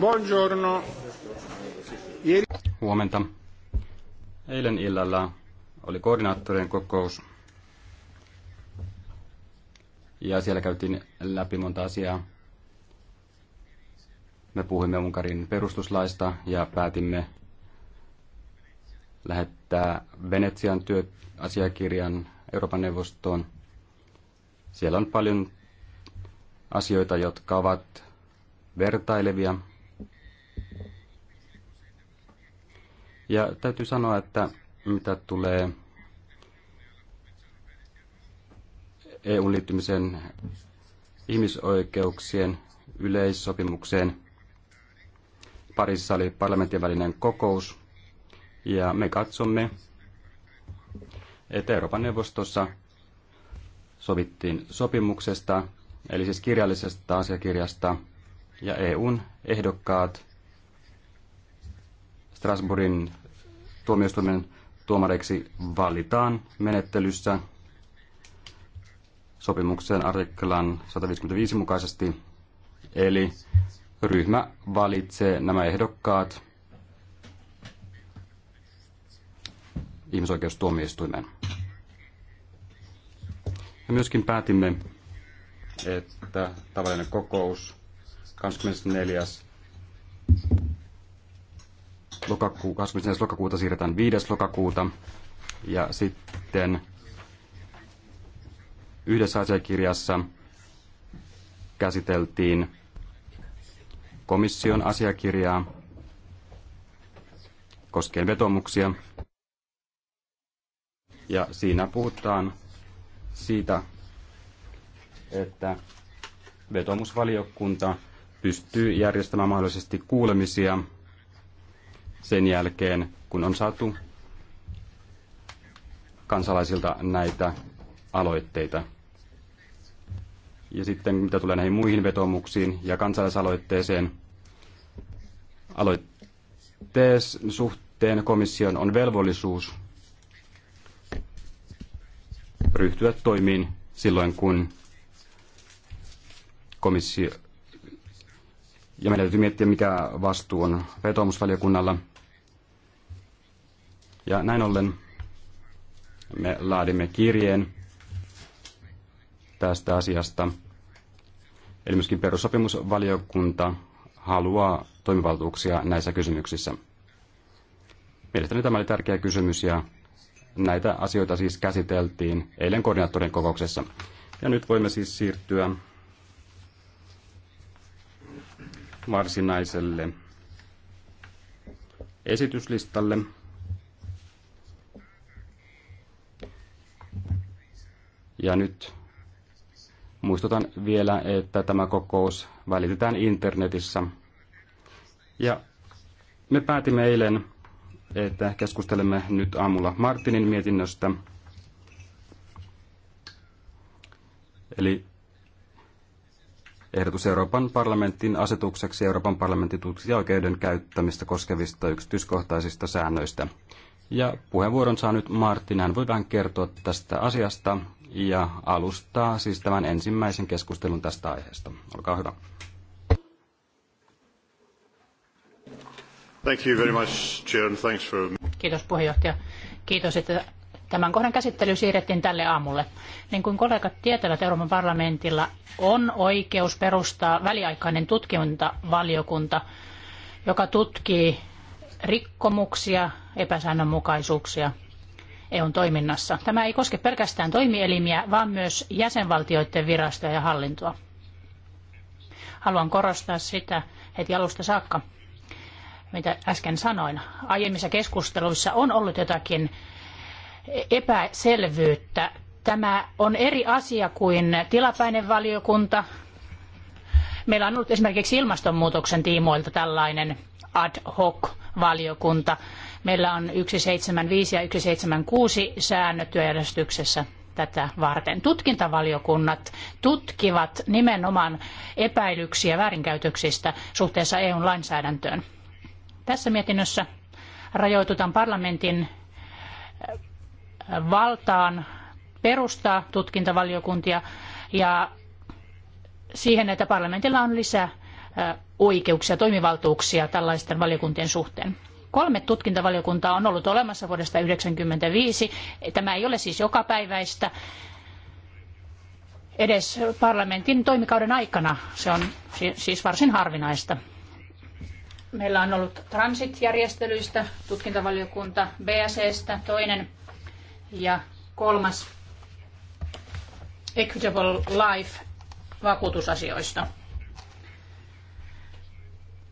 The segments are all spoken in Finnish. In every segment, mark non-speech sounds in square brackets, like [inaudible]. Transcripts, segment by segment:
Buongiorno. Huomenta. Eilen illalla oli koordinaattorien kokous. Ja siellä käytiin läpi monta asiaa. Me puhuimme Unkarin perustuslaista ja päätimme lähettää Venetsian työasiakirjan Euroopan neuvostoon. Siellä on paljon asioita, jotka ovat vertailevia Ja täytyy sanoa, että mitä tulee EU- liittymisen ihmisoikeuksien yleissopimukseen, Parissa oli parlamentin välinen kokous, ja me katsomme, että Euroopan neuvostossa sovittiin sopimuksesta, eli siis kirjallisesta asiakirjasta, ja EUn ehdokkaat Strasbourgin tuomioistuimen tuomareiksi valitaan menettelyssä sopimuksen artiklan 155 mukaisesti. Eli ryhmä valitsee nämä ehdokkaat ihmisoikeustuomioistuimeen. Ja myöskin päätimme, että tavallinen kokous 24 lokakuu, 24. lokakuuta siirretään 5. lokakuuta ja sitten yhdessä asiakirjassa käsiteltiin komission asiakirjaa koskien vetomuksia. Ja siinä puhutaan siitä, että vetomusvaliokunta pystyy järjestämään mahdollisesti kuulemisia sen jälkeen, kun on saatu kansalaisilta näitä aloitteita. Ja sitten mitä tulee näihin muihin vetomuksiin ja kansalaisaloitteeseen, aloitteen suhteen komission on velvollisuus ryhtyä toimiin silloin, kun komissio, ja meidän täytyy miettiä, mikä vastuu on vetoomusvaliokunnalla. Ja näin ollen me laadimme kirjeen tästä asiasta. Eli myöskin perussopimusvaliokunta haluaa toimivaltuuksia näissä kysymyksissä. Mielestäni tämä oli tärkeä kysymys ja näitä asioita siis käsiteltiin eilen koordinaattorin kokouksessa. Ja nyt voimme siis siirtyä varsinaiselle esityslistalle. Ja nyt muistutan vielä, että tämä kokous välitetään internetissä. Ja me päätimme eilen, että keskustelemme nyt aamulla Martinin mietinnöstä. Eli ehdotus Euroopan parlamentin asetukseksi Euroopan parlamentin tutkijaoikeuden käyttämistä koskevista yksityiskohtaisista säännöistä. Ja puheenvuoron saa nyt Martin, hän voi vähän kertoa tästä asiasta ja alustaa siis tämän ensimmäisen keskustelun tästä aiheesta. Olkaa hyvä. Thank you very much, Chair, and thanks for... Kiitos puheenjohtaja. Kiitos, että Tämän kohdan käsittely siirrettiin tälle aamulle. Niin kuin kollegat tietävät, Euroopan parlamentilla on oikeus perustaa väliaikainen tutkintavaliokunta, joka tutkii rikkomuksia, epäsäännönmukaisuuksia EUn toiminnassa. Tämä ei koske pelkästään toimielimiä, vaan myös jäsenvaltioiden virastoja ja hallintoa. Haluan korostaa sitä heti alusta saakka, mitä äsken sanoin. Aiemmissa keskusteluissa on ollut jotakin epäselvyyttä. Tämä on eri asia kuin tilapäinen valiokunta. Meillä on ollut esimerkiksi ilmastonmuutoksen tiimoilta tällainen ad hoc valiokunta. Meillä on 175 ja 176 säännöt työjärjestyksessä tätä varten. Tutkintavaliokunnat tutkivat nimenomaan epäilyksiä väärinkäytöksistä suhteessa EUn lainsäädäntöön. Tässä mietinnössä rajoitutaan parlamentin valtaan perustaa tutkintavaliokuntia ja siihen, että parlamentilla on lisää oikeuksia, toimivaltuuksia tällaisten valiokuntien suhteen. Kolme tutkintavaliokuntaa on ollut olemassa vuodesta 1995. Tämä ei ole siis jokapäiväistä. Edes parlamentin toimikauden aikana se on siis varsin harvinaista. Meillä on ollut transitjärjestelyistä tutkintavaliokunta, BSEstä toinen ja kolmas Equitable Life vakuutusasioista.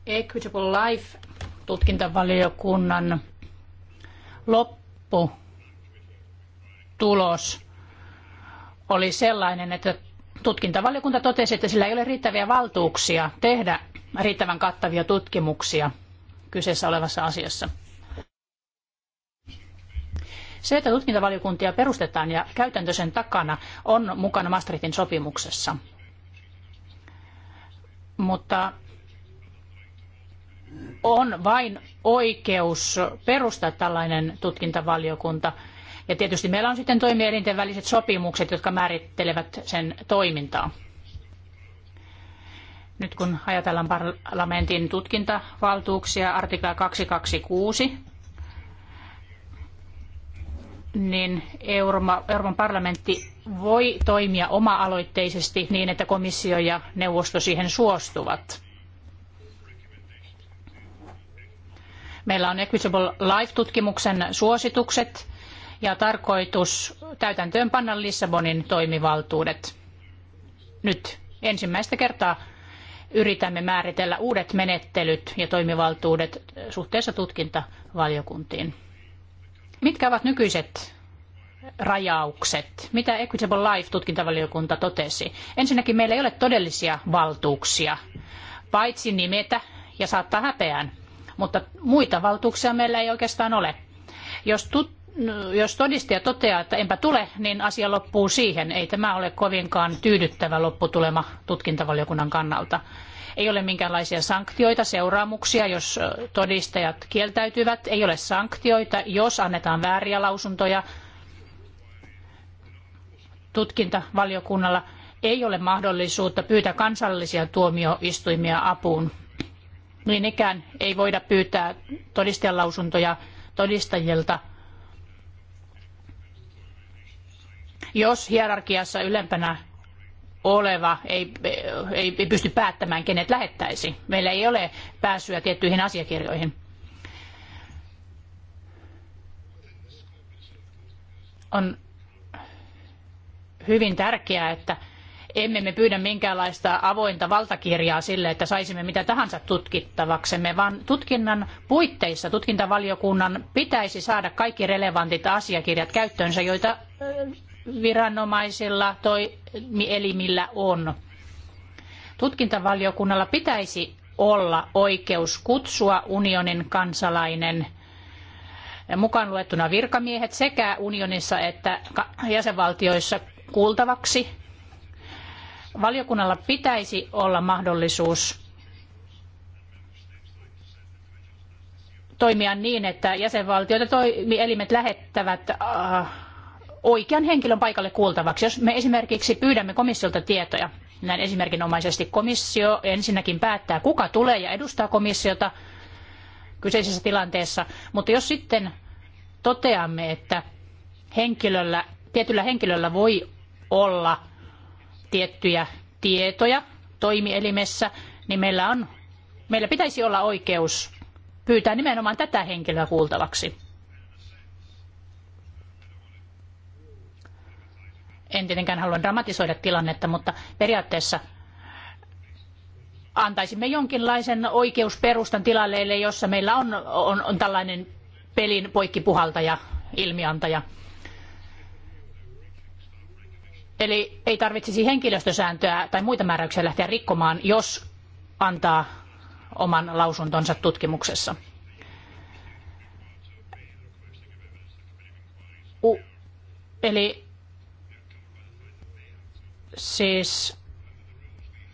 Equitable Life tutkintavaliokunnan loppu tulos oli sellainen, että tutkintavaliokunta totesi, että sillä ei ole riittäviä valtuuksia tehdä riittävän kattavia tutkimuksia kyseessä olevassa asiassa. Se, että tutkintavaliokuntia perustetaan ja käytäntö sen takana on mukana Maastrichtin sopimuksessa. Mutta on vain oikeus perustaa tällainen tutkintavaliokunta. Ja tietysti meillä on sitten toimielinten väliset sopimukset, jotka määrittelevät sen toimintaa. Nyt kun ajatellaan parlamentin tutkintavaltuuksia, artikla 226 niin Euroopan parlamentti voi toimia oma-aloitteisesti niin, että komissio ja neuvosto siihen suostuvat. Meillä on Equitable Life-tutkimuksen suositukset ja tarkoitus täytäntöön Lissabonin toimivaltuudet. Nyt ensimmäistä kertaa yritämme määritellä uudet menettelyt ja toimivaltuudet suhteessa tutkintavaliokuntiin. Mitkä ovat nykyiset rajaukset, mitä Equitable Life-tutkintavaliokunta totesi. Ensinnäkin meillä ei ole todellisia valtuuksia, paitsi nimetä ja saattaa häpeään, mutta muita valtuuksia meillä ei oikeastaan ole. Jos, tut- jos todistaja toteaa, että enpä tule, niin asia loppuu siihen. Ei tämä ole kovinkaan tyydyttävä lopputulema tutkintavaliokunnan kannalta. Ei ole minkäänlaisia sanktioita, seuraamuksia, jos todistajat kieltäytyvät. Ei ole sanktioita, jos annetaan vääriä lausuntoja. Tutkintavaliokunnalla ei ole mahdollisuutta pyytää kansallisia tuomioistuimia apuun. Niin ikään ei voida pyytää todistajan lausuntoja todistajilta jos hierarkiassa ylempänä oleva ei, ei, ei pysty päättämään, kenet lähettäisi. Meillä ei ole pääsyä tiettyihin asiakirjoihin. On hyvin tärkeää, että emme me pyydä minkäänlaista avointa valtakirjaa sille, että saisimme mitä tahansa tutkittavaksemme, vaan tutkinnan puitteissa tutkintavaliokunnan pitäisi saada kaikki relevantit asiakirjat käyttöönsä, joita viranomaisilla toimielimillä on. Tutkintavaliokunnalla pitäisi olla oikeus kutsua unionin kansalainen mukaan luettuna virkamiehet sekä unionissa että jäsenvaltioissa kuultavaksi. Valiokunnalla pitäisi olla mahdollisuus toimia niin, että jäsenvaltioita toimielimet lähettävät äh, oikean henkilön paikalle kuultavaksi. Jos me esimerkiksi pyydämme komissiolta tietoja, näin esimerkinomaisesti komissio ensinnäkin päättää, kuka tulee ja edustaa komissiota kyseisessä tilanteessa, mutta jos sitten toteamme, että henkilöllä, tietyllä henkilöllä voi olla tiettyjä tietoja toimielimessä, niin meillä, on, meillä pitäisi olla oikeus pyytää nimenomaan tätä henkilöä kuultavaksi. en tietenkään halua dramatisoida tilannetta, mutta periaatteessa antaisimme jonkinlaisen oikeusperustan tilanteelle, jossa meillä on, on, on tällainen pelin poikkipuhaltaja, ilmiantaja. Eli ei tarvitsisi henkilöstösääntöä tai muita määräyksiä lähteä rikkomaan, jos antaa oman lausuntonsa tutkimuksessa. U- eli siis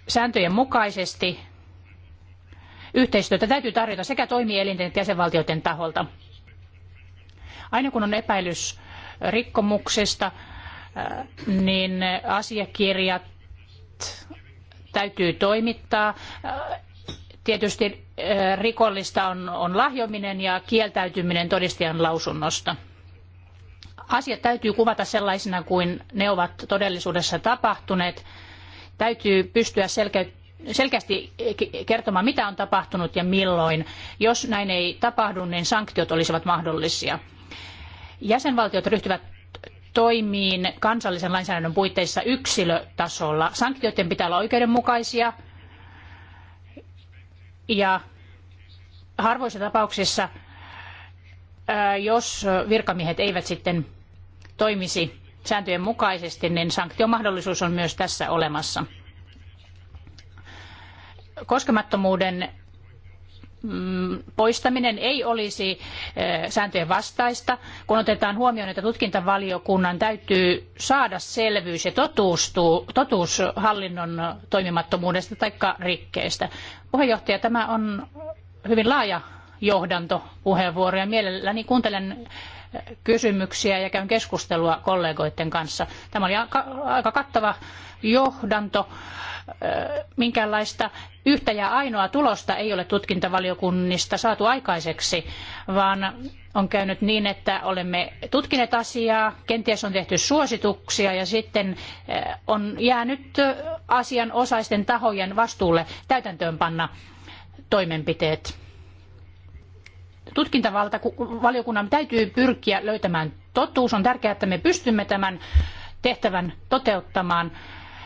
sääntöjen mukaisesti yhteistyötä täytyy tarjota sekä toimielinten että jäsenvaltioiden taholta. Aina kun on epäilys rikkomuksesta, äh, niin asiakirjat täytyy toimittaa. Äh, tietysti äh, rikollista on, on lahjominen ja kieltäytyminen todistajan lausunnosta asiat täytyy kuvata sellaisina kuin ne ovat todellisuudessa tapahtuneet. Täytyy pystyä selkeästi kertomaan, mitä on tapahtunut ja milloin. Jos näin ei tapahdu, niin sanktiot olisivat mahdollisia. Jäsenvaltiot ryhtyvät toimiin kansallisen lainsäädännön puitteissa yksilötasolla. Sanktioiden pitää olla oikeudenmukaisia ja harvoissa tapauksissa jos virkamiehet eivät sitten toimisi sääntöjen mukaisesti, niin sanktiomahdollisuus on myös tässä olemassa. Koskemattomuuden mm, poistaminen ei olisi eh, sääntöjen vastaista, kun otetaan huomioon, että tutkintavaliokunnan täytyy saada selvyys ja totuus hallinnon toimimattomuudesta tai rikkeestä. Puheenjohtaja, tämä on hyvin laaja johdantopuheenvuoro ja mielelläni kuuntelen kysymyksiä ja käyn keskustelua kollegoiden kanssa. Tämä oli aika kattava johdanto. Minkäänlaista yhtä ja ainoa tulosta ei ole tutkintavaliokunnista saatu aikaiseksi, vaan on käynyt niin, että olemme tutkineet asiaa, kenties on tehty suosituksia ja sitten on jäänyt asianosaisten tahojen vastuulle täytäntöönpanna toimenpiteet tutkintavaliokunnan täytyy pyrkiä löytämään totuus. On tärkeää, että me pystymme tämän tehtävän toteuttamaan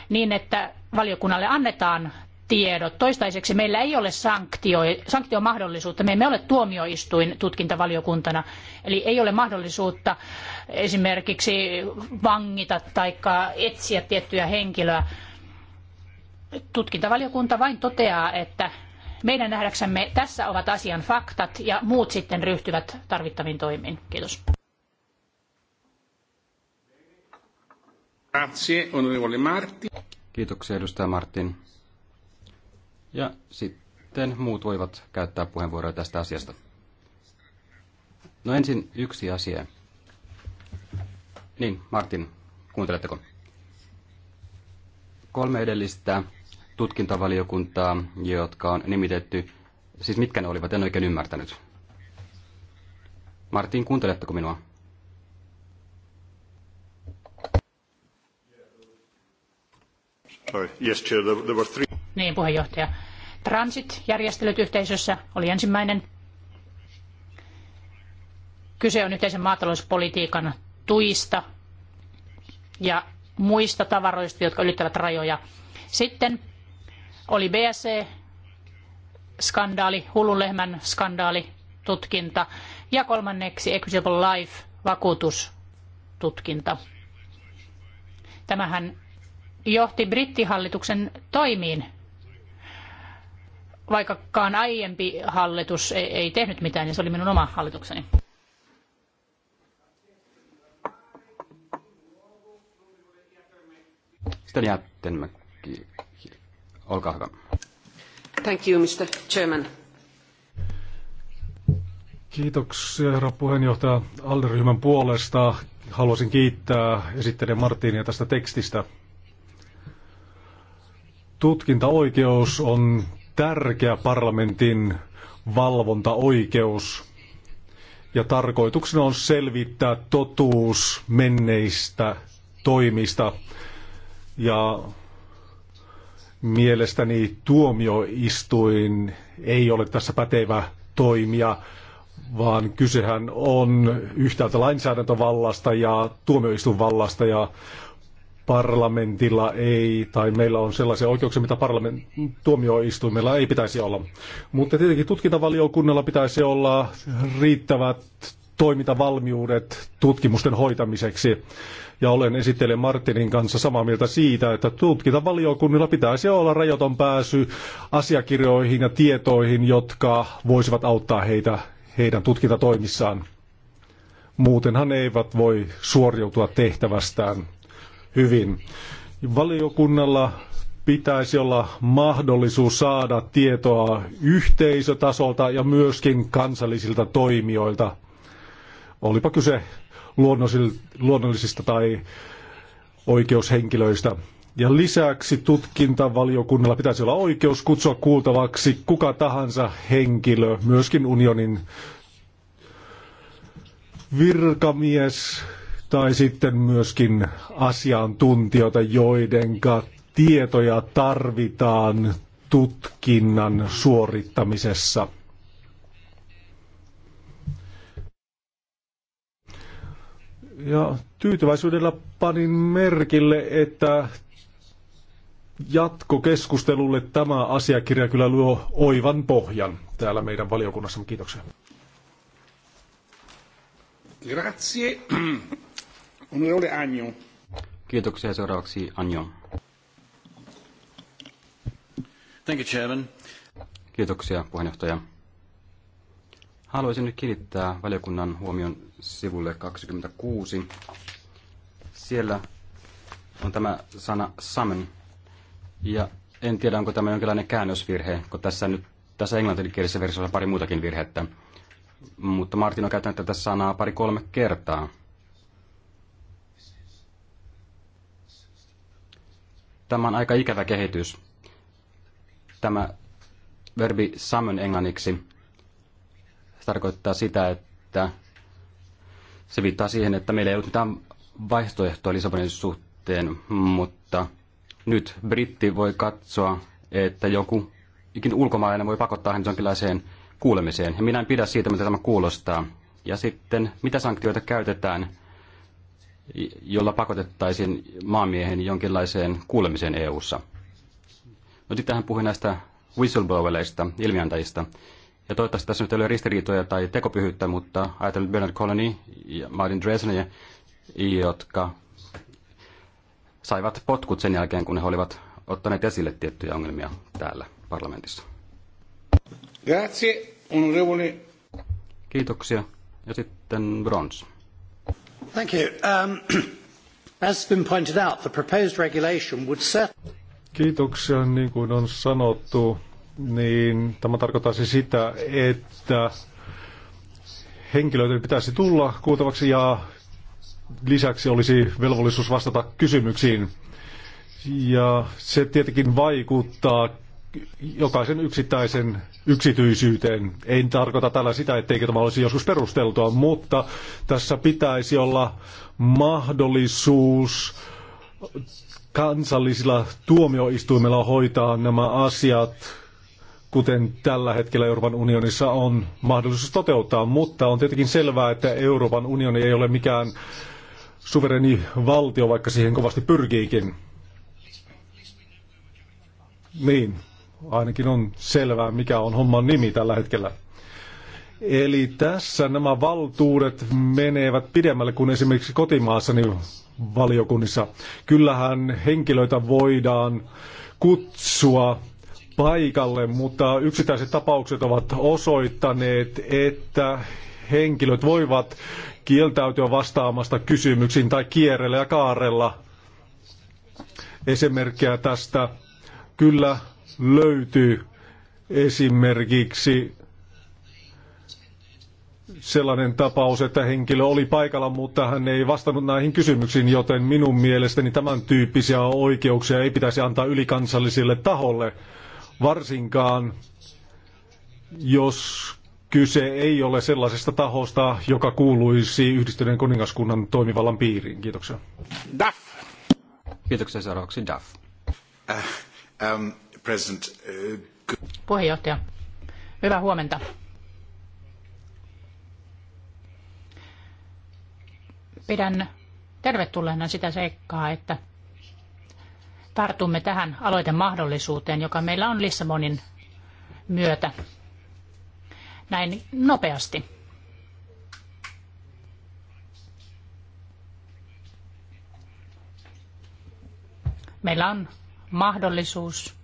niin, että valiokunnalle annetaan tiedot. Toistaiseksi meillä ei ole sanktio, sanktiomahdollisuutta. Me emme ole tuomioistuin tutkintavaliokuntana, eli ei ole mahdollisuutta esimerkiksi vangita tai etsiä tiettyä henkilöä. Tutkintavaliokunta vain toteaa, että meidän nähdäksemme tässä ovat asian faktat ja muut sitten ryhtyvät tarvittaviin toimiin. Kiitos. Grazie, onorevole Martin. Kiitoksia, edustaja Martin. Ja sitten muut voivat käyttää puheenvuoroja tästä asiasta. No ensin yksi asia. Niin, Martin, kuunteletteko? Kolme edellistä tutkintavaliokuntaa, jotka on nimitetty. Siis mitkä ne olivat, en oikein ymmärtänyt. Martin, kuunteletteko minua? Sorry. Yes, chair, there were three. Niin, puheenjohtaja. Transit-järjestelyt yhteisössä oli ensimmäinen. Kyse on yhteisen maatalouspolitiikan tuista ja muista tavaroista, jotka ylittävät rajoja. Sitten oli BSE-skandaali, lehmän skandaali, tutkinta ja kolmanneksi Equitable Life vakuutustutkinta. Tämähän johti brittihallituksen toimiin, vaikkakaan aiempi hallitus ei, tehnyt mitään, niin se oli minun oma hallitukseni. Sitten Jättenmäki. Olkaa hyvä. Thank you, Mr. Chairman. Kiitoksia, herra puheenjohtaja. puolesta haluaisin kiittää esittelijä Martinia tästä tekstistä. Tutkintaoikeus on tärkeä parlamentin valvontaoikeus. Ja tarkoituksena on selvittää totuus menneistä toimista ja Mielestäni tuomioistuin ei ole tässä pätevä toimija, vaan kysehän on yhtäältä lainsäädäntövallasta ja tuomioistuinvallasta ja parlamentilla ei, tai meillä on sellaisia oikeuksia, mitä parlament, tuomioistuimella ei pitäisi olla. Mutta tietenkin tutkintavaliokunnalla pitäisi olla riittävät toimintavalmiudet tutkimusten hoitamiseksi. Ja olen esittelijä Martinin kanssa samaa mieltä siitä, että tutkintavaliokunnilla pitäisi olla rajaton pääsy asiakirjoihin ja tietoihin, jotka voisivat auttaa heitä heidän tutkintatoimissaan. Muutenhan eivät voi suoriutua tehtävästään hyvin. Valiokunnalla pitäisi olla mahdollisuus saada tietoa yhteisötasolta ja myöskin kansallisilta toimijoilta. Olipa kyse luonnollisista tai oikeushenkilöistä. Ja lisäksi tutkintavaliokunnalla pitäisi olla oikeus kutsua kuultavaksi kuka tahansa henkilö, myöskin unionin virkamies tai sitten myöskin asiantuntijoita, joiden tietoja tarvitaan tutkinnan suorittamisessa. Ja tyytyväisyydellä panin merkille, että jatkokeskustelulle tämä asiakirja kyllä luo oivan pohjan täällä meidän valiokunnassamme. Kiitoksia. Grazie. Onorevole Agnon. Kiitoksia. Seuraavaksi Agnon. Thank you, Chairman. Kiitoksia, puheenjohtaja. Haluaisin nyt kiinnittää valiokunnan huomion sivulle 26. Siellä on tämä sana summon. Ja en tiedä, onko tämä jonkinlainen käännösvirhe, kun tässä nyt tässä englanninkielisessä versiossa on pari muutakin virhettä. Mutta Martin on käyttänyt tätä sanaa pari-kolme kertaa. Tämä on aika ikävä kehitys. Tämä verbi summon englanniksi tarkoittaa sitä, että se viittaa siihen, että meillä ei ollut mitään vaihtoehtoa Lisabonin suhteen, mutta nyt britti voi katsoa, että joku ikin ulkomaalainen voi pakottaa hänet jonkinlaiseen kuulemiseen. Ja minä en pidä siitä, mitä tämä kuulostaa. Ja sitten, mitä sanktioita käytetään, jolla pakotettaisiin maamiehen jonkinlaiseen kuulemiseen EU-ssa? No sitten hän puhui näistä whistleblowereista, ilmiantajista. Ja toivottavasti tässä nyt ei ole ristiriitoja tai tekopyhyyttä, mutta ajatellen Bernard Colony ja Martin Dresner, jotka saivat potkut sen jälkeen, kun he olivat ottaneet esille tiettyjä ongelmia täällä parlamentissa. Grazie, onorevole. Kiitoksia. Ja sitten Brons. Thank you. Um, [clears throat] as has been pointed out, the proposed regulation would set... Kiitoksia, niin kuin on sanottu niin tämä tarkoittaisi sitä, että henkilöitä pitäisi tulla kuultavaksi ja lisäksi olisi velvollisuus vastata kysymyksiin. Ja se tietenkin vaikuttaa jokaisen yksittäisen yksityisyyteen. Ei tarkoita tällä sitä, etteikö tämä olisi joskus perusteltua, mutta tässä pitäisi olla mahdollisuus kansallisilla tuomioistuimella hoitaa nämä asiat kuten tällä hetkellä Euroopan unionissa on mahdollisuus toteuttaa, mutta on tietenkin selvää, että Euroopan unioni ei ole mikään suvereni valtio, vaikka siihen kovasti pyrkiikin. Niin, ainakin on selvää, mikä on homman nimi tällä hetkellä. Eli tässä nämä valtuudet menevät pidemmälle kuin esimerkiksi kotimaassani valiokunnissa. Kyllähän henkilöitä voidaan kutsua paikalle, mutta yksittäiset tapaukset ovat osoittaneet, että henkilöt voivat kieltäytyä vastaamasta kysymyksiin tai kierrellä ja kaarella. Esimerkkejä tästä kyllä löytyy esimerkiksi sellainen tapaus, että henkilö oli paikalla, mutta hän ei vastannut näihin kysymyksiin, joten minun mielestäni tämän tyyppisiä oikeuksia ei pitäisi antaa ylikansallisille taholle varsinkaan jos kyse ei ole sellaisesta tahosta, joka kuuluisi yhdistyneen kuningaskunnan toimivallan piiriin. Kiitoksia. Duff. Kiitoksia seuraavaksi Duff. Uh, um, president, uh, Puheenjohtaja, hyvää huomenta. Pidän tervetulleena sitä seikkaa, että tartumme tähän aloitemahdollisuuteen, joka meillä on Lissabonin myötä näin nopeasti. Meillä on mahdollisuus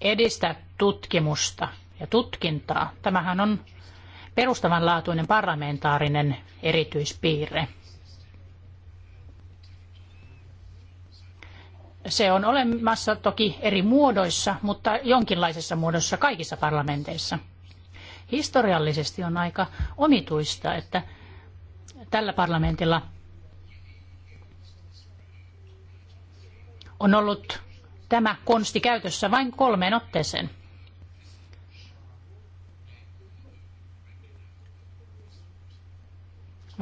edistää tutkimusta ja tutkintaa. Tämähän on perustavanlaatuinen parlamentaarinen erityispiirre. Se on olemassa toki eri muodoissa, mutta jonkinlaisessa muodossa kaikissa parlamenteissa. Historiallisesti on aika omituista, että tällä parlamentilla on ollut tämä konsti käytössä vain kolmeen otteeseen.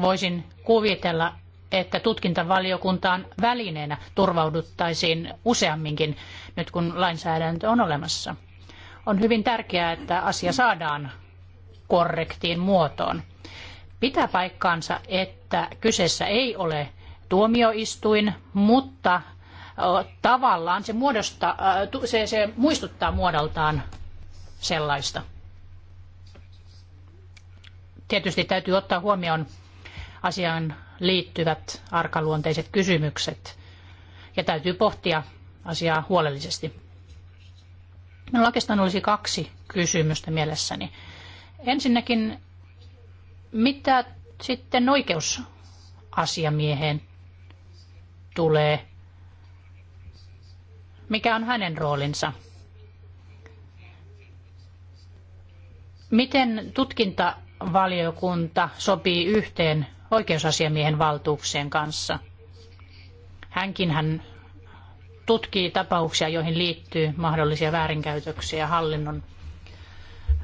Voisin kuvitella, että tutkintavaliokuntaan välineenä turvauduttaisiin useamminkin nyt kun lainsäädäntö on olemassa. On hyvin tärkeää, että asia saadaan korrektiin muotoon. Pitää paikkaansa, että kyseessä ei ole tuomioistuin, mutta tavallaan se, se, se muistuttaa muodoltaan sellaista. Tietysti täytyy ottaa huomioon asian liittyvät arkaluonteiset kysymykset. Ja täytyy pohtia asiaa huolellisesti. Minulla oikeastaan olisi kaksi kysymystä mielessäni. Ensinnäkin, mitä sitten oikeusasiamieheen tulee? Mikä on hänen roolinsa? Miten tutkintavaliokunta sopii yhteen oikeusasiamiehen valtuuksien kanssa. Hänkin hän tutkii tapauksia, joihin liittyy mahdollisia väärinkäytöksiä hallinnon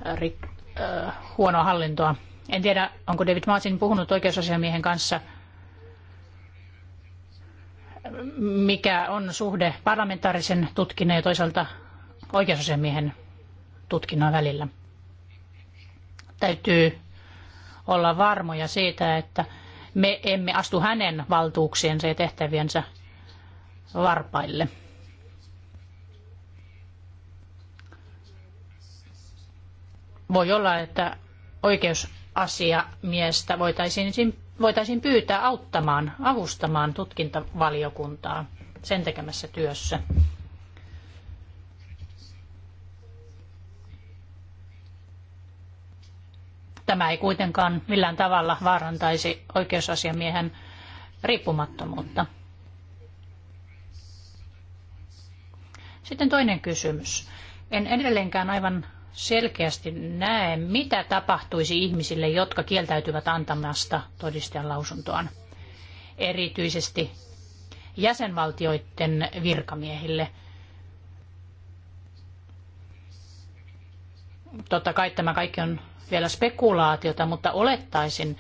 äh, ri, äh, huonoa hallintoa. En tiedä, onko David Martin puhunut oikeusasiamiehen kanssa, mikä on suhde parlamentaarisen tutkinnan ja toisaalta oikeusasiamiehen tutkinnan välillä. Täytyy olla varmoja siitä, että me emme astu hänen valtuuksiensa ja tehtäviensä varpaille. Voi olla, että oikeusasiamiestä voitaisiin, voitaisiin pyytää auttamaan, avustamaan tutkintavaliokuntaa sen tekemässä työssä. Tämä ei kuitenkaan millään tavalla vaarantaisi oikeusasiamiehen riippumattomuutta. Sitten toinen kysymys. En edelleenkään aivan selkeästi näe, mitä tapahtuisi ihmisille, jotka kieltäytyvät antamasta todistajan lausuntoaan. Erityisesti jäsenvaltioiden virkamiehille. Totta kai tämä kaikki on vielä spekulaatiota, mutta olettaisin,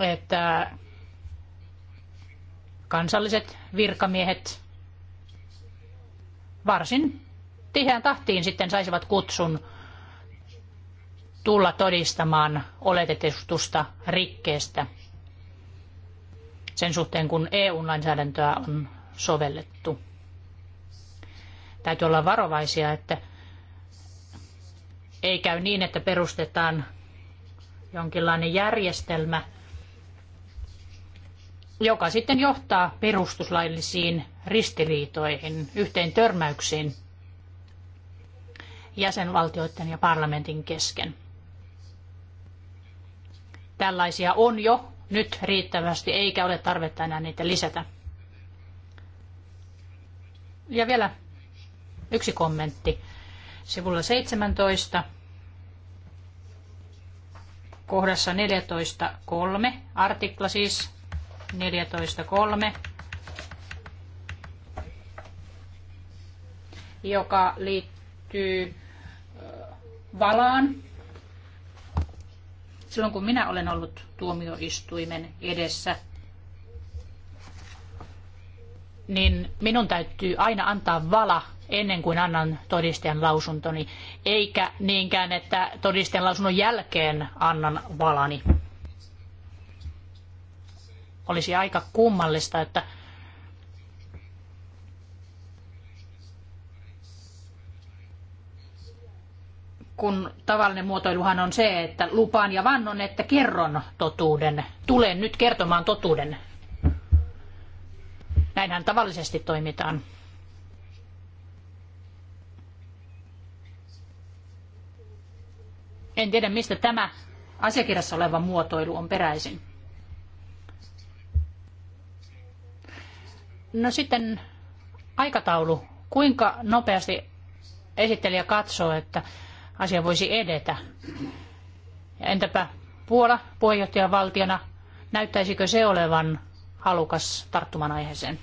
että kansalliset virkamiehet varsin tiheän tahtiin sitten saisivat kutsun tulla todistamaan oletetusta rikkeestä sen suhteen, kun EU-lainsäädäntöä on sovellettu. Täytyy olla varovaisia, että ei käy niin, että perustetaan jonkinlainen järjestelmä, joka sitten johtaa perustuslaillisiin ristiriitoihin, yhteen törmäyksiin jäsenvaltioiden ja parlamentin kesken. Tällaisia on jo nyt riittävästi, eikä ole tarvetta enää niitä lisätä. Ja vielä yksi kommentti. Sivulla 17 kohdassa 14.3, artikla siis 14.3, joka liittyy valaan. Silloin kun minä olen ollut tuomioistuimen edessä, niin minun täytyy aina antaa vala ennen kuin annan todistajan lausuntoni, eikä niinkään, että todistajan lausunnon jälkeen annan valani. Olisi aika kummallista, että kun tavallinen muotoiluhan on se, että lupaan ja vannon, että kerron totuuden. Tulen nyt kertomaan totuuden. Näinhän tavallisesti toimitaan. En tiedä, mistä tämä asiakirjassa oleva muotoilu on peräisin. No sitten aikataulu. Kuinka nopeasti esittelijä katsoo, että asia voisi edetä? Ja entäpä Puola puheenjohtajavaltiona, näyttäisikö se olevan halukas tarttumaan aiheeseen?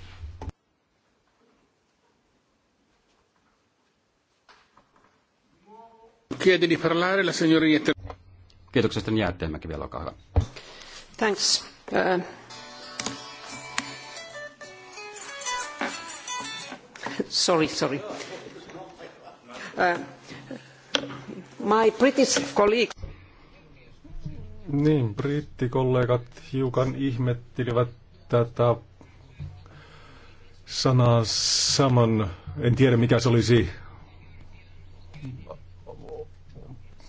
Chiede di parlare la Kiitoksia sitten jäätteenmäki vielä, olkaa hyvä. Thanks. Uh, sorry, sorry. Uh, my British colleague. Niin, brittikollegat hiukan ihmettelivät tätä sanaa saman. En tiedä, mikä se olisi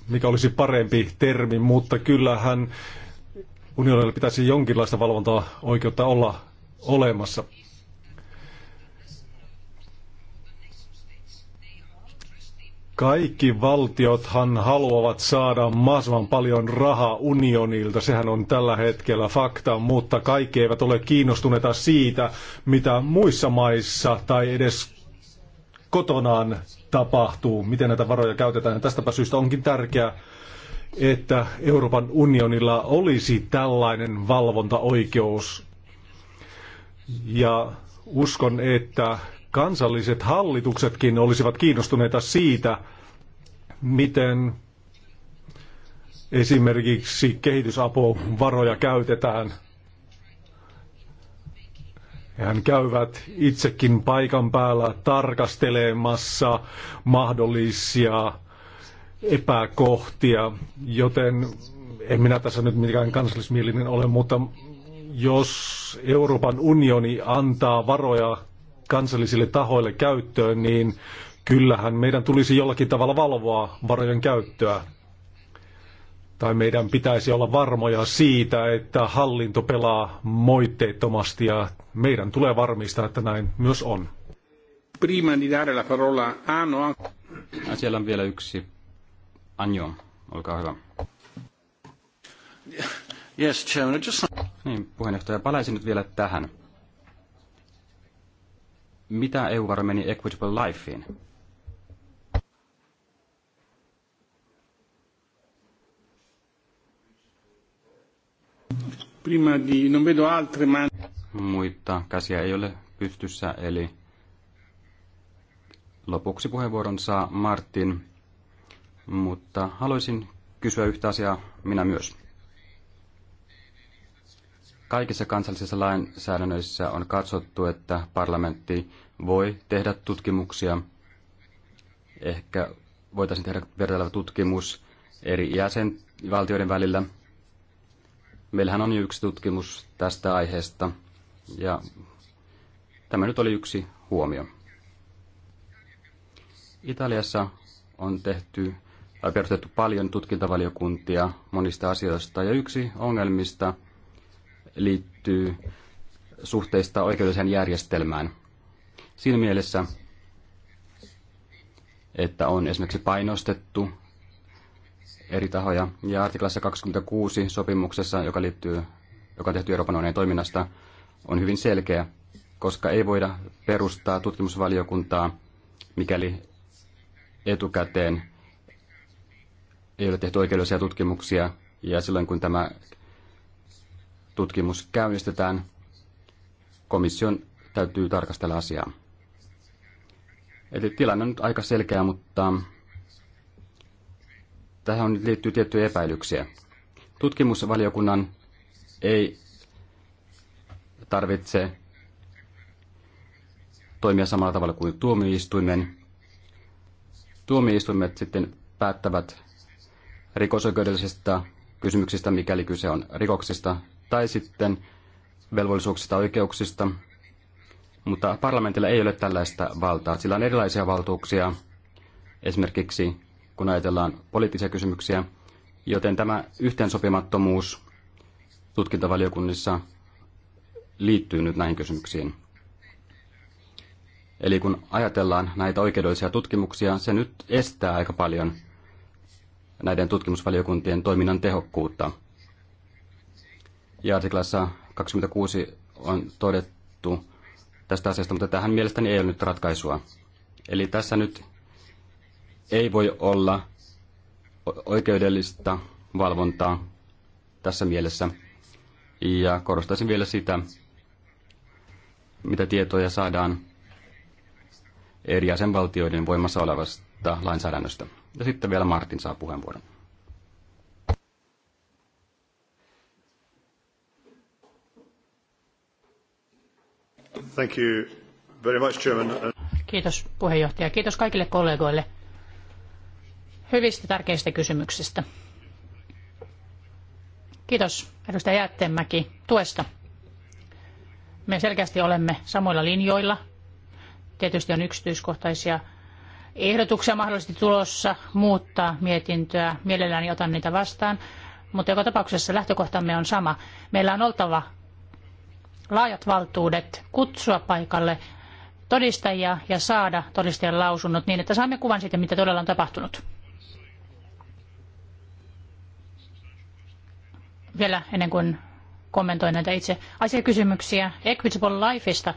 mikä olisi parempi termi, mutta kyllähän unionilla pitäisi jonkinlaista valvontaa oikeutta olla olemassa. Kaikki valtiothan haluavat saada mahdollisimman paljon rahaa unionilta, sehän on tällä hetkellä fakta, mutta kaikki eivät ole kiinnostuneita siitä, mitä muissa maissa tai edes kotonaan tapahtuu, miten näitä varoja käytetään. Ja tästäpä syystä onkin tärkeää, että Euroopan unionilla olisi tällainen valvontaoikeus. Ja uskon, että kansalliset hallituksetkin olisivat kiinnostuneita siitä, miten esimerkiksi kehitysapuvaroja käytetään – hän käyvät itsekin paikan päällä tarkastelemassa mahdollisia epäkohtia, joten en minä tässä nyt mikään kansallismielinen ole, mutta jos Euroopan unioni antaa varoja kansallisille tahoille käyttöön, niin kyllähän meidän tulisi jollakin tavalla valvoa varojen käyttöä tai meidän pitäisi olla varmoja siitä, että hallinto pelaa moitteettomasti ja meidän tulee varmistaa, että näin myös on. Prima di dare la parola Ano. Siellä on vielä yksi. Anjo, olkaa hyvä. Yes, Chairman, just... Niin, puheenjohtaja, palaisin nyt vielä tähän. Mitä eu varo meni Equitable Lifeen? Prima di, non vedo altre man... Muita käsiä ei ole pystyssä, eli lopuksi puheenvuoron saa Martin, mutta haluaisin kysyä yhtä asiaa minä myös. Kaikissa kansallisissa lainsäädännöissä on katsottu, että parlamentti voi tehdä tutkimuksia. Ehkä voitaisiin tehdä vertaileva tutkimus eri jäsenvaltioiden välillä, Meillähän on jo yksi tutkimus tästä aiheesta ja tämä nyt oli yksi huomio. Italiassa on tehty äh, perustettu paljon tutkintavaliokuntia monista asioista ja yksi ongelmista liittyy suhteista oikeudelliseen järjestelmään. Siinä mielessä, että on esimerkiksi painostettu eri tahoja. Ja artiklassa 26 sopimuksessa, joka, liittyy, joka on tehty Euroopan unionin toiminnasta, on hyvin selkeä, koska ei voida perustaa tutkimusvaliokuntaa, mikäli etukäteen ei ole tehty oikeudellisia tutkimuksia. Ja silloin kun tämä tutkimus käynnistetään, komission täytyy tarkastella asiaa. Eli tilanne on nyt aika selkeä, mutta tähän liittyy tiettyjä epäilyksiä. Tutkimusvaliokunnan ei tarvitse toimia samalla tavalla kuin tuomioistuimen. Tuomioistuimet sitten päättävät rikosoikeudellisista kysymyksistä, mikäli kyse on rikoksista, tai sitten velvollisuuksista oikeuksista. Mutta parlamentilla ei ole tällaista valtaa. Sillä on erilaisia valtuuksia esimerkiksi kun ajatellaan poliittisia kysymyksiä. Joten tämä yhteensopimattomuus tutkintavaliokunnissa liittyy nyt näihin kysymyksiin. Eli kun ajatellaan näitä oikeudellisia tutkimuksia, se nyt estää aika paljon näiden tutkimusvaliokuntien toiminnan tehokkuutta. Ja artiklassa 26 on todettu tästä asiasta, mutta tähän mielestäni ei ole nyt ratkaisua. Eli tässä nyt ei voi olla oikeudellista valvontaa tässä mielessä. Ja korostaisin vielä sitä, mitä tietoja saadaan eri jäsenvaltioiden voimassa olevasta lainsäädännöstä. Ja sitten vielä Martin saa puheenvuoron. Thank you very much, Chairman. Kiitos puheenjohtaja. Kiitos kaikille kollegoille hyvistä tärkeistä kysymyksistä. Kiitos edustaja Jäätteenmäki tuesta. Me selkeästi olemme samoilla linjoilla. Tietysti on yksityiskohtaisia ehdotuksia mahdollisesti tulossa muuttaa mietintöä. Mielelläni otan niitä vastaan. Mutta joka tapauksessa lähtökohtamme on sama. Meillä on oltava laajat valtuudet kutsua paikalle todistajia ja saada todistajan lausunnot niin, että saamme kuvan siitä, mitä todella on tapahtunut. vielä ennen kuin kommentoin näitä itse asiakysymyksiä Equitable Lifeista.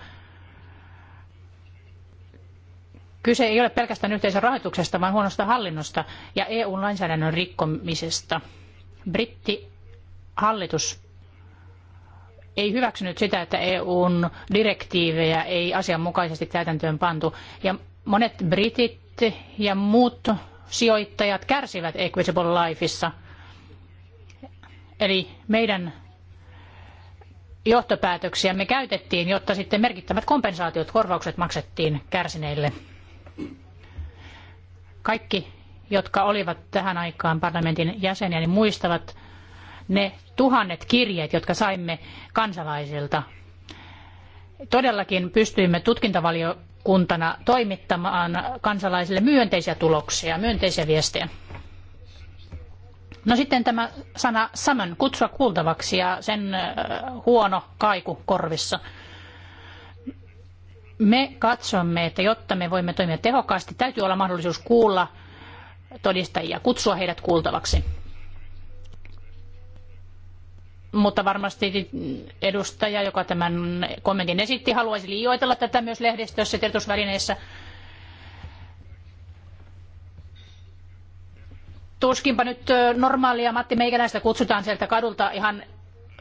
Kyse ei ole pelkästään yhteisön rahoituksesta, vaan huonosta hallinnosta ja EU-lainsäädännön rikkomisesta. Britti hallitus ei hyväksynyt sitä, että EUn direktiivejä ei asianmukaisesti täytäntöön pantu. Ja monet britit ja muut sijoittajat kärsivät Equitable Lifeissa – Eli meidän johtopäätöksiämme käytettiin, jotta sitten merkittävät kompensaatiot, korvaukset maksettiin kärsineille. Kaikki, jotka olivat tähän aikaan parlamentin jäseniä, niin muistavat ne tuhannet kirjeet, jotka saimme kansalaisilta. Todellakin pystyimme tutkintavaliokuntana toimittamaan kansalaisille myönteisiä tuloksia, myönteisiä viestejä. No sitten tämä sana summon, kutsua kuultavaksi ja sen huono kaiku korvissa. Me katsomme, että jotta me voimme toimia tehokkaasti, täytyy olla mahdollisuus kuulla todistajia, kutsua heidät kuultavaksi. Mutta varmasti edustaja, joka tämän kommentin esitti, haluaisi liioitella tätä myös lehdistössä ja tiedotusvälineissä. Tuskinpa nyt normaalia Matti Meikäläistä kutsutaan sieltä kadulta ihan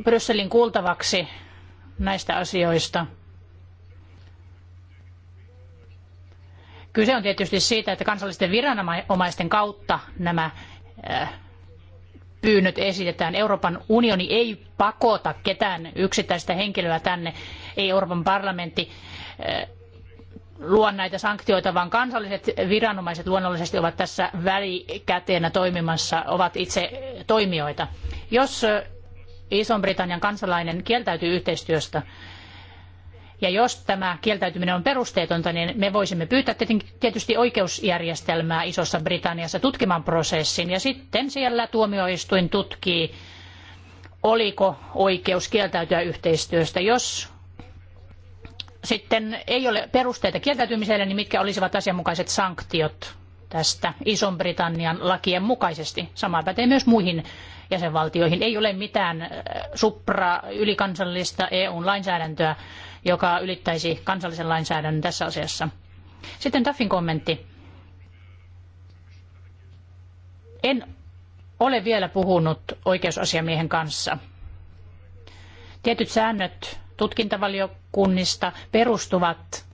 Brysselin kuultavaksi näistä asioista. Kyse on tietysti siitä, että kansallisten viranomaisten kautta nämä pyynnöt esitetään. Euroopan unioni ei pakota ketään yksittäistä henkilöä tänne, ei Euroopan parlamentti luo näitä sanktioita, vaan kansalliset viranomaiset luonnollisesti ovat tässä välikäteenä toimimassa, ovat itse toimijoita. Jos Ison-Britannian kansalainen kieltäytyy yhteistyöstä, ja jos tämä kieltäytyminen on perusteetonta, niin me voisimme pyytää tietysti oikeusjärjestelmää Isossa Britanniassa tutkimaan prosessin. Ja sitten siellä tuomioistuin tutkii, oliko oikeus kieltäytyä yhteistyöstä. Jos sitten ei ole perusteita kieltäytymiselle, niin mitkä olisivat asianmukaiset sanktiot tästä Ison-Britannian lakien mukaisesti. Sama pätee myös muihin jäsenvaltioihin. Ei ole mitään äh, supra ylikansallista EU-lainsäädäntöä, joka ylittäisi kansallisen lainsäädännön tässä asiassa. Sitten Duffin kommentti. En ole vielä puhunut oikeusasiamiehen kanssa. Tietyt säännöt tutkintavaliokunnista perustuvat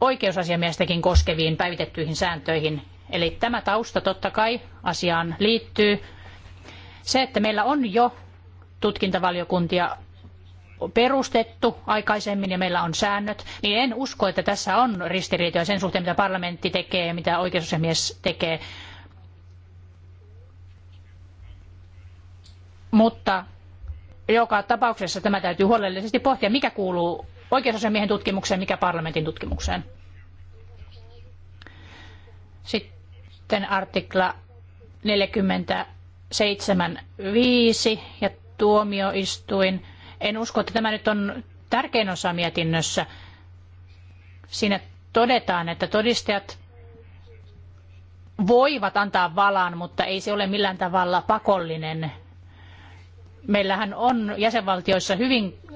oikeusasiamiestäkin koskeviin päivitettyihin sääntöihin. Eli tämä tausta totta kai asiaan liittyy. Se, että meillä on jo tutkintavaliokuntia perustettu aikaisemmin ja meillä on säännöt, niin en usko, että tässä on ristiriitoja sen suhteen, mitä parlamentti tekee ja mitä oikeusasiamies tekee. Mutta joka tapauksessa tämä täytyy huolellisesti pohtia, mikä kuuluu oikeusasiamiehen tutkimukseen, mikä parlamentin tutkimukseen. Sitten artikla 47.5 ja tuomioistuin. En usko, että tämä nyt on tärkein osa mietinnössä. Siinä todetaan, että todistajat voivat antaa valan, mutta ei se ole millään tavalla pakollinen meillähän on jäsenvaltioissa hyvin äh,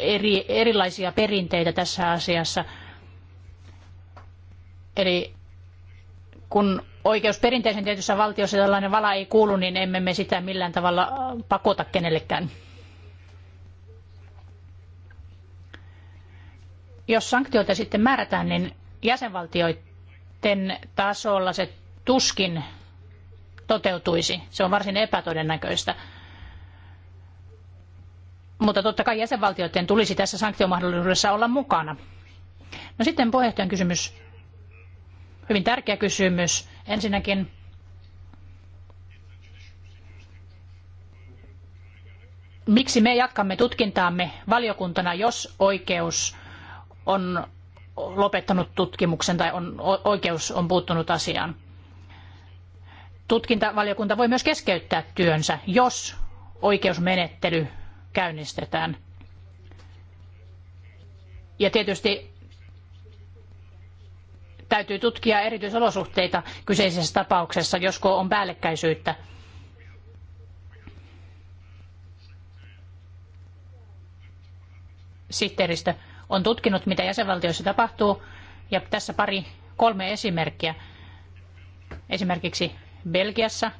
eri, erilaisia perinteitä tässä asiassa. Eli kun oikeus perinteisen tietyssä valtiossa tällainen vala ei kuulu, niin emme me sitä millään tavalla äh, pakota kenellekään. Jos sanktioita sitten määrätään, niin jäsenvaltioiden tasolla se tuskin toteutuisi. Se on varsin epätodennäköistä. Mutta totta kai jäsenvaltioiden tulisi tässä sanktiomahdollisuudessa olla mukana. No sitten puheenjohtajan kysymys. Hyvin tärkeä kysymys. Ensinnäkin miksi me jatkamme tutkintaamme valiokuntana, jos oikeus on lopettanut tutkimuksen tai on, oikeus on puuttunut asiaan. Tutkintavaliokunta voi myös keskeyttää työnsä, jos oikeusmenettely käynnistetään. Ja tietysti täytyy tutkia erityisolosuhteita kyseisessä tapauksessa, josko on päällekkäisyyttä. Sihteeristö on tutkinut, mitä jäsenvaltioissa tapahtuu, ja tässä pari kolme esimerkkiä. Esimerkiksi Belgiassa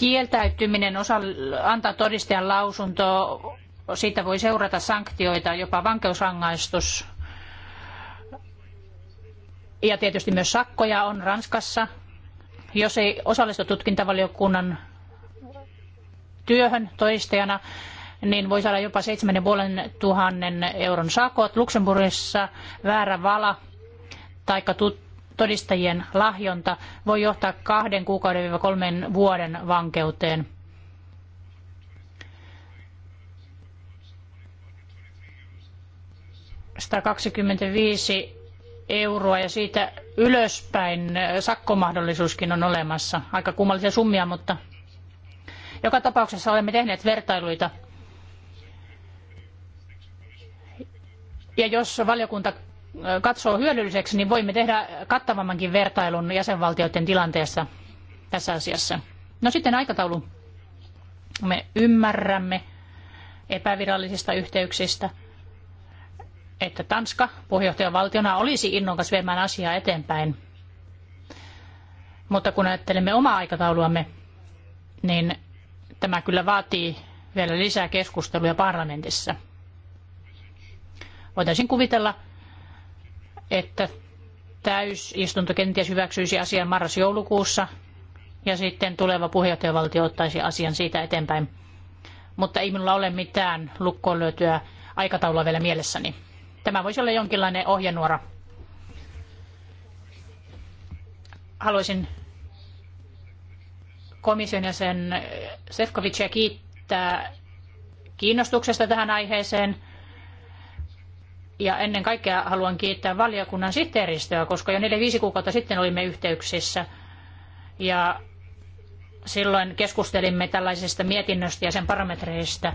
kieltäytyminen osa, antaa todistajan lausunto, siitä voi seurata sanktioita, jopa vankeusrangaistus. Ja tietysti myös sakkoja on Ranskassa. Jos ei osallistu tutkintavaliokunnan työhön todistajana, niin voi saada jopa 7500 euron sakot. Luxemburgissa väärä vala tai tut- todistajien lahjonta voi johtaa kahden kuukauden kolmen vuoden vankeuteen. 25 euroa ja siitä ylöspäin sakkomahdollisuuskin on olemassa. Aika kummallisia summia, mutta joka tapauksessa olemme tehneet vertailuita. Ja jos valiokunta katsoo hyödylliseksi, niin voimme tehdä kattavammankin vertailun jäsenvaltioiden tilanteessa tässä asiassa. No sitten aikataulu. Me ymmärrämme epävirallisista yhteyksistä, että Tanska puheenjohtajavaltiona olisi innokas viemään asiaa eteenpäin. Mutta kun ajattelemme omaa aikatauluamme, niin tämä kyllä vaatii vielä lisää keskusteluja parlamentissa. Voitaisiin kuvitella, että täysistunto kenties hyväksyisi asian marras-joulukuussa ja sitten tuleva puheenjohtajavaltio ottaisi asian siitä eteenpäin. Mutta ei minulla ole mitään lukkoon lyötyä aikataulua vielä mielessäni. Tämä voisi olla jonkinlainen ohjenuora. Haluaisin komission jäsen Sefcovicia kiittää kiinnostuksesta tähän aiheeseen – ja ennen kaikkea haluan kiittää valiokunnan sihteeristöä, koska jo 4-5 kuukautta sitten olimme yhteyksissä. Ja silloin keskustelimme tällaisesta mietinnöstä ja sen parametreistä.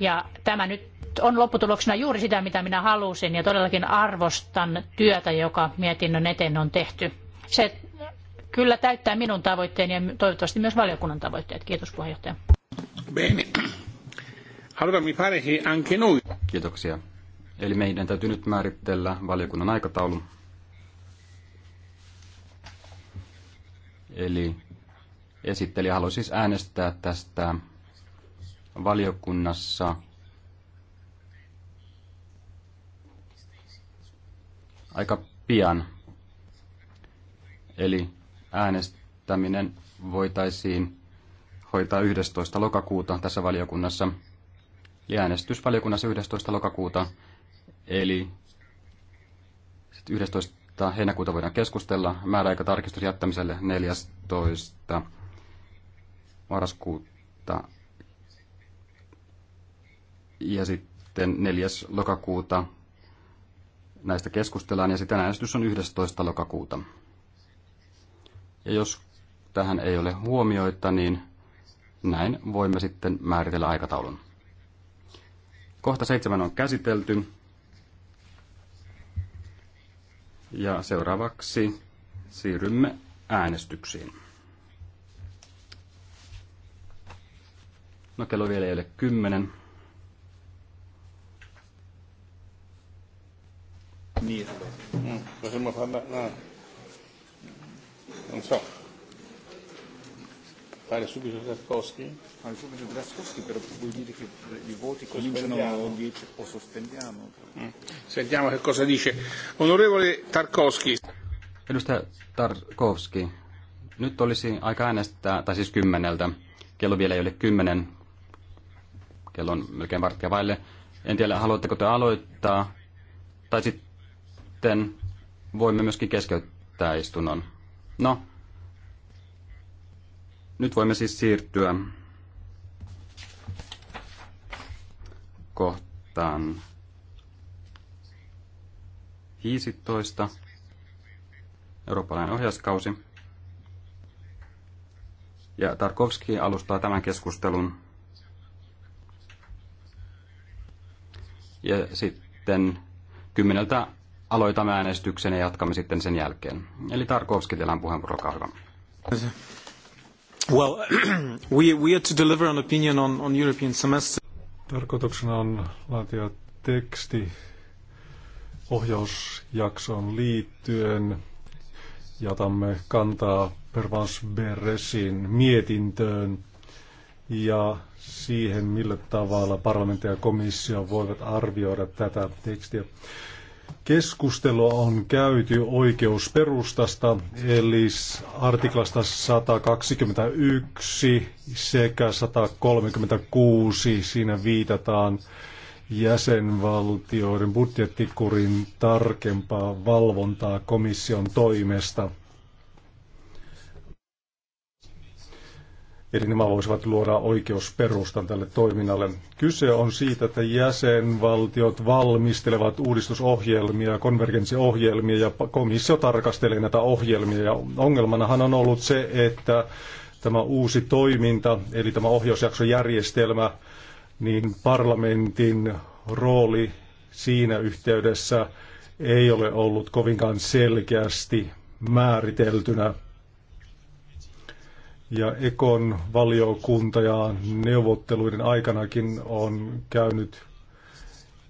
Ja tämä nyt on lopputuloksena juuri sitä, mitä minä halusin. Ja todellakin arvostan työtä, joka mietinnön eteen on tehty. Se kyllä täyttää minun tavoitteeni ja toivottavasti myös valiokunnan tavoitteet. Kiitos puheenjohtaja. Bene. Allora mi anche noi. Kiitoksia. Eli meidän täytyy nyt määritellä valiokunnan aikataulu. Eli esittelijä haluaa siis äänestää tästä valiokunnassa aika pian. Eli äänestäminen voitaisiin hoitaa 11. lokakuuta tässä valiokunnassa. Ja äänestys valiokunnassa 11. lokakuuta Eli 11. heinäkuuta voidaan keskustella. tarkistus jättämiselle 14. marraskuuta ja sitten 4. lokakuuta näistä keskustellaan ja sitten äänestys on 11. lokakuuta. Ja jos tähän ei ole huomioita, niin näin voimme sitten määritellä aikataulun. Kohta seitsemän on käsitelty. Ja seuraavaksi siirrymme äänestyksiin. No kello vielä ei ole kymmenen. Niin. Mm. No, no se on Fare subito Draskowski? Fare subito Draskowski, però vuol dire che i voti cominciano a 10 o sospendiamo. Mm. Sentiamo che cosa dice. Onorevole Tarkovski. Edustaja Tarkovski, nyt olisi aika äänestää, tai siis kymmeneltä. Kello vielä ei ole kymmenen. Kello on melkein varttia vaille. En tiedä, haluatteko te aloittaa, tai sitten voimme myöskin keskeyttää istunnon. No, nyt voimme siis siirtyä kohtaan 15. Eurooppalainen ohjauskausi. Ja Tarkovski alustaa tämän keskustelun. Ja sitten kymmeneltä aloitamme äänestyksen ja jatkamme sitten sen jälkeen. Eli Tarkovski, teillä on puheenvuoro, Well, [clears throat] we, we are to deliver an opinion on, on European semester. Tarkoituksena on laatia teksti ohjausjaksoon liittyen. Jatamme kantaa Pervans Beresin mietintöön ja siihen, millä tavalla parlamentti ja komissio voivat arvioida tätä tekstiä. Keskustelua on käyty oikeusperustasta, eli artiklasta 121 sekä 136. Siinä viitataan jäsenvaltioiden budjettikurin tarkempaa valvontaa komission toimesta – Eli nämä voisivat luoda oikeusperustan tälle toiminnalle. Kyse on siitä, että jäsenvaltiot valmistelevat uudistusohjelmia, konvergenssiohjelmia ja komissio tarkastelee näitä ohjelmia. Ja ongelmanahan on ollut se, että tämä uusi toiminta, eli tämä ohjausjaksojärjestelmä, niin parlamentin rooli siinä yhteydessä ei ole ollut kovinkaan selkeästi määriteltynä ja Ekon valiokunta ja neuvotteluiden aikanakin on käynyt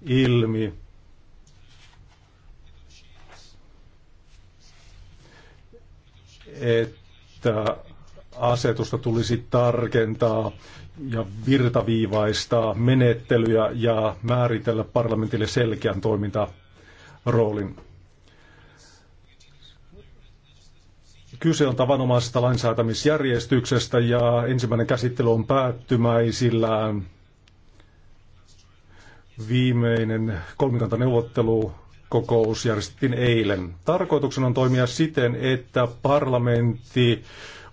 ilmi. että asetusta tulisi tarkentaa ja virtaviivaistaa menettelyjä ja määritellä parlamentille selkeän toimintaroolin. Kyse on tavanomaisesta lainsäätämisjärjestyksestä ja ensimmäinen käsittely on päättymäisillä. Viimeinen kolmikantaneuvottelu kokous järjestettiin eilen. Tarkoituksena on toimia siten, että parlamentti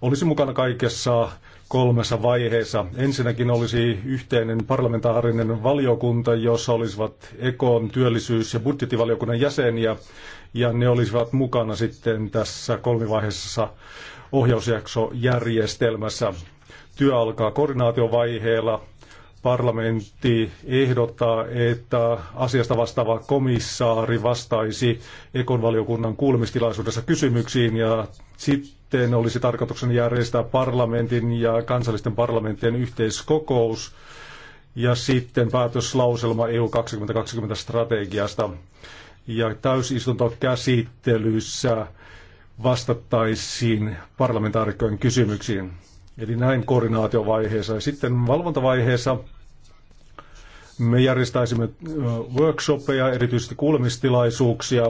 olisi mukana kaikessa kolmessa vaiheessa. Ensinnäkin olisi yhteinen parlamentaarinen valiokunta, jossa olisivat Ekon, työllisyys- ja budjettivaliokunnan jäseniä, ja ne olisivat mukana sitten tässä kolmivaiheisessa ohjausjaksojärjestelmässä. Työ alkaa koordinaatiovaiheella. Parlamentti ehdottaa, että asiasta vastaava komissaari vastaisi Ekon valiokunnan kuulemistilaisuudessa kysymyksiin ja sitten sitten olisi tarkoituksen järjestää parlamentin ja kansallisten parlamenttien yhteiskokous ja sitten päätöslauselma EU 2020 strategiasta. Ja täysistunto käsittelyssä vastattaisiin parlamentaarikkojen kysymyksiin. Eli näin koordinaatiovaiheessa. Ja sitten valvontavaiheessa me järjestäisimme workshoppeja erityisesti kuulemistilaisuuksia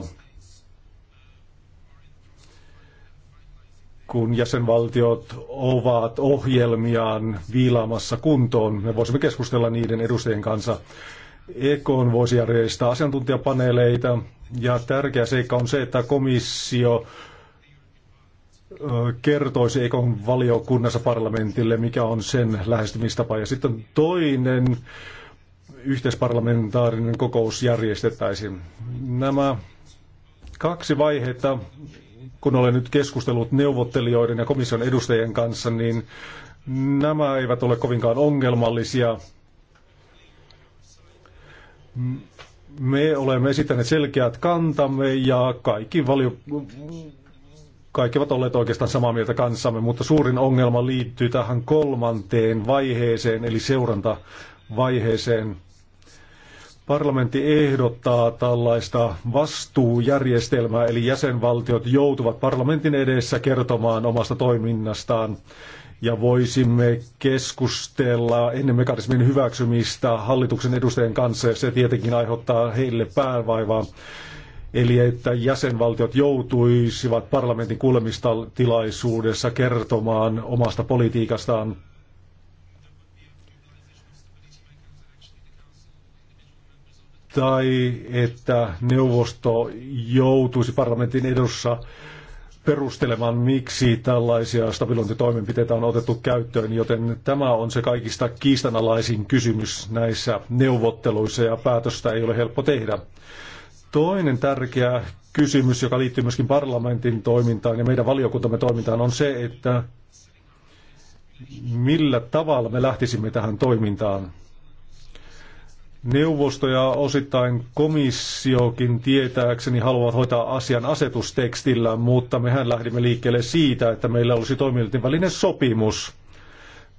kun jäsenvaltiot ovat ohjelmiaan viilaamassa kuntoon. Me voisimme keskustella niiden edustajien kanssa. EKon voisi järjestää asiantuntijapaneeleita ja tärkeä seikka on se, että komissio kertoisi EKon valiokunnassa parlamentille, mikä on sen lähestymistapa. Ja sitten toinen yhteisparlamentaarinen kokous järjestettäisiin. Nämä kaksi vaihetta kun olen nyt keskustellut neuvottelijoiden ja komission edustajien kanssa, niin nämä eivät ole kovinkaan ongelmallisia. Me olemme esittäneet selkeät kantamme ja kaikki, valio... kaikki ovat olleet oikeastaan samaa mieltä kanssamme, mutta suurin ongelma liittyy tähän kolmanteen vaiheeseen eli seurantavaiheeseen. Parlamentti ehdottaa tällaista vastuujärjestelmää, eli jäsenvaltiot joutuvat parlamentin edessä kertomaan omasta toiminnastaan ja voisimme keskustella ennen mekanismin hyväksymistä hallituksen edustajien kanssa ja se tietenkin aiheuttaa heille päävaivaa. Eli että jäsenvaltiot joutuisivat parlamentin kuulemistilaisuudessa kertomaan omasta politiikastaan tai että neuvosto joutuisi parlamentin edussa perustelemaan, miksi tällaisia stabilointitoimenpiteitä on otettu käyttöön, joten tämä on se kaikista kiistanalaisin kysymys näissä neuvotteluissa ja päätöstä ei ole helppo tehdä. Toinen tärkeä kysymys, joka liittyy myöskin parlamentin toimintaan ja meidän valiokuntamme toimintaan, on se, että millä tavalla me lähtisimme tähän toimintaan. Neuvosto ja osittain komissiokin tietääkseni haluavat hoitaa asian asetustekstillä, mutta mehän lähdimme liikkeelle siitä, että meillä olisi toimielinten välinen sopimus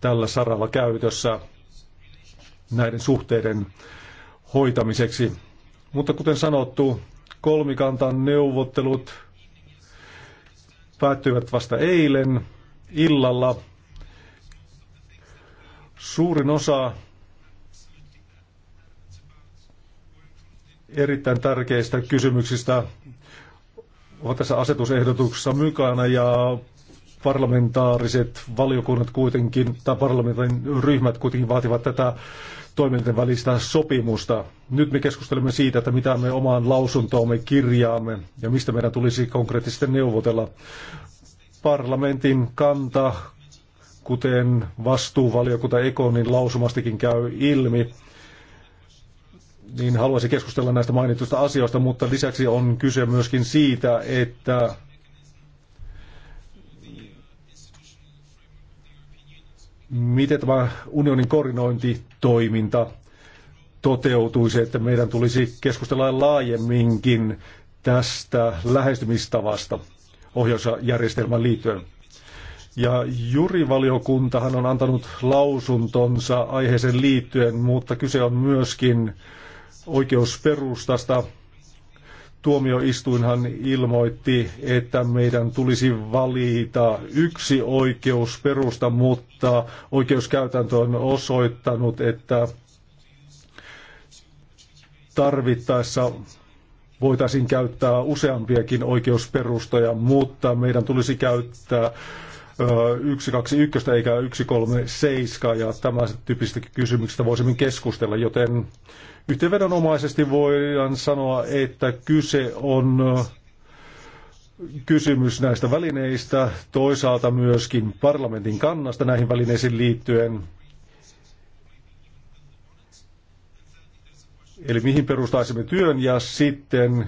tällä saralla käytössä näiden suhteiden hoitamiseksi. Mutta kuten sanottu, kolmikantan neuvottelut päättyivät vasta eilen illalla. Suurin osa erittäin tärkeistä kysymyksistä ovat tässä asetusehdotuksessa mukana ja parlamentaariset valiokunnat kuitenkin, tai parlamentin ryhmät kuitenkin vaativat tätä toimintojen välistä sopimusta. Nyt me keskustelemme siitä, että mitä me omaan lausuntoomme kirjaamme ja mistä meidän tulisi konkreettisesti neuvotella. Parlamentin kanta, kuten vastuuvaliokunta Ekonin lausumastikin käy ilmi, niin haluaisin keskustella näistä mainituista asioista, mutta lisäksi on kyse myöskin siitä, että miten tämä unionin koordinointitoiminta toteutuisi, että meidän tulisi keskustella laajemminkin tästä lähestymistavasta ohjausjärjestelmän liittyen. Ja jurivaliokuntahan on antanut lausuntonsa aiheeseen liittyen, mutta kyse on myöskin oikeusperustasta. Tuomioistuinhan ilmoitti, että meidän tulisi valita yksi oikeusperusta, mutta oikeuskäytäntö on osoittanut, että tarvittaessa voitaisiin käyttää useampiakin oikeusperustoja, mutta meidän tulisi käyttää 121 eikä 137 ja tämän tyyppisistä kysymyksistä voisimme keskustella, joten Yhteenvedonomaisesti voidaan sanoa, että kyse on kysymys näistä välineistä, toisaalta myöskin parlamentin kannasta näihin välineisiin liittyen. Eli mihin perustaisimme työn ja sitten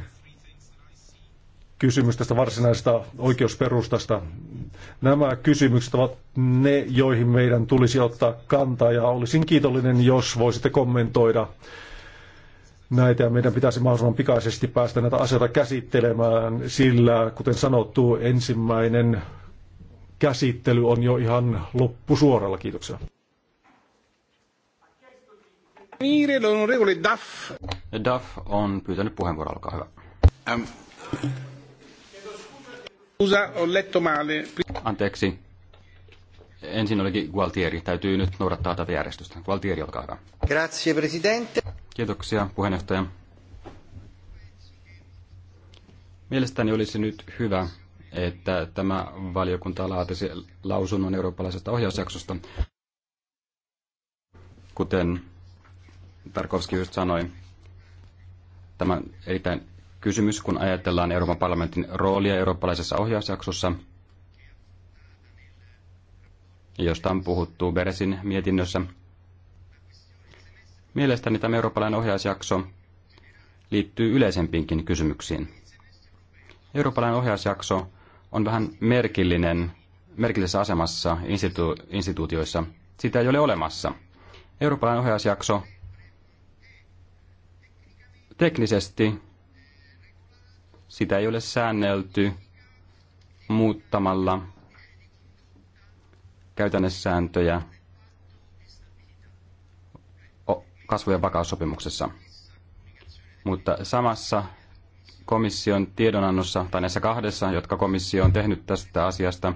kysymys tästä varsinaisesta oikeusperustasta. Nämä kysymykset ovat ne, joihin meidän tulisi ottaa kantaa ja olisin kiitollinen, jos voisitte kommentoida näitä ja meidän pitäisi mahdollisimman pikaisesti päästä näitä asioita käsittelemään, sillä kuten sanottu, ensimmäinen käsittely on jo ihan loppusuoralla. Kiitoksia. Duff. Duff on pyytänyt puheenvuoron, olkaa hyvä. Um. Anteeksi. Ensin olikin Gualtieri. Täytyy nyt noudattaa tätä järjestystä. Gualtieri, olkaa hyvä. Grazie, presidente. Kiitoksia puheenjohtaja. Mielestäni olisi nyt hyvä, että tämä valiokunta laatisi lausunnon eurooppalaisesta ohjausjaksosta. Kuten Tarkovski just sanoi, tämä on erittäin kysymys, kun ajatellaan Euroopan parlamentin roolia eurooppalaisessa ohjausjaksossa, josta on puhuttu Beresin mietinnössä – Mielestäni tämä eurooppalainen ohjausjakso liittyy yleisempiinkin kysymyksiin. Eurooppalainen ohjausjakso on vähän merkillinen, merkillisessä asemassa institu- instituutioissa. Sitä ei ole olemassa. Eurooppalainen ohjausjakso teknisesti sitä ei ole säännelty muuttamalla käytännössääntöjä kasvu- ja vakaussopimuksessa. Mutta samassa komission tiedonannossa, tai näissä kahdessa, jotka komissio on tehnyt tästä asiasta,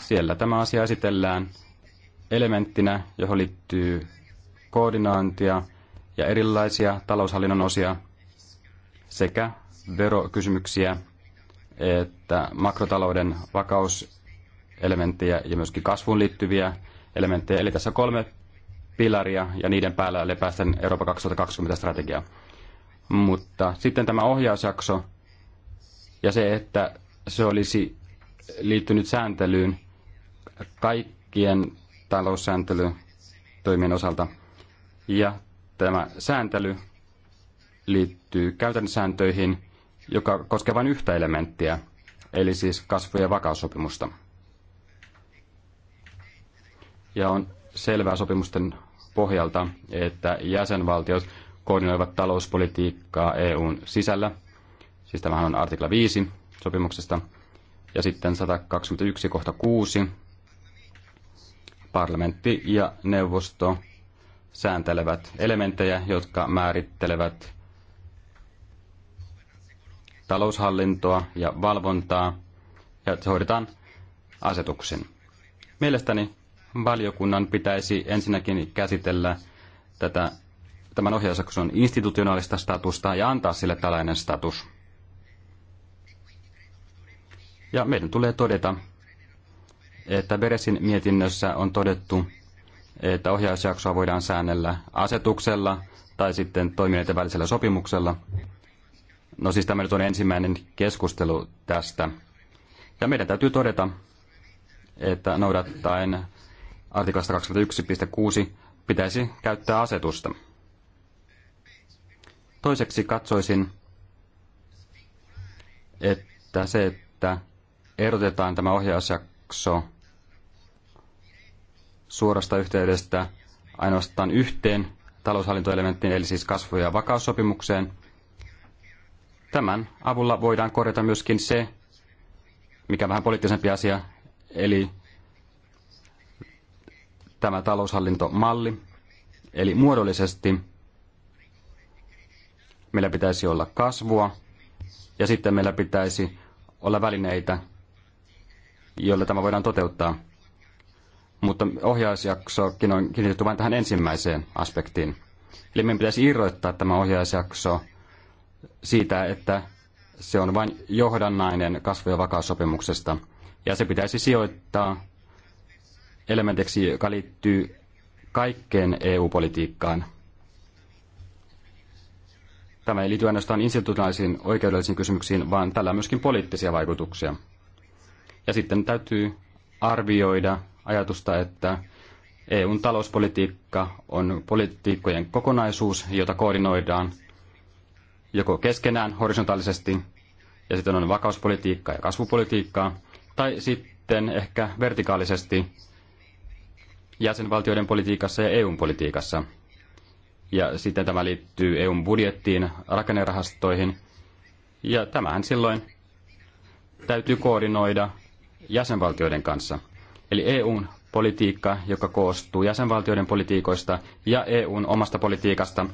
siellä tämä asia esitellään elementtinä, johon liittyy koordinaantia ja erilaisia taloushallinnon osia sekä verokysymyksiä että makrotalouden vakauselementtejä ja myöskin kasvuun liittyviä elementtejä. Eli tässä kolme pilaria ja niiden päällä lepää sen Eurooppa 2020 strategia. Mutta sitten tämä ohjausjakso ja se, että se olisi liittynyt sääntelyyn kaikkien taloussääntelytoimien osalta. Ja tämä sääntely liittyy sääntöihin, joka koskee vain yhtä elementtiä, eli siis kasvu- ja vakaussopimusta. Ja on selvää sopimusten pohjalta, että jäsenvaltiot koordinoivat talouspolitiikkaa EUn sisällä. Siis tämähän on artikla 5 sopimuksesta. Ja sitten 121 kohta 6. Parlamentti ja neuvosto sääntelevät elementtejä, jotka määrittelevät taloushallintoa ja valvontaa, ja se hoidetaan asetuksin. Mielestäni valiokunnan pitäisi ensinnäkin käsitellä tätä, tämän ohjausjakson institutionaalista statusta ja antaa sille tällainen status. Ja meidän tulee todeta, että Beresin mietinnössä on todettu, että ohjausjaksoa voidaan säännellä asetuksella tai sitten toimijoiden välisellä sopimuksella. No siis tämä nyt on ensimmäinen keskustelu tästä. Ja meidän täytyy todeta, että noudattaen artiklasta 21.6 pitäisi käyttää asetusta. Toiseksi katsoisin, että se, että erotetaan tämä ohjausjakso suorasta yhteydestä ainoastaan yhteen taloushallintoelementtiin, eli siis kasvu- ja vakaussopimukseen. Tämän avulla voidaan korjata myöskin se, mikä vähän poliittisempi asia, eli tämä taloushallintomalli. Eli muodollisesti meillä pitäisi olla kasvua ja sitten meillä pitäisi olla välineitä, joilla tämä voidaan toteuttaa. Mutta ohjausjaksokin on kiinnitetty vain tähän ensimmäiseen aspektiin. Eli meidän pitäisi irrottaa tämä ohjausjakso siitä, että se on vain johdannainen kasvu- ja vakaussopimuksesta. Ja se pitäisi sijoittaa elementiksi, joka liittyy kaikkeen EU-politiikkaan. Tämä ei liity ainoastaan institutionaalisiin oikeudellisiin kysymyksiin, vaan tällä on myöskin poliittisia vaikutuksia. Ja sitten täytyy arvioida ajatusta, että EUn talouspolitiikka on politiikkojen kokonaisuus, jota koordinoidaan joko keskenään horisontaalisesti, ja sitten on vakauspolitiikkaa ja kasvupolitiikkaa, tai sitten ehkä vertikaalisesti jäsenvaltioiden politiikassa ja EUn politiikassa. Ja sitten tämä liittyy EUn budjettiin, rakennerahastoihin. Ja tämähän silloin täytyy koordinoida jäsenvaltioiden kanssa. Eli EUn politiikka, joka koostuu jäsenvaltioiden politiikoista ja EUn omasta politiikasta.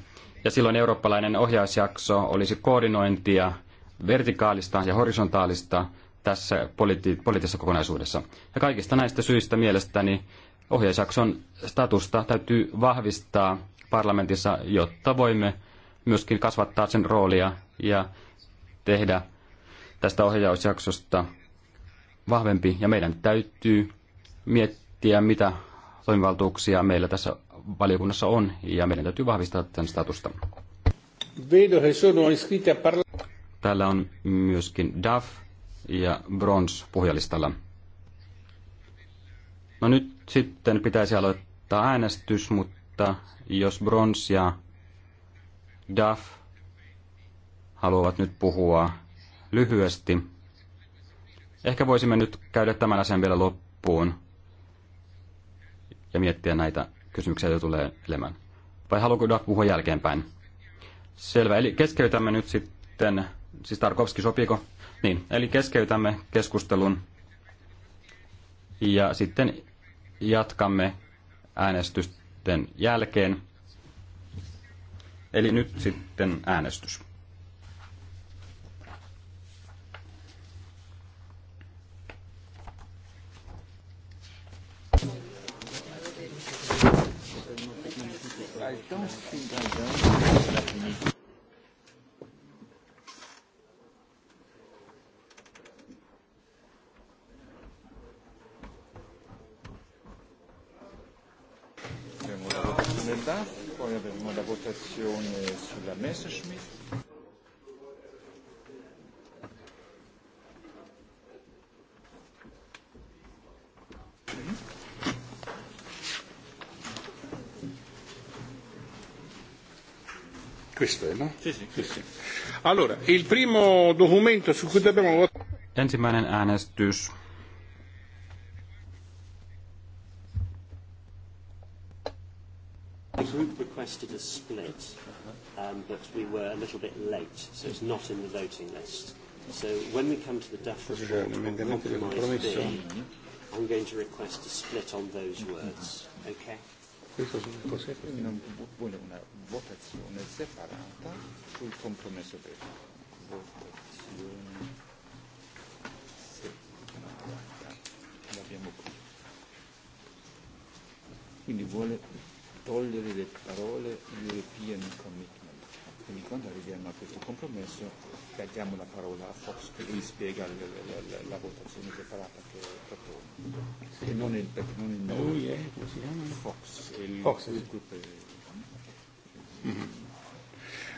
Ja silloin eurooppalainen ohjausjakso olisi koordinointia vertikaalista ja horisontaalista tässä politi- poliittisessa kokonaisuudessa. Ja kaikista näistä syistä mielestäni ohjausjakson statusta täytyy vahvistaa parlamentissa, jotta voimme myöskin kasvattaa sen roolia ja tehdä tästä ohjausjaksosta vahvempi. Ja meidän täytyy miettiä, mitä toimivaltuuksia meillä tässä valiokunnassa on, ja meidän täytyy vahvistaa tämän statusta. Täällä on myöskin DAF ja Brons puhujalistalla. No nyt sitten pitäisi aloittaa äänestys, mutta jos Brons ja Duff haluavat nyt puhua lyhyesti, ehkä voisimme nyt käydä tämän asian vielä loppuun ja miettiä näitä kysymyksiä, joita tulee elämään. Vai haluatko Duff puhua jälkeenpäin? Selvä, eli keskeytämme nyt sitten, siis Tarkovski sopiiko? Niin, eli keskeytämme keskustelun. Ja sitten jatkamme äänestysten jälkeen. Eli nyt sitten äänestys. I don't think I don't. Messerschmidt. Questo è, no? sì, sì. Allora, il primo documento su cui dobbiamo votare... Ensimmäinen äänestys minutes, um, but we were a little bit late, so it's not in the voting list. So when we come to the Duff report, compromise B, I'm going to request a split on those words. Okay? Quindi vuole togliere le parole European Commitment. Quindi quando arriviamo a questo compromesso diamo la parola a Fox che lui spiega la, la, la, la votazione separata che propone. Sì. E non il, non il nome. Lui è, come si chiama? Fox. Il, Fox. Il gruppo è... mm-hmm.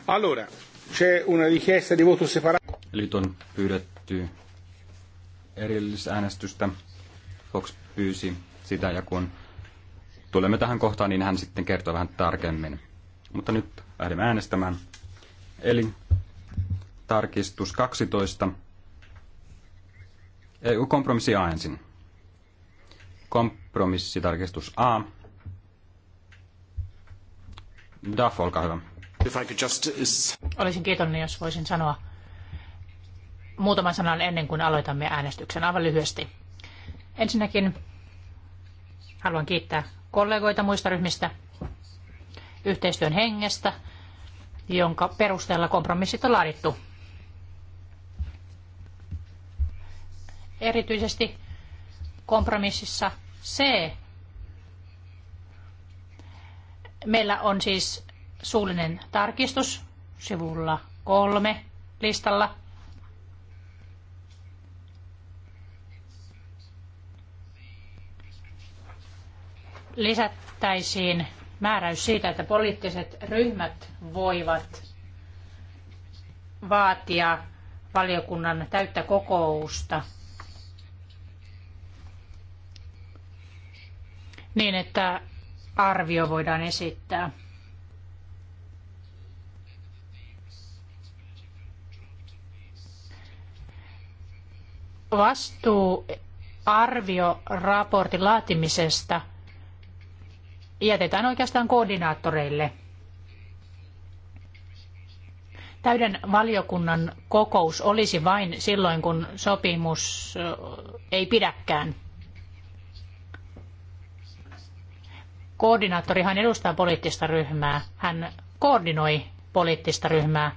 Allora, c'è una richiesta di voto separato. Nyt on pyydetty erillisäänestystä. Fox pyysi sitä ja kun tulemme tähän kohtaan, niin hän sitten kertoo vähän tarkemmin. Mutta nyt lähdemme äänestämään. Eli tarkistus 12. EU kompromissi A ensin. Kompromissitarkistus A. Duff, olkaa hyvä. If I could just... Uh, Olisin kiitollinen, jos voisin sanoa muutaman sanan ennen kuin aloitamme äänestyksen aivan lyhyesti. Ensinnäkin Haluan kiittää kollegoita muista ryhmistä yhteistyön hengestä, jonka perusteella kompromissit on laadittu. Erityisesti kompromississa C. Meillä on siis suullinen tarkistus sivulla kolme listalla – lisättäisiin määräys siitä, että poliittiset ryhmät voivat vaatia valiokunnan täyttä kokousta niin, että arvio voidaan esittää. Vastuu arvioraportin laatimisesta – jätetään oikeastaan koordinaattoreille. Täyden valiokunnan kokous olisi vain silloin, kun sopimus ei pidäkään. Koordinaattorihan edustaa poliittista ryhmää. Hän koordinoi poliittista ryhmää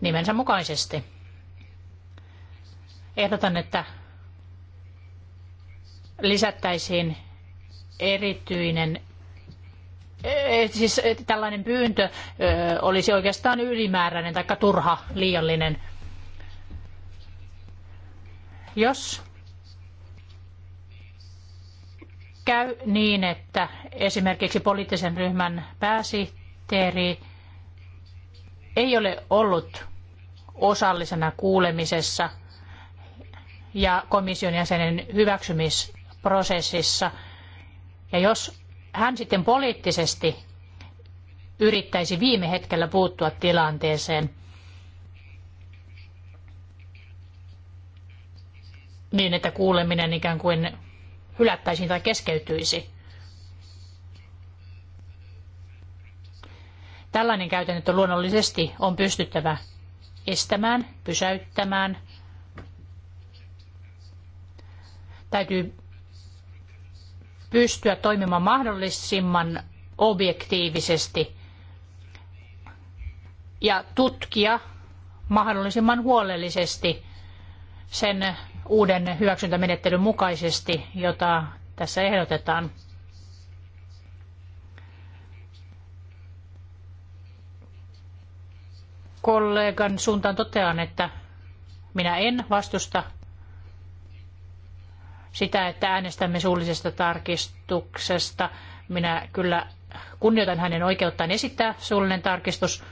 nimensä mukaisesti. Ehdotan, että lisättäisiin erityinen eh, eh, Siis eh, tällainen pyyntö olisi oikeastaan ylimääräinen tai turha, liiallinen. Jos käy niin, että esimerkiksi poliittisen ryhmän pääsihteeri ei ole ollut osallisena kuulemisessa ja komission jäsenen hyväksymisprosessissa – ja jos hän sitten poliittisesti yrittäisi viime hetkellä puuttua tilanteeseen, niin että kuuleminen ikään kuin hylättäisiin tai keskeytyisi. Tällainen käytäntö luonnollisesti on pystyttävä estämään, pysäyttämään. Täytyy pystyä toimimaan mahdollisimman objektiivisesti ja tutkia mahdollisimman huolellisesti sen uuden hyväksyntämenettelyn mukaisesti, jota tässä ehdotetaan. Kollegan suuntaan totean, että minä en vastusta sitä, että äänestämme suullisesta tarkistuksesta. Minä kyllä kunnioitan hänen oikeuttaan esittää suullinen tarkistus,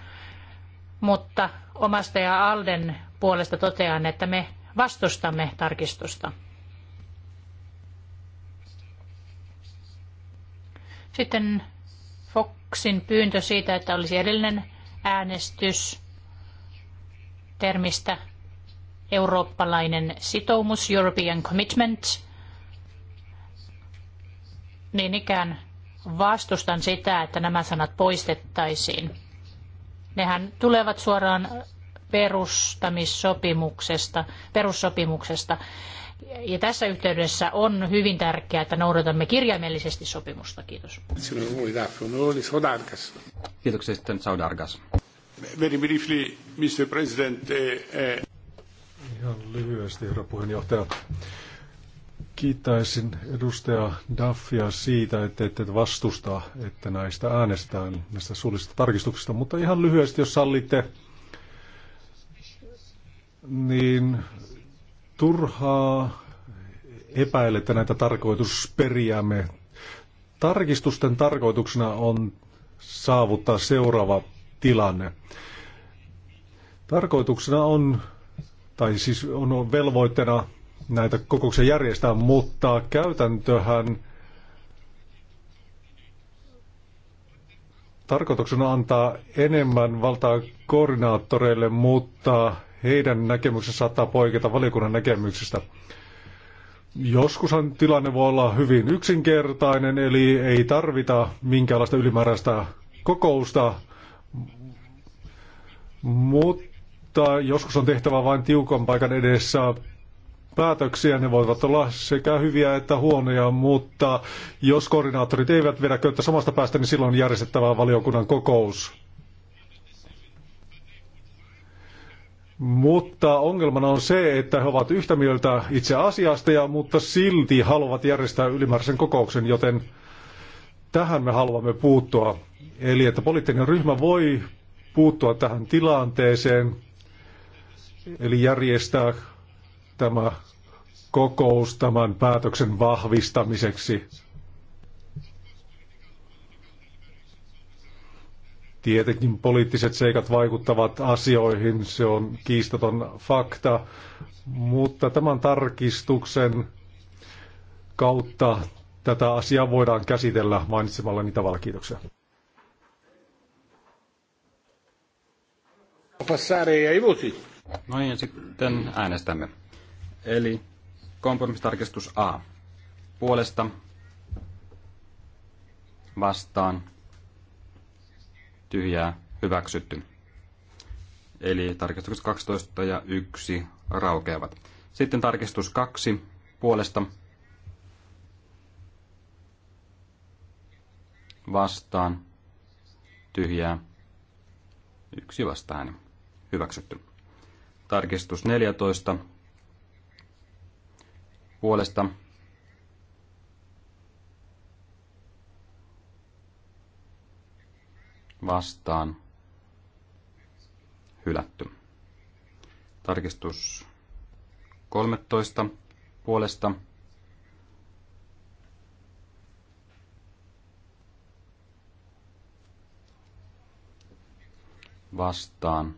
mutta omasta ja Alden puolesta totean, että me vastustamme tarkistusta. Sitten Foxin pyyntö siitä, että olisi edellinen äänestys termistä eurooppalainen sitoumus, European Commitment – niin ikään vastustan sitä, että nämä sanat poistettaisiin. Nehän tulevat suoraan perustamissopimuksesta, perussopimuksesta. Ja tässä yhteydessä on hyvin tärkeää, että noudatamme kirjaimellisesti sopimusta. Kiitos. Kiitoksia sitten Saudargas. Very briefly, Mr. President. Eh, eh. Ihan lyhyesti, herra puheenjohtaja. Kiittäisin edustaja Daffia siitä, että ette vastusta, että näistä äänestetään, näistä suullisista tarkistuksista, mutta ihan lyhyesti, jos sallitte, niin turhaa epäilette näitä tarkoitusperiämme. Tarkistusten tarkoituksena on saavuttaa seuraava tilanne. Tarkoituksena on, tai siis on velvoitteena näitä kokouksia järjestää, mutta käytäntöhän tarkoituksena antaa enemmän valtaa koordinaattoreille, mutta heidän näkemyksensä saattaa poiketa valiokunnan näkemyksestä. Joskushan tilanne voi olla hyvin yksinkertainen, eli ei tarvita minkäänlaista ylimääräistä kokousta, mutta joskus on tehtävä vain tiukan paikan edessä päätöksiä. Ne voivat olla sekä hyviä että huonoja, mutta jos koordinaattorit eivät vedä köyttä samasta päästä, niin silloin järjestettävä valiokunnan kokous. Mutta ongelmana on se, että he ovat yhtä mieltä itse asiasta, ja, mutta silti haluavat järjestää ylimääräisen kokouksen, joten tähän me haluamme puuttua. Eli että poliittinen ryhmä voi puuttua tähän tilanteeseen, eli järjestää tämä kokous tämän päätöksen vahvistamiseksi. Tietenkin poliittiset seikat vaikuttavat asioihin, se on kiistaton fakta, mutta tämän tarkistuksen kautta tätä asiaa voidaan käsitellä mainitsemalla niitä tavalla. Kiitoksia. No niin, ja sitten äänestämme. Eli kompromissitarkistus A. Puolesta vastaan tyhjää hyväksytty. Eli tarkistukset 12 ja 1 raukeavat. Sitten tarkistus 2 puolesta vastaan tyhjää yksi vastaan hyväksytty. Tarkistus 14 puolesta vastaan hylätty. Tarkistus 13 puolesta vastaan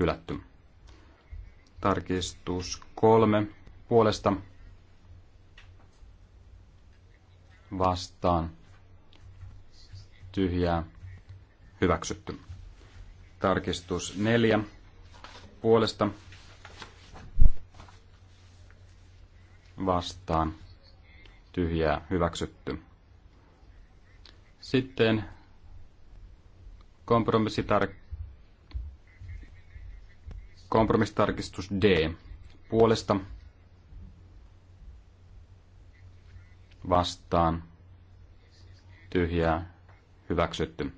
hylätty. Tarkistus kolme puolesta vastaan tyhjää hyväksytty. Tarkistus neljä puolesta vastaan tyhjää hyväksytty. Sitten kompromissitarkistus Kompromistarkistus D. Puolesta vastaan tyhjää hyväksytty.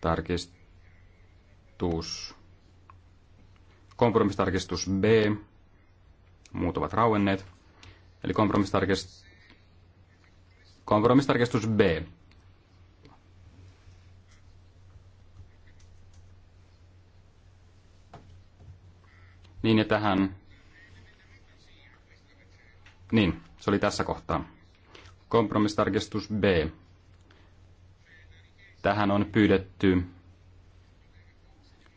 Tarkistus. Kompromistarkistus B. Muut ovat rauenneet. Eli kompromistarkistus, kompromistarkistus B Niin ja tähän... Niin, se oli tässä kohtaa. Kompromistarkistus B. Tähän on pyydetty,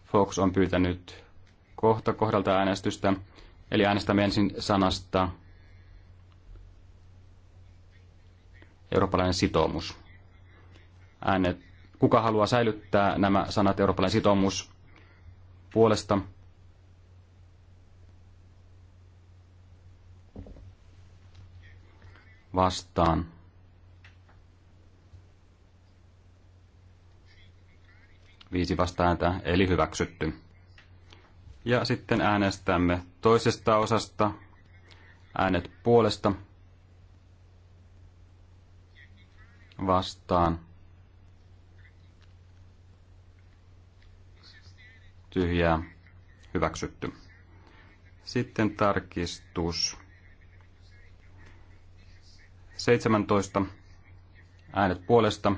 Fox on pyytänyt kohta kohdalta äänestystä, eli äänestämme ensin sanasta eurooppalainen sitoumus. Äänet, kuka haluaa säilyttää nämä sanat eurooppalainen sitoumus puolesta? vastaan. Viisi vastaääntä, eli hyväksytty. Ja sitten äänestämme toisesta osasta äänet puolesta vastaan. Tyhjää, hyväksytty. Sitten tarkistus 17. Äänet puolesta.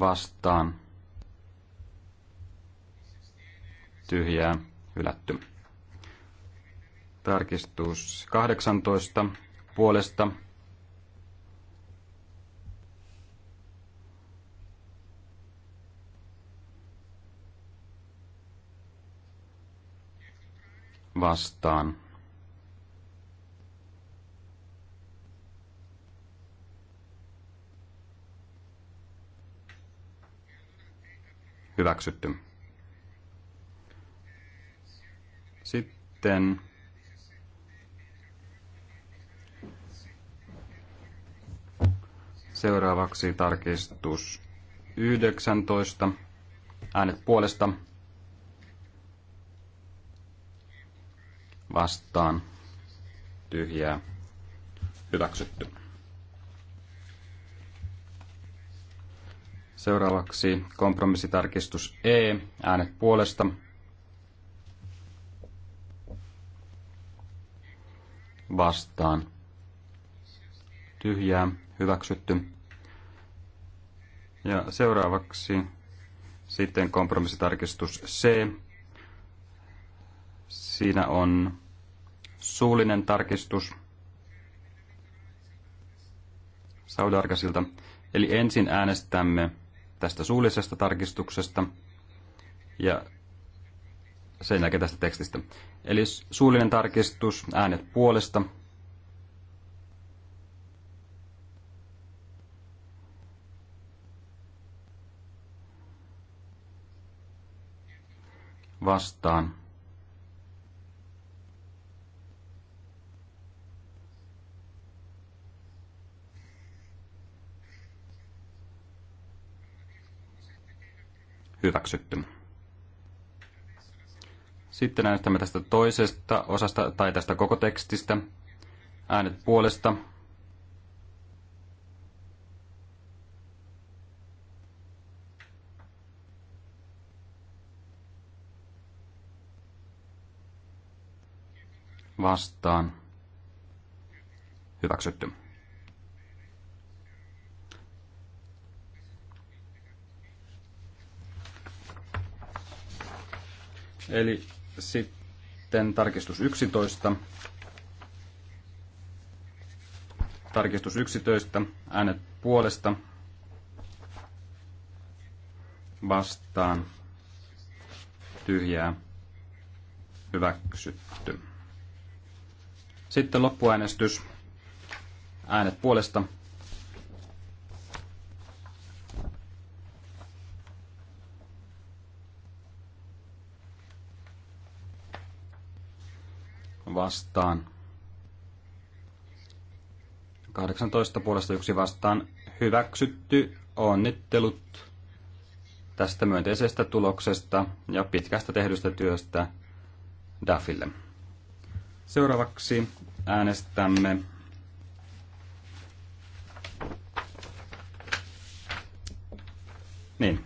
Vastaan. Tyhjää. Hylätty. Tarkistus 18. Puolesta vastaan. Hyväksytty. Sitten seuraavaksi tarkistus 19. Äänet puolesta vastaan tyhjää hyväksytty. Seuraavaksi kompromissitarkistus E, äänet puolesta. Vastaan. Tyhjää, hyväksytty. Ja seuraavaksi sitten kompromissitarkistus C, Siinä on suullinen tarkistus Saudarkasilta. Eli ensin äänestämme tästä suullisesta tarkistuksesta ja sen jälkeen tästä tekstistä. Eli suullinen tarkistus, äänet puolesta. Vastaan. hyväksytty. Sitten äänestämme tästä toisesta osasta tai tästä koko tekstistä. Äänet puolesta. Vastaan. Hyväksytty. Eli sitten tarkistus 11. Tarkistus 11. Äänet puolesta vastaan tyhjää hyväksytty. Sitten loppuäänestys. Äänet puolesta vastaan. 18 puolesta yksi vastaan hyväksytty. Onnittelut tästä myönteisestä tuloksesta ja pitkästä tehdystä työstä DAFille. Seuraavaksi äänestämme Niin.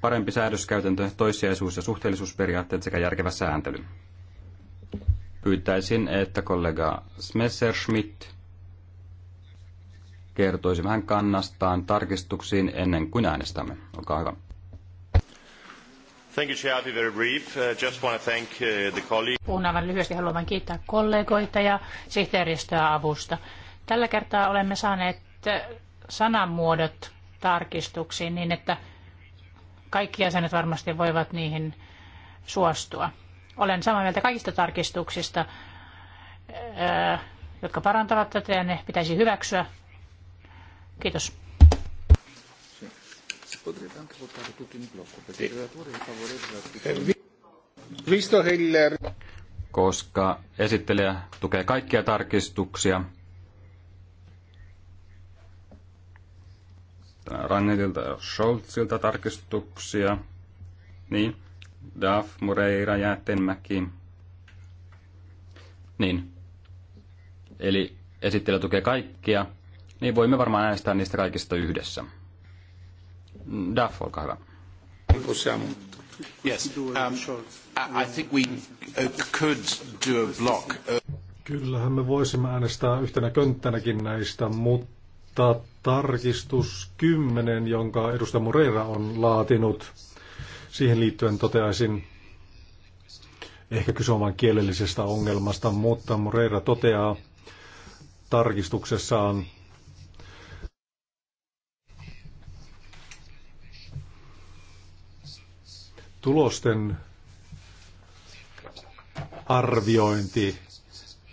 Parempi säädöskäytäntö, toissijaisuus ja suhteellisuusperiaatteet sekä järkevä sääntely pyytäisin, että kollega Smesserschmidt kertoisi vähän kannastaan tarkistuksiin ennen kuin äänestämme. Olkaa hyvä. Thank you, Chair. I'll be very brief. Uh, just want to thank uh, the Puhun aivan lyhyesti. Haluan kiittää kollegoita ja sihteeristöä avusta. Tällä kertaa olemme saaneet uh, sanamuodot tarkistuksiin niin, että kaikki jäsenet varmasti voivat niihin suostua. Olen samaa mieltä kaikista tarkistuksista, jotka parantavat tätä ja ne pitäisi hyväksyä. Kiitos. Koska esittelijä tukee kaikkia tarkistuksia, Rannetilta ja Scholzilta tarkistuksia, niin Daf, Moreira, Jäättenmäki. Niin. Eli esittely tukee kaikkia, niin voimme varmaan äänestää niistä kaikista yhdessä. Daf, olkaa hyvä. Yes. Um, I think we uh, could do a block. Kyllähän me voisimme äänestää yhtenä könttänäkin näistä, mutta tarkistus 10, jonka edustaja Moreira on laatinut, Siihen liittyen toteaisin, ehkä kyse on kielellisestä ongelmasta, mutta Moreira toteaa tarkistuksessaan, tulosten arviointi,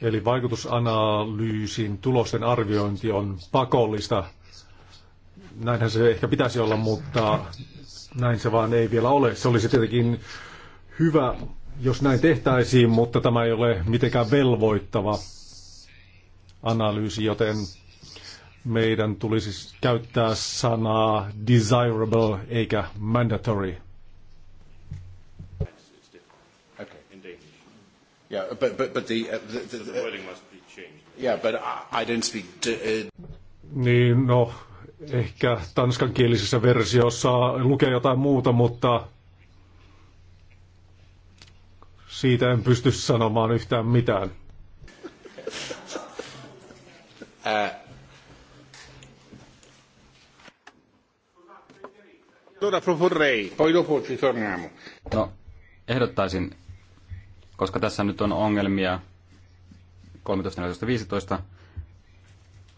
eli vaikutusanalyysin tulosten arviointi on pakollista. Näinhän se ehkä pitäisi olla, mutta näin se vaan ei vielä ole. Se olisi tietenkin hyvä, jos näin tehtäisiin, mutta tämä ei ole mitenkään velvoittava analyysi, joten meidän tulisi käyttää sanaa desirable eikä mandatory. Yeah, but but but uh, the, the, the, wording must be changed. Yeah, but I, don't speak. Uh, niin, no, ehkä tanskankielisessä versiossa lukee jotain muuta, mutta siitä en pysty sanomaan yhtään mitään. Ää. Eh. No, ehdottaisin, koska tässä nyt on ongelmia 13, 14, 15,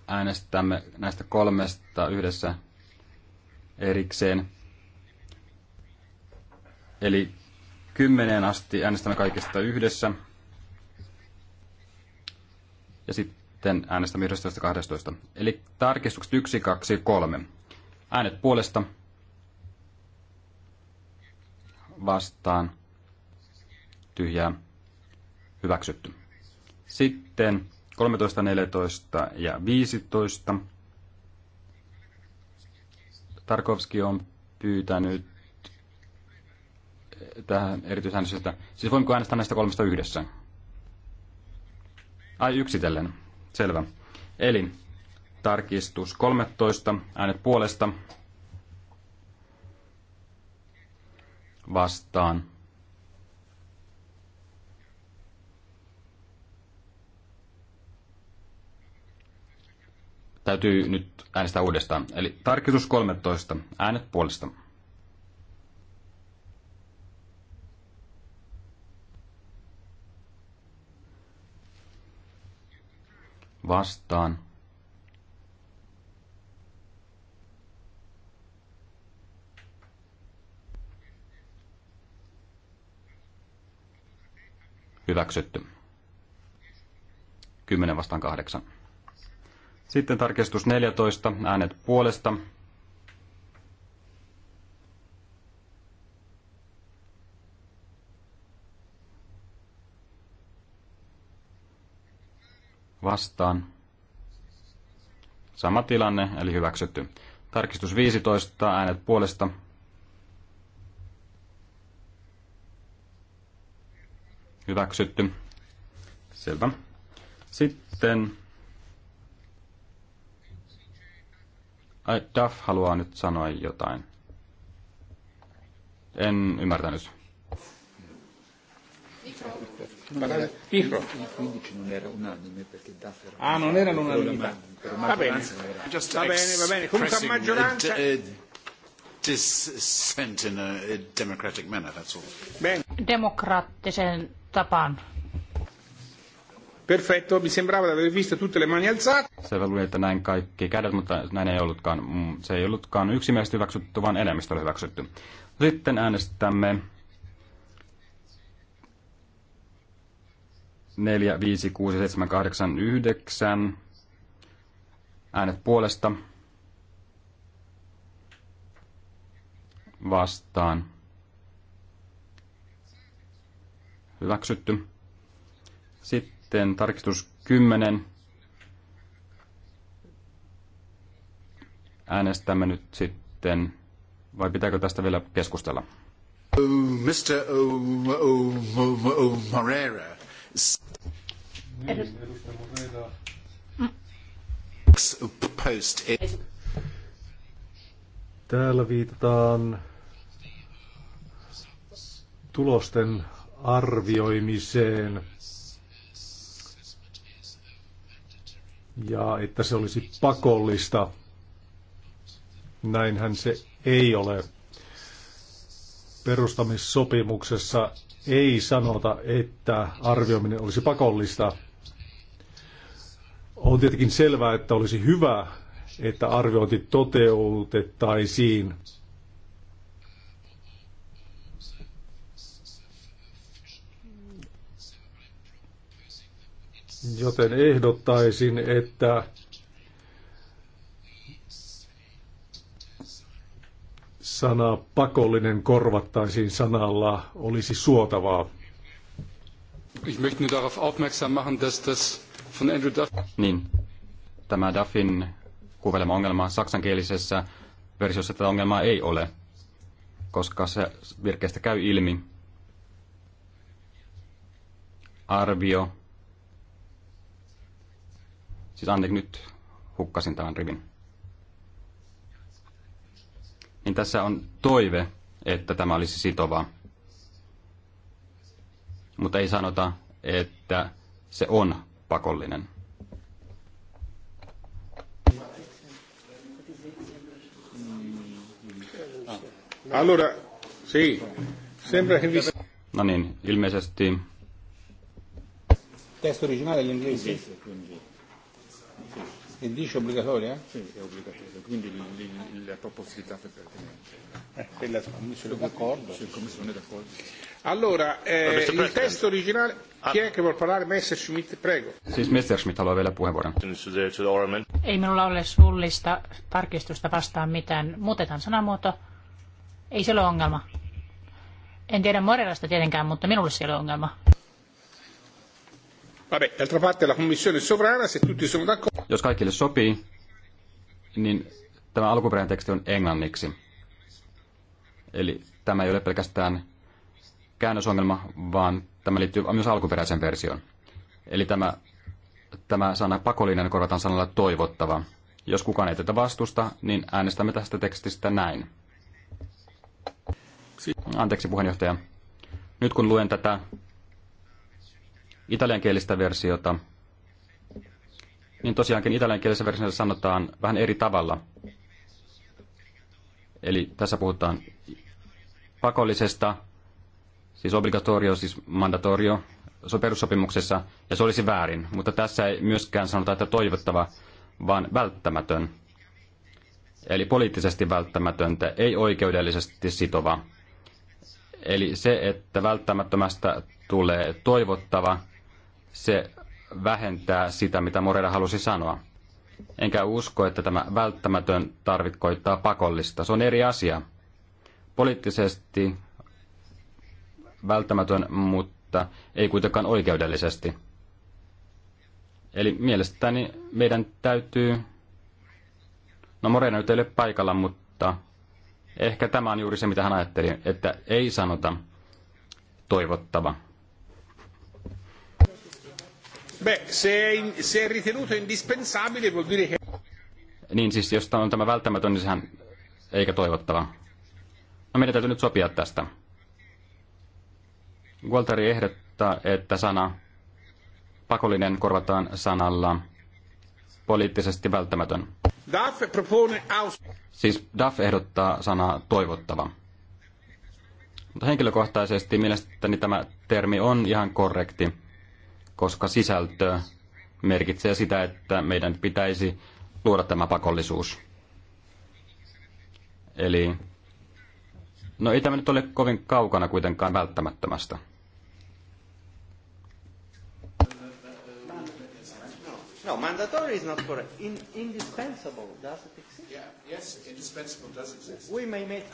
äänestämme näistä kolmesta yhdessä erikseen. Eli kymmeneen asti äänestämme kaikista yhdessä. Ja sitten äänestämme 11.12. Eli tarkistukset 1, 2, 3. Äänet puolesta vastaan tyhjää hyväksytty. Sitten 13, 14 ja 15. Tarkovski on pyytänyt tähän erityisäänestystä. Siis voinko äänestää näistä kolmesta yhdessä? Ai yksitellen. Selvä. Eli tarkistus 13, äänet puolesta, vastaan, Täytyy nyt äänestää uudestaan. Eli tarkistus 13. Äänet puolesta. Vastaan. Hyväksytty. 10 vastaan 8. Sitten tarkistus 14, äänet puolesta. Vastaan. Sama tilanne, eli hyväksytty. Tarkistus 15, äänet puolesta. Hyväksytty. Selvä. Sitten Ai, Duff haluaa nyt sanoa jotain. En ymmärtänyt. Mikro. Ah, non era l'unanimità. Va bene, va bene, va bene. Comunque a maggioranza... Dissent in a democratic manner, that's all. Demokraattisen tapaan. Perfetto, mi sembrava di aver visto tutte le mani alzate. Se luulin, että näin kaikki kädet, mutta näin ei ollutkaan. Mm, se ei ollutkaan yksimielisesti hyväksytty, vaan enemmistö oli hyväksytty. Sitten äänestämme 4, 5, 6, 7, 8, 9 äänet puolesta vastaan hyväksytty. Sitten sitten tarkistus 10. Äänestämme nyt sitten, vai pitääkö tästä vielä keskustella? Mr. Moreira. Post. Täällä viitataan tulosten arvioimiseen ja että se olisi pakollista. Näinhän se ei ole. Perustamissopimuksessa ei sanota, että arvioiminen olisi pakollista. On tietenkin selvää, että olisi hyvä, että arviointi toteutettaisiin Joten ehdottaisin, että sana pakollinen korvattaisiin sanalla olisi suotavaa. Ich möchte nur darauf aufmerksam machen, dass das von Andrew Duff... Niin, tämä Duffin kuvelema ongelma saksankielisessä versiossa tätä ongelmaa ei ole, koska se virkeästä käy ilmi. Arvio Siis anteeksi, nyt hukkasin tämän rivin. Niin tässä on toive, että tämä olisi sitovaa. Mutta ei sanota, että se on pakollinen. Allora, sì, sembra che No niin, ilmeisesti... Testo originale all'inglese. Sì. E 10 è obbligatoria? Sì, è obbligatoria, quindi la proporzionalità per pertinente. Eh, quella commissione d'accordo. Sì, commissione d'accordo. Allora, eh, il testo originale, chi è che vuol parlare? Messerschmitt, prego. Siis Messerschmitt haluaa vielä puheenvuoron. Ei minulla ole suullista tarkistusta vastaan mitään. Muutetaan sanamuoto. Ei se ole ongelma. En tiedä Morelasta tietenkään, mutta minulle se ei ole ongelma. Vabbè, d'altra parte la commissione sovrana, se tutti sono d'accordo. Jos kaikille sopii, niin tämä alkuperäinen teksti on englanniksi. Eli tämä ei ole pelkästään käännösongelma, vaan tämä liittyy myös alkuperäiseen versioon. Eli tämä, tämä sana pakollinen korvataan sanalla toivottava. Jos kukaan ei tätä vastusta, niin äänestämme tästä tekstistä näin. Anteeksi puheenjohtaja. Nyt kun luen tätä italiankielistä versiota, niin tosiaankin italiankielisessä versiossa sanotaan vähän eri tavalla. Eli tässä puhutaan pakollisesta, siis obligatorio, siis mandatorio, perussopimuksessa, ja se olisi väärin. Mutta tässä ei myöskään sanota, että toivottava, vaan välttämätön. Eli poliittisesti välttämätöntä, ei oikeudellisesti sitova. Eli se, että välttämättömästä tulee toivottava, se vähentää sitä, mitä Moreira halusi sanoa. Enkä usko, että tämä välttämätön tarvitkoittaa pakollista. Se on eri asia. Poliittisesti välttämätön, mutta ei kuitenkaan oikeudellisesti. Eli mielestäni meidän täytyy... No Moreira nyt ei ole paikalla, mutta ehkä tämä on juuri se, mitä hän ajatteli, että ei sanota toivottava. Beh, se, in, se ritenuto indispensabile vuol dire che... Niin siis, jos on tämä välttämätön, niin sehän eikä toivottava. No meidän täytyy nyt sopia tästä. Gualtari ehdottaa, että sana pakollinen korvataan sanalla poliittisesti välttämätön. Duff propone Siis Duff ehdottaa sanaa toivottava. Mutta henkilökohtaisesti mielestäni tämä termi on ihan korrekti koska sisältö merkitsee sitä, että meidän pitäisi luoda tämä pakollisuus. Eli no ei tämä nyt ole kovin kaukana kuitenkaan välttämättömästä. No, mandatory is not correct. In, indispensable does it exist? Yeah, yes, indispensable does exist. We may, make,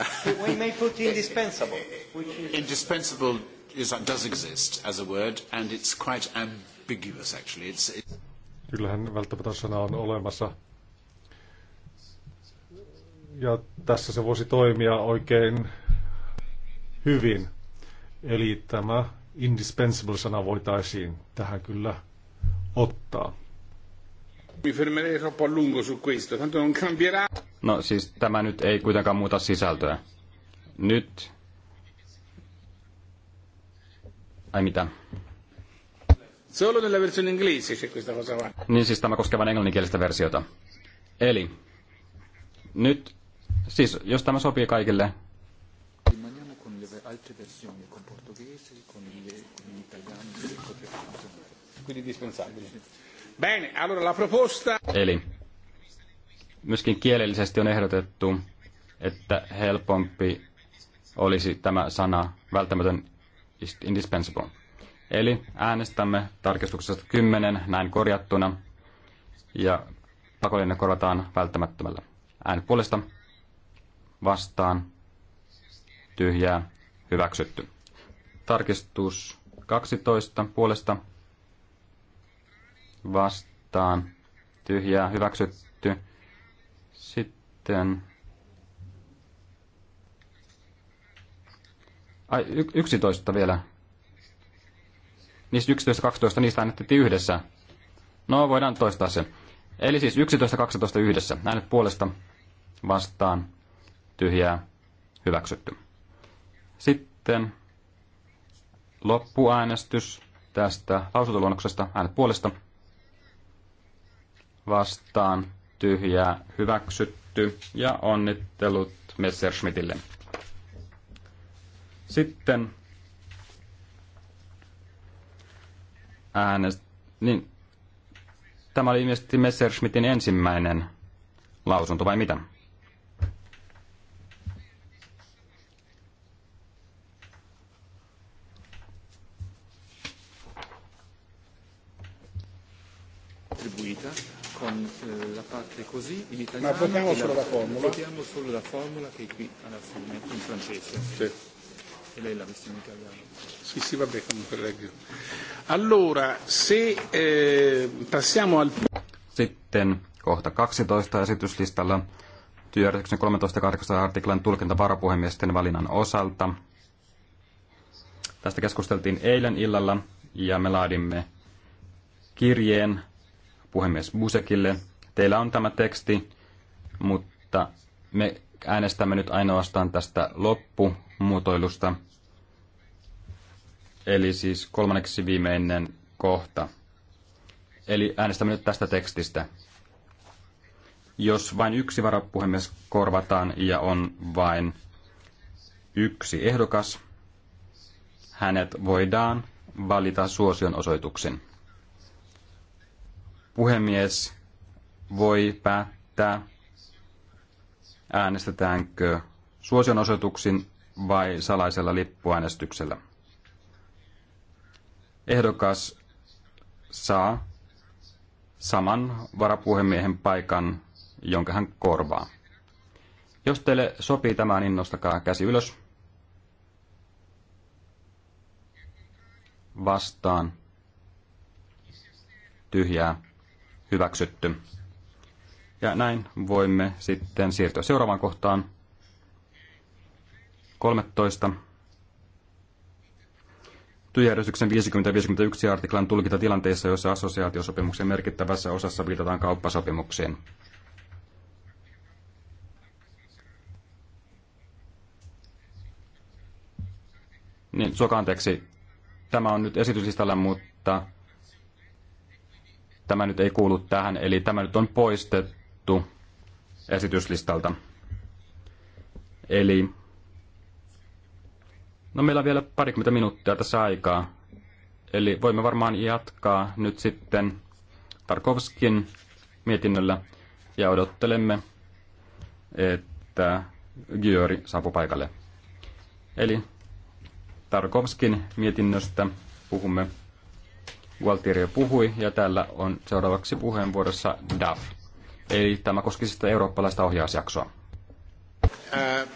we may put indispensable. Which is indispensable is, does exist as a word, and it's quite ambiguous actually. It's, it's... Kyllähän välttämättä sana on olemassa. Ja tässä se voisi toimia oikein hyvin. Eli tämä indispensable-sana voitaisiin tähän kyllä ottaa. No siis tämä nyt ei kuitenkaan muuta sisältöä. Nyt Ai mitä? Solo nella versione inglese c'è questa cosa Niin siis tämä koskee vain englanninkielistä versiota. Eli nyt, siis jos tämä sopii kaikille, altre versioni con portoghese, con, con l'italiano. Quindi dispensabile. Bene, allora la proposta... Eli myöskin kielellisesti on ehdotettu, että helpompi olisi tämä sana välttämätön indispensable. Eli äänestämme tarkistuksesta 10 näin korjattuna ja pakollinen korvataan välttämättömällä. Äänet puolesta vastaan tyhjää hyväksytty. Tarkistus 12 puolesta vastaan tyhjää hyväksytty. Sitten Ai, y- 11 vielä. Niistä 11 12, niistä äänestettiin yhdessä. No, voidaan toistaa se. Eli siis 11 12 yhdessä. Äänet puolesta vastaan tyhjää hyväksytty. Sitten loppuäänestys tästä lausuntoluonnoksesta. Äänet puolesta vastaan tyhjää hyväksytty ja onnittelut Messerschmittille. Sitten äänest... Niin, tämä oli ilmeisesti Messerschmittin ensimmäinen lausunto, vai mitä? attribuita con eh, la parte così in italiano. Ma votiamo solo e la formula. Votiamo solo la formula che è qui alla fine in francese. Sì. E lei l'ha in italiano? Sì, sì, vabbè, comunque leggo. Allora, se eh, passiamo al... Sitten kohta 12 esityslistalla työjärjestyksen 13.8. artiklan tulkinta varapuhemiesten valinnan osalta. Tästä keskusteltiin eilen illalla ja me laadimme kirjeen puhemies Busekille. Teillä on tämä teksti, mutta me äänestämme nyt ainoastaan tästä loppumuotoilusta eli siis kolmanneksi viimeinen kohta. Eli äänestämme nyt tästä tekstistä. Jos vain yksi varapuhemies korvataan ja on vain yksi ehdokas, hänet voidaan valita suosion osoituksen. Puhemies voi päättää, äänestetäänkö suosion osoituksin vai salaisella lippuäänestyksellä ehdokas saa saman varapuhemiehen paikan, jonka hän korvaa. Jos teille sopii tämä, niin nostakaa käsi ylös. Vastaan. Tyhjää. Hyväksytty. Ja näin voimme sitten siirtyä seuraavaan kohtaan. 13 työjärjestyksen 50-51 artiklan tulkita tilanteissa, joissa assosiaatiosopimuksen merkittävässä osassa viitataan kauppasopimukseen. Niin, anteeksi. Tämä on nyt esityslistalla, mutta tämä nyt ei kuulu tähän, eli tämä nyt on poistettu esityslistalta. Eli No meillä on vielä parikymmentä minuuttia tässä aikaa. Eli voimme varmaan jatkaa nyt sitten Tarkovskin mietinnöllä ja odottelemme, että Györi saapuu paikalle. Eli Tarkovskin mietinnöstä puhumme. Gualtieri puhui ja täällä on seuraavaksi puheenvuorossa DAF. Eli tämä koskisi sitä eurooppalaista ohjausjaksoa. Ää, äh,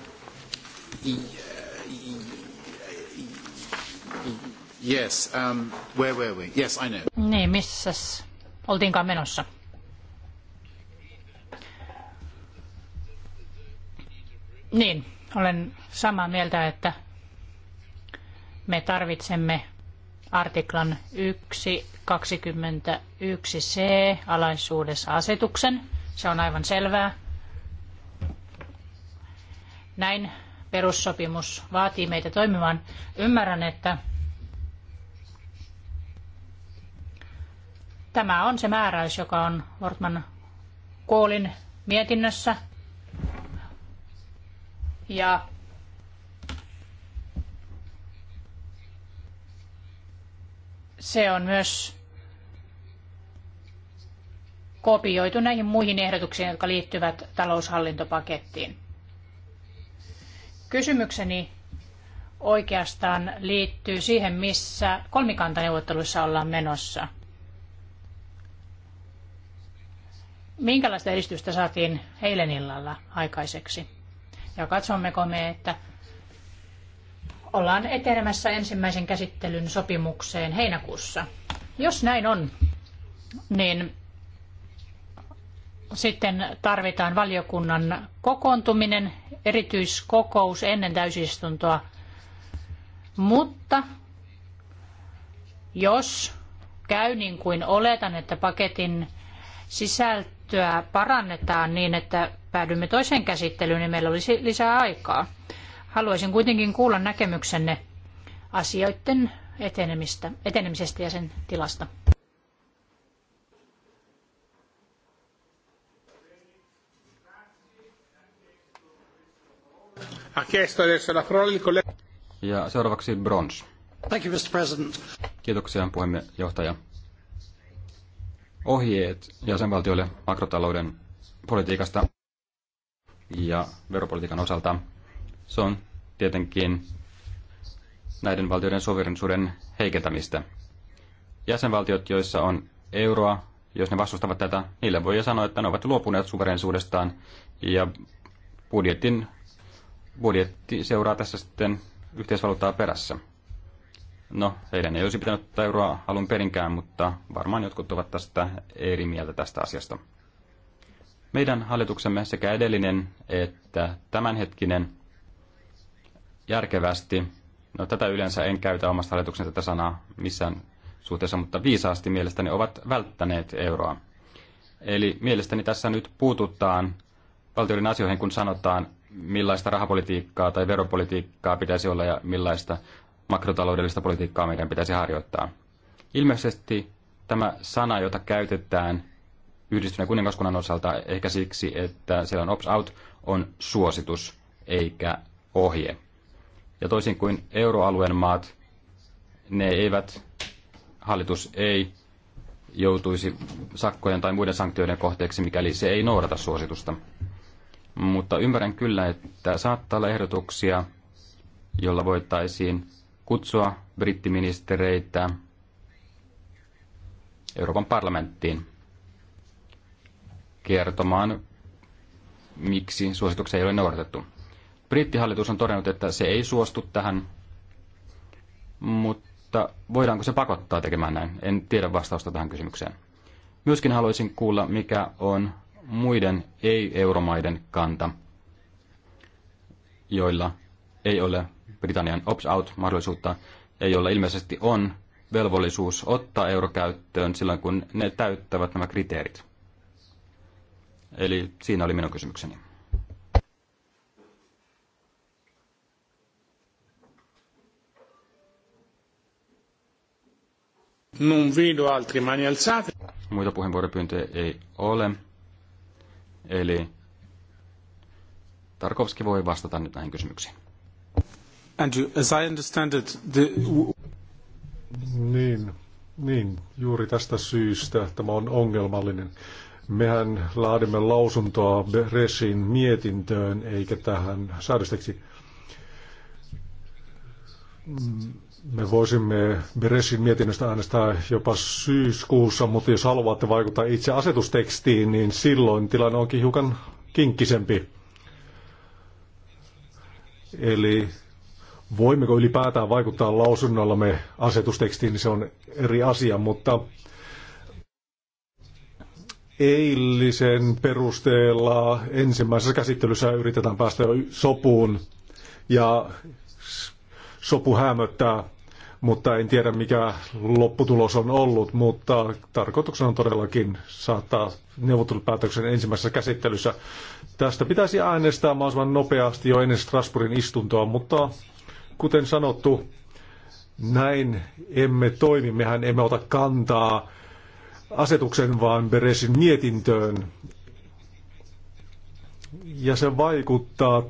Yes, um, where were we? Yes, I know. Niin, missäs oltiinkaan menossa? Niin, olen samaa mieltä, että me tarvitsemme artiklan 1.21c alaisuudessa asetuksen. Se on aivan selvää. Näin perussopimus vaatii meitä toimimaan. Ymmärrän, että Tämä on se määräys, joka on Wortman Koolin mietinnössä. Ja se on myös kopioitu näihin muihin ehdotuksiin, jotka liittyvät taloushallintopakettiin. Kysymykseni oikeastaan liittyy siihen, missä kolmikantaneuvotteluissa ollaan menossa – minkälaista edistystä saatiin eilen illalla aikaiseksi. Ja katsommeko me, että ollaan etenemässä ensimmäisen käsittelyn sopimukseen heinäkuussa. Jos näin on, niin sitten tarvitaan valiokunnan kokoontuminen, erityiskokous ennen täysistuntoa. Mutta jos käy niin kuin oletan, että paketin sisältö mietintöä parannetaan niin, että päädymme toiseen käsittelyyn, niin meillä olisi lisää aikaa. Haluaisin kuitenkin kuulla näkemyksenne asioiden etenemistä, etenemisestä ja sen tilasta. Ja seuraavaksi Brons. Thank you, Mr. President. Kiitoksia puheenjohtaja ohjeet jäsenvaltioille makrotalouden politiikasta ja veropolitiikan osalta. Se on tietenkin näiden valtioiden suverenisuuden heikentämistä. Jäsenvaltiot, joissa on euroa, jos ne vastustavat tätä, niille voi jo sanoa, että ne ovat luopuneet suverenisuudestaan ja budjetin, budjetti seuraa tässä sitten yhteisvaluuttaa perässä. No, heidän ei olisi pitänyt tätä euroa alun perinkään, mutta varmaan jotkut ovat tästä eri mieltä tästä asiasta. Meidän hallituksemme sekä edellinen että tämänhetkinen järkevästi, no tätä yleensä en käytä omasta hallituksen tätä sanaa missään suhteessa, mutta viisaasti mielestäni ovat välttäneet euroa. Eli mielestäni tässä nyt puututaan valtioiden asioihin, kun sanotaan, millaista rahapolitiikkaa tai veropolitiikkaa pitäisi olla ja millaista makrotaloudellista politiikkaa meidän pitäisi harjoittaa. Ilmeisesti tämä sana, jota käytetään yhdistyneen kuningaskunnan osalta ehkä siksi, että siellä on ops out on suositus eikä ohje. Ja toisin kuin euroalueen maat, ne eivät, hallitus ei joutuisi sakkojen tai muiden sanktioiden kohteeksi, mikäli se ei noudata suositusta. Mutta ymmärrän kyllä, että saattaa olla ehdotuksia, jolla voitaisiin kutsua brittiministereitä Euroopan parlamenttiin kertomaan, miksi suosituksia ei ole noudatettu. Brittihallitus on todennut, että se ei suostu tähän, mutta voidaanko se pakottaa tekemään näin? En tiedä vastausta tähän kysymykseen. Myöskin haluaisin kuulla, mikä on muiden ei-euromaiden kanta, joilla ei ole Britannian opt-out-mahdollisuutta, ja jolla ilmeisesti on velvollisuus ottaa euro käyttöön silloin, kun ne täyttävät nämä kriteerit. Eli siinä oli minun kysymykseni. Non vedo altri mani alzate. Muita puheenvuoropyyntöjä ei ole. Eli Tarkovski voi vastata nyt näihin kysymyksiin. Andrew, as I understand it, the... Niin, niin, juuri tästä syystä tämä on ongelmallinen. Mehän laadimme lausuntoa Resin mietintöön eikä tähän säädösteksi. Me voisimme Beresin mietinnöstä äänestää jopa syyskuussa, mutta jos haluatte vaikuttaa itse asetustekstiin, niin silloin tilanne onkin hiukan kinkkisempi. Eli voimmeko ylipäätään vaikuttaa lausunnollamme asetustekstiin, niin se on eri asia, mutta eilisen perusteella ensimmäisessä käsittelyssä yritetään päästä sopuun ja sopu hämöttää, mutta en tiedä mikä lopputulos on ollut, mutta tarkoituksena on todellakin saattaa neuvottelupäätöksen ensimmäisessä käsittelyssä. Tästä pitäisi äänestää mahdollisimman nopeasti jo ennen Strasbourgin istuntoa, mutta Kuten sanottu, näin emme toimi. Mehän emme ota kantaa asetuksen, vaan Beresin mietintöön. Ja se vaikuttaa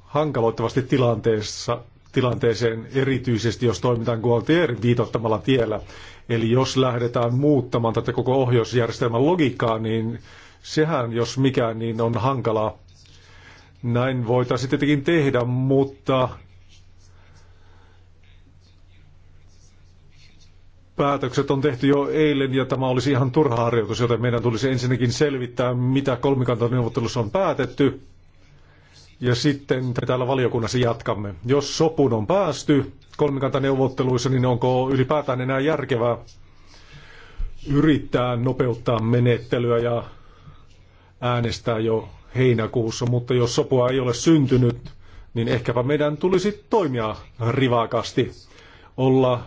hankaloittavasti tilanteessa, tilanteeseen, erityisesti jos toimitaan Gualtierin viitottamalla tiellä. Eli jos lähdetään muuttamaan tätä koko ohjausjärjestelmän logiikkaa, niin sehän jos mikään, niin on hankalaa. Näin voitaisiin tietenkin tehdä, mutta päätökset on tehty jo eilen ja tämä olisi ihan turha harjoitus, joten meidän tulisi ensinnäkin selvittää, mitä kolmikantaneuvottelussa on päätetty. Ja sitten me täällä valiokunnassa jatkamme. Jos sopun on päästy kolmikantaneuvotteluissa, niin onko ylipäätään enää järkevää yrittää nopeuttaa menettelyä ja äänestää jo heinäkuussa, mutta jos sopua ei ole syntynyt, niin ehkäpä meidän tulisi toimia rivakasti, olla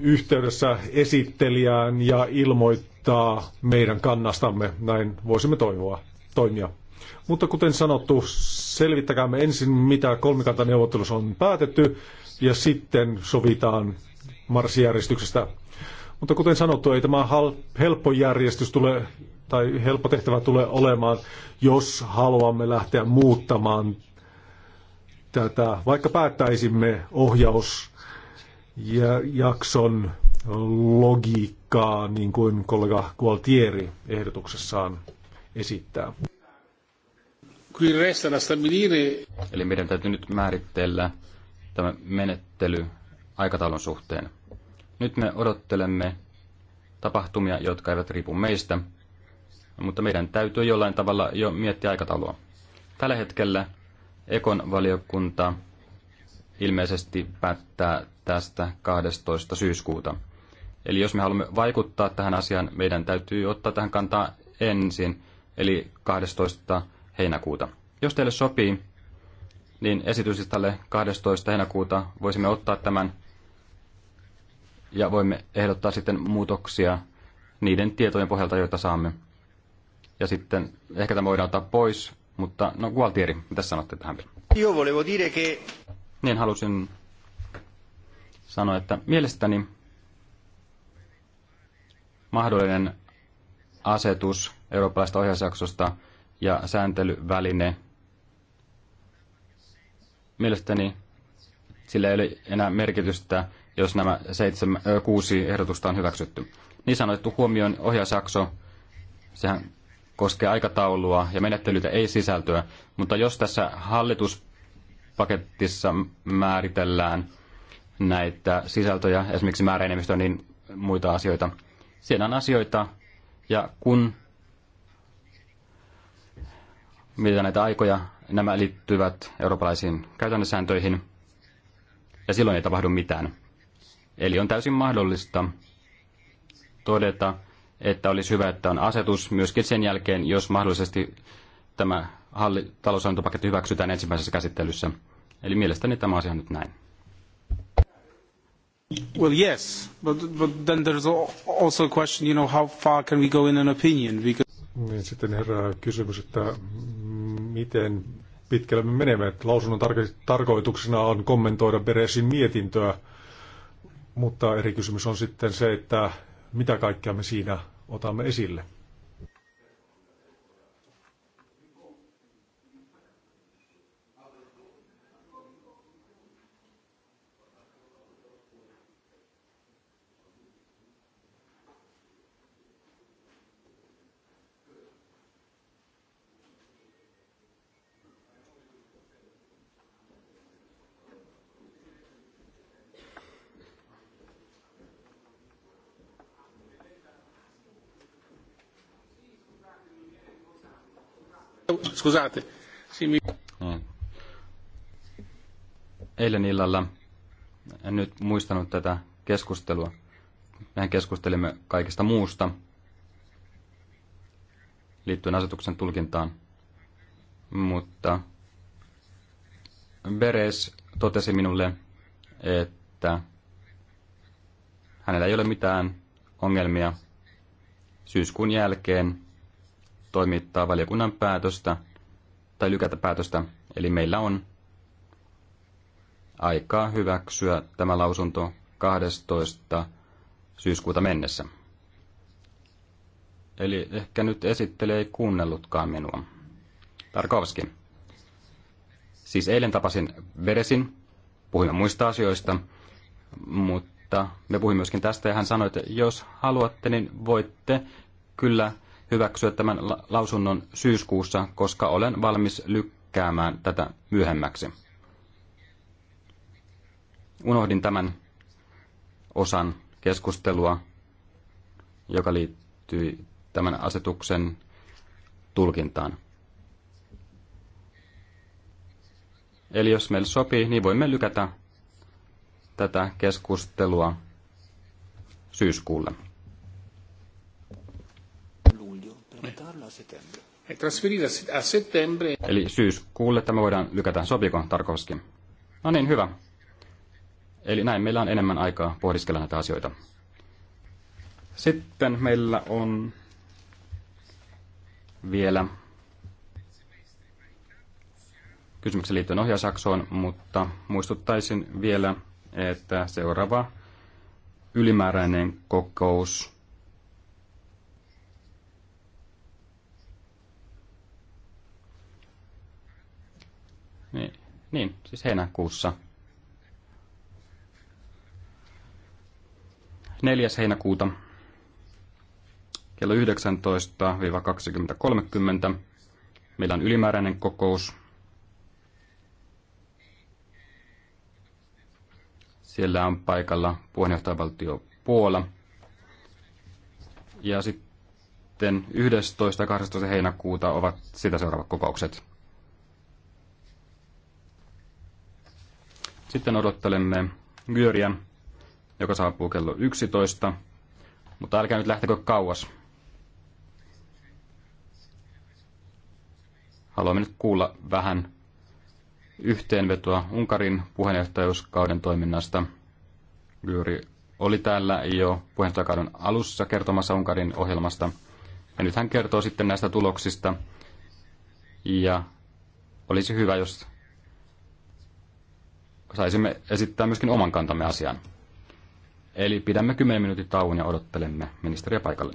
yhteydessä esittelijään ja ilmoittaa meidän kannastamme. Näin voisimme toivoa, toimia. Mutta kuten sanottu, selvittäkäämme ensin, mitä kolmikantaneuvottelussa on päätetty, ja sitten sovitaan marssijärjestyksestä. Mutta kuten sanottu, ei tämä helppo järjestys tule, tai helppo tehtävä tule olemaan, jos haluamme lähteä muuttamaan tätä, vaikka päättäisimme ohjaus ja jakson logiikkaa, niin kuin kollega Gualtieri ehdotuksessaan esittää. Eli meidän täytyy nyt määritellä tämä menettely aikataulun suhteen. Nyt me odottelemme tapahtumia, jotka eivät riipu meistä, mutta meidän täytyy jollain tavalla jo miettiä aikataulua. Tällä hetkellä Ekon valiokunta ilmeisesti päättää tästä 12. syyskuuta. Eli jos me haluamme vaikuttaa tähän asiaan, meidän täytyy ottaa tähän kantaa ensin, eli 12. heinäkuuta. Jos teille sopii, niin tälle 12. heinäkuuta voisimme ottaa tämän ja voimme ehdottaa sitten muutoksia niiden tietojen pohjalta, joita saamme. Ja sitten ehkä tämä voidaan ottaa pois, mutta no Gualtieri, mitä sanotte tähän? Io volevo dire che niin halusin sanoa, että mielestäni mahdollinen asetus eurooppalaista ohjausjaksosta ja sääntelyväline, mielestäni sillä ei ole enää merkitystä, jos nämä seitsemän, ö, kuusi ehdotusta on hyväksytty. Niin sanottu huomioon ohjausjakso, sehän koskee aikataulua ja menettelyitä ei sisältöä, mutta jos tässä hallitus paketissa määritellään näitä sisältöjä, esimerkiksi määräenemmistö, niin muita asioita. Siellä on asioita, ja kun mitä näitä aikoja, nämä liittyvät eurooppalaisiin käytännössääntöihin, ja silloin ei tapahdu mitään. Eli on täysin mahdollista todeta, että olisi hyvä, että on asetus myöskin sen jälkeen, jos mahdollisesti tämä halli- taloushallintopaketti hyväksytään ensimmäisessä käsittelyssä. Eli mielestäni tämä asia on nyt näin. Well, yes, but, but then there's also a question, you know, how far can we go in an opinion? Because... Niin sitten herää kysymys, että miten pitkälle me menemme. Lausunnon tar- tarkoituksena on kommentoida Beresin mietintöä, mutta eri kysymys on sitten se, että mitä kaikkea me siinä otamme esille. Scusate. Niin. Eilen illalla, en nyt muistanut tätä keskustelua, mehän keskustelimme kaikesta muusta liittyen asetuksen tulkintaan, mutta Beres totesi minulle, että hänellä ei ole mitään ongelmia syyskuun jälkeen toimittaa valiokunnan päätöstä tai lykätä päätöstä. Eli meillä on aikaa hyväksyä tämä lausunto 12. syyskuuta mennessä. Eli ehkä nyt esittelee ei kuunnellutkaan minua. Tarkovski. Siis eilen tapasin Veresin, puhuimme muista asioista, mutta me puhuimme myöskin tästä ja hän sanoi, että jos haluatte, niin voitte kyllä hyväksyä tämän lausunnon syyskuussa, koska olen valmis lykkäämään tätä myöhemmäksi. Unohdin tämän osan keskustelua, joka liittyy tämän asetuksen tulkintaan. Eli jos meille sopii, niin voimme lykätä tätä keskustelua syyskuulle. Eli syyskuulle tämä voidaan lykätä. Sopiko Tarkovski? No niin, hyvä. Eli näin meillä on enemmän aikaa pohdiskella näitä asioita. Sitten meillä on vielä kysymyksen liittyen ohjausjaksoon, mutta muistuttaisin vielä, että seuraava ylimääräinen kokous Niin, niin siis heinäkuussa. 4. heinäkuuta kello 19-20.30 meillä on ylimääräinen kokous. Siellä on paikalla puheenjohtajavaltio Puola. Ja sitten 11. ja 12. heinäkuuta ovat sitä seuraavat kokoukset. Sitten odottelemme Györiä, joka saapuu kello 11. Mutta älkää nyt lähtekö kauas. Haluamme nyt kuulla vähän yhteenvetoa Unkarin puheenjohtajuuskauden toiminnasta. Györi oli täällä jo puheenjohtajakauden alussa kertomassa Unkarin ohjelmasta. Ja nyt hän kertoo sitten näistä tuloksista. Ja olisi hyvä, jos saisimme esittää myöskin oman kantamme asiaan. Eli pidämme 10 minuutin tauon ja odottelemme ministeriä paikalle.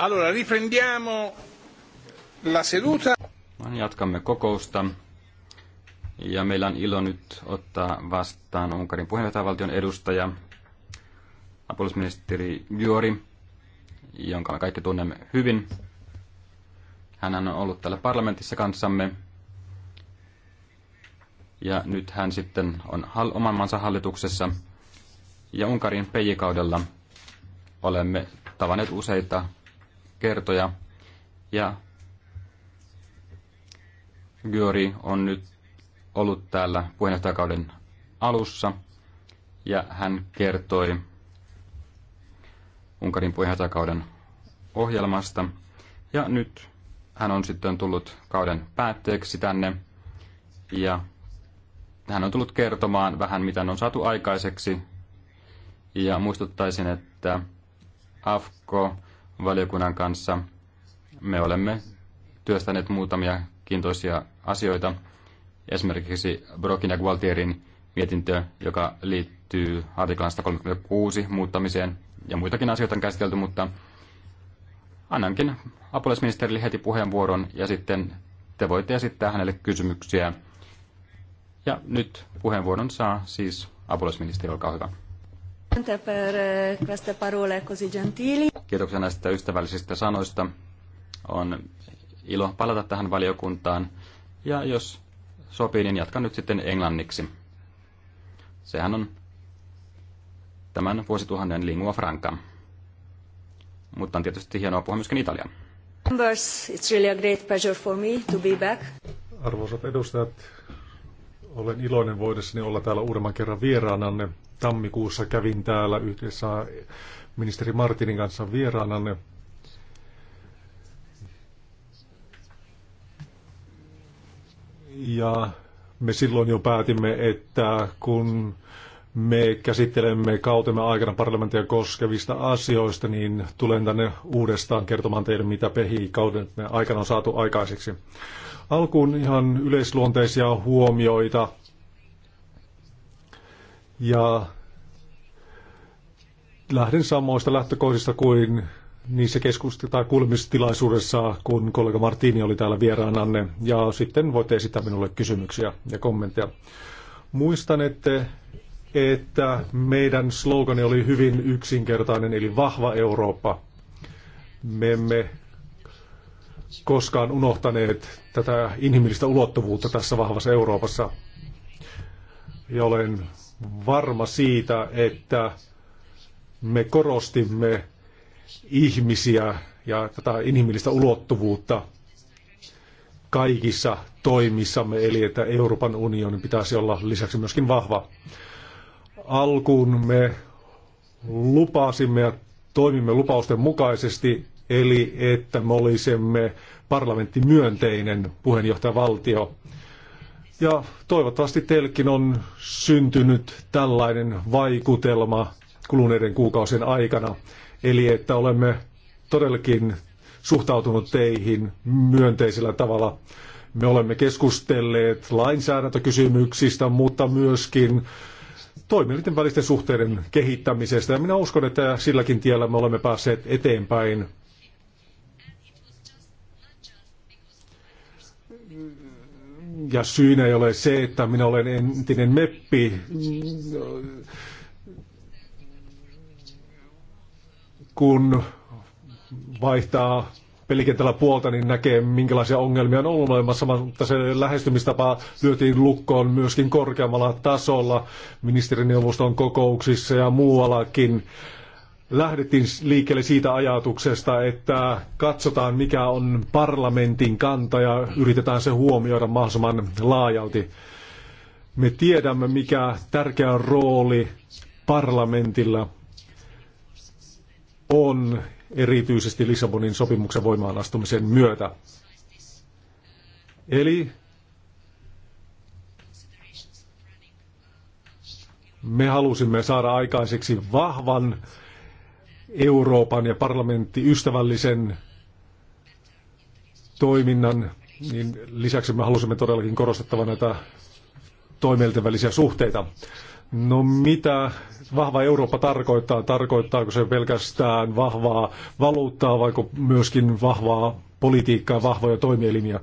Allora, riprendiamo la seduta. No niin, jatkamme kokousta. Ja meillä on ilo nyt ottaa vastaan Unkarin puheenjohtajavaltion edustaja, apulaisministeri Juori, jonka me kaikki tunnemme hyvin. Hän on ollut täällä parlamentissa kanssamme. Ja nyt hän sitten on oman maansa hallituksessa. Ja Unkarin peijikaudella olemme tavanneet useita kertoja. Ja Gyori on nyt ollut täällä puheenjohtajakauden alussa ja hän kertoi Unkarin puheenjohtajakauden ohjelmasta. Ja nyt hän on sitten tullut kauden päätteeksi tänne ja hän on tullut kertomaan vähän, mitä on saatu aikaiseksi. Ja muistuttaisin, että AFKO valiokunnan kanssa. Me olemme työstäneet muutamia kiintoisia asioita, esimerkiksi Brokin ja Gualtierin mietintö, joka liittyy artiklan 136 muuttamiseen, ja muitakin asioita on käsitelty, mutta annankin apulaisministerille heti puheenvuoron, ja sitten te voitte esittää hänelle kysymyksiä. Ja nyt puheenvuoron saa siis apulaisministeri, olkaa hyvä. Eh, Kiitoksia näistä ystävällisistä sanoista. On ilo palata tähän valiokuntaan. Ja jos sopii, niin jatkan nyt sitten englanniksi. Sehän on tämän vuosituhannen lingua franca. Mutta on tietysti hienoa puhua myöskin italiaa. Members, it's really a great pleasure for me to be back. Arvoisat edustajat, olen iloinen voidessani olla täällä uudemman kerran vieraananne tammikuussa kävin täällä yhdessä ministeri Martinin kanssa vieraananne. Ja me silloin jo päätimme, että kun me käsittelemme kautemme aikana parlamenttia koskevista asioista, niin tulen tänne uudestaan kertomaan teille, mitä pehi kauden aikana on saatu aikaiseksi. Alkuun ihan yleisluonteisia huomioita ja lähden samoista lähtökohdista kuin niissä keskusteluissa tai kuulemistilaisuudessa, kun kollega Martini oli täällä vieraananne. Ja sitten voitte esittää minulle kysymyksiä ja kommentteja. Muistan, että, että meidän slogani oli hyvin yksinkertainen, eli vahva Eurooppa. Me emme koskaan unohtaneet tätä inhimillistä ulottuvuutta tässä vahvassa Euroopassa. Ja olen varma siitä, että me korostimme ihmisiä ja tätä inhimillistä ulottuvuutta kaikissa toimissamme, eli että Euroopan unionin pitäisi olla lisäksi myöskin vahva. Alkuun me lupasimme ja toimimme lupausten mukaisesti, eli että me olisimme parlamentti myönteinen puheenjohtajavaltio. valtio ja toivottavasti telkin on syntynyt tällainen vaikutelma kuluneiden kuukausien aikana. Eli että olemme todellakin suhtautunut teihin myönteisellä tavalla. Me olemme keskustelleet lainsäädäntökysymyksistä, mutta myöskin toimielinten välisten suhteiden kehittämisestä. Ja minä uskon, että silläkin tiellä me olemme päässeet eteenpäin. ja syynä ei ole se, että minä olen entinen meppi. Kun vaihtaa pelikentällä puolta, niin näkee minkälaisia ongelmia on ollut olemassa, mutta se lähestymistapa lyötiin lukkoon myöskin korkeammalla tasolla ministerineuvoston kokouksissa ja muuallakin lähdettiin liikkeelle siitä ajatuksesta, että katsotaan mikä on parlamentin kanta ja yritetään se huomioida mahdollisimman laajalti. Me tiedämme, mikä tärkeä rooli parlamentilla on erityisesti Lissabonin sopimuksen voimaanastumisen myötä. Eli me halusimme saada aikaiseksi vahvan Euroopan ja parlamentti ystävällisen toiminnan, niin lisäksi me halusimme todellakin korostettava näitä toimielten välisiä suhteita. No mitä vahva Eurooppa tarkoittaa? Tarkoittaako se pelkästään vahvaa valuuttaa vai myöskin vahvaa politiikkaa, vahvoja toimielimiä?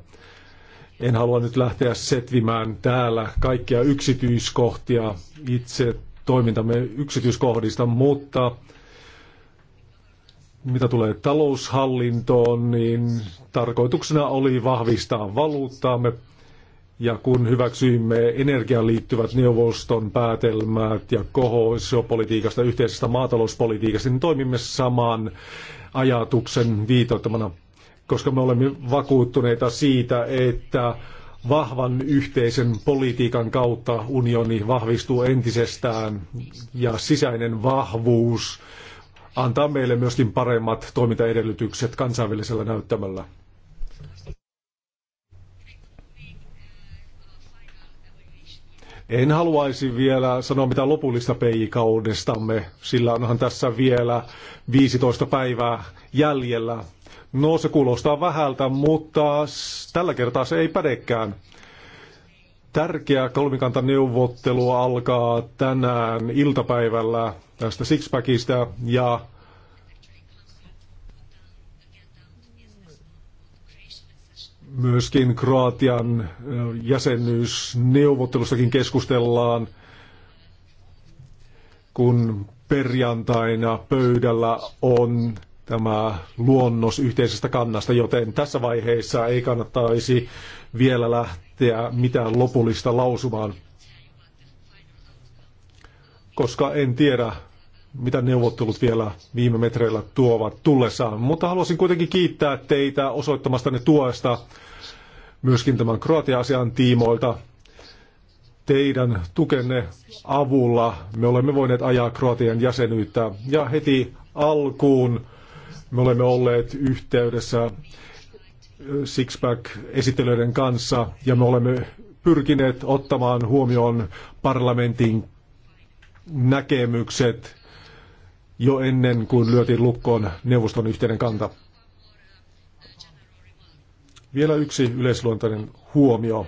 En halua nyt lähteä setvimään täällä kaikkia yksityiskohtia itse toimintamme yksityiskohdista, mutta mitä tulee taloushallintoon, niin tarkoituksena oli vahvistaa valuuttaamme ja kun hyväksyimme energiaan liittyvät neuvoston päätelmät ja kohoisopolitiikasta, yhteisestä maatalouspolitiikasta, niin toimimme saman ajatuksen viitoittamana, koska me olemme vakuuttuneita siitä, että vahvan yhteisen politiikan kautta unioni vahvistuu entisestään ja sisäinen vahvuus antaa meille myöskin paremmat toimintaedellytykset kansainvälisellä näyttämällä. En haluaisi vielä sanoa mitään lopullista peikaudestamme, sillä onhan tässä vielä 15 päivää jäljellä. No se kuulostaa vähältä, mutta tällä kertaa se ei pädekään. Tärkeä kolmikantaneuvottelu alkaa tänään iltapäivällä tästä sixpackista ja myöskin Kroatian jäsenyysneuvottelustakin keskustellaan, kun perjantaina pöydällä on tämä luonnos yhteisestä kannasta, joten tässä vaiheessa ei kannattaisi vielä lähteä mitään lopullista lausumaan, koska en tiedä mitä neuvottelut vielä viime metreillä tuovat tullessaan. Mutta haluaisin kuitenkin kiittää teitä osoittamastanne tuesta myöskin tämän Kroatia-asian tiimoilta. Teidän tukenne avulla me olemme voineet ajaa Kroatian jäsenyyttä ja heti alkuun me olemme olleet yhteydessä Sixpack-esittelyiden kanssa ja me olemme pyrkineet ottamaan huomioon parlamentin näkemykset jo ennen kuin lyötiin lukkoon neuvoston yhteinen kanta. Vielä yksi yleisluontainen huomio.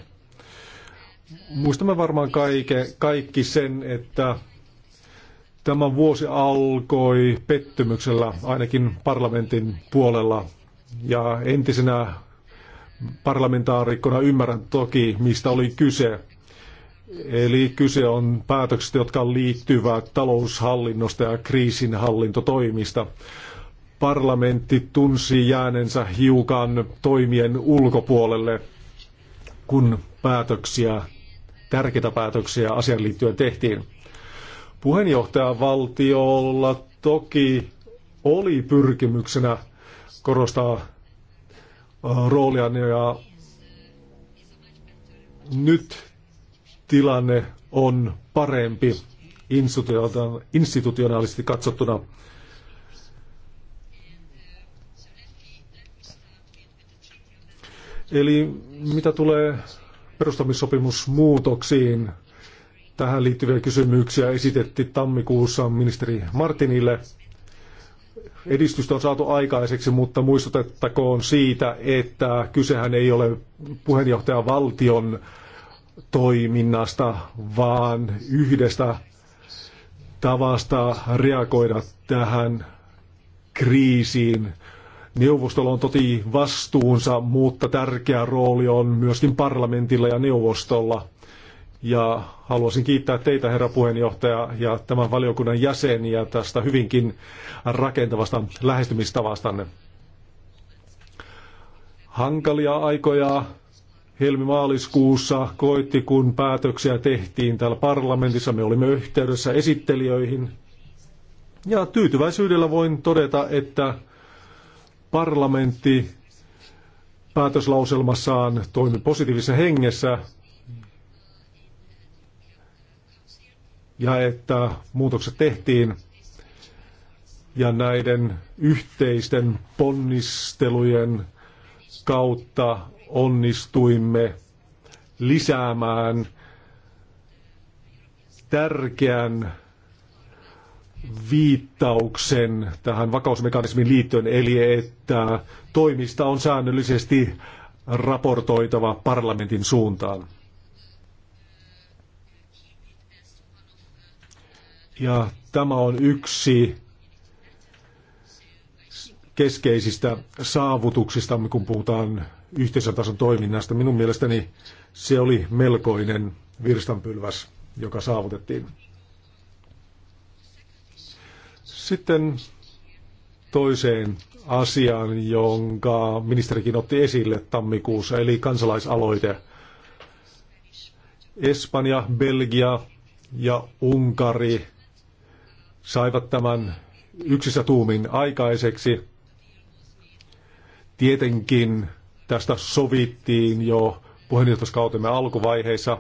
Muistamme varmaan kaike, kaikki sen, että tämä vuosi alkoi pettymyksellä ainakin parlamentin puolella. Ja entisenä parlamentaarikkona ymmärrän toki, mistä oli kyse. Eli kyse on päätöksistä, jotka liittyvät taloushallinnosta ja kriisinhallintotoimista. Parlamentti tunsi jäänensä hiukan toimien ulkopuolelle, kun päätöksiä, tärkeitä päätöksiä asian liittyen tehtiin. Puheenjohtajavaltiolla toki oli pyrkimyksenä korostaa äh, roolia, ja nyt tilanne on parempi institutionaalisesti katsottuna. Eli mitä tulee perustamissopimusmuutoksiin, tähän liittyviä kysymyksiä esitettiin tammikuussa ministeri Martinille. Edistystä on saatu aikaiseksi, mutta muistutettakoon siitä, että kysehän ei ole puheenjohtajavaltion valtion toiminnasta, vaan yhdestä tavasta reagoida tähän kriisiin. Neuvostolla on toti vastuunsa, mutta tärkeä rooli on myöskin parlamentilla ja neuvostolla. Ja haluaisin kiittää teitä, herra puheenjohtaja, ja tämän valiokunnan jäseniä tästä hyvinkin rakentavasta lähestymistavastanne. Hankalia aikoja helmimaaliskuussa koitti, kun päätöksiä tehtiin täällä parlamentissa. Me olimme yhteydessä esittelijöihin. Ja tyytyväisyydellä voin todeta, että parlamentti päätöslauselmassaan toimi positiivisessa hengessä ja että muutokset tehtiin ja näiden yhteisten ponnistelujen kautta onnistuimme lisäämään tärkeän viittauksen tähän vakausmekanismin liittyen, eli että toimista on säännöllisesti raportoitava parlamentin suuntaan. Ja tämä on yksi keskeisistä saavutuksista, kun puhutaan yhteisötason toiminnasta. Minun mielestäni se oli melkoinen virstanpylväs, joka saavutettiin. Sitten toiseen asiaan, jonka ministerikin otti esille tammikuussa, eli kansalaisaloite. Espanja, Belgia ja Unkari saivat tämän yksissä tuumin aikaiseksi. Tietenkin Tästä sovittiin jo puheenjohtajuuskautemme alkuvaiheessa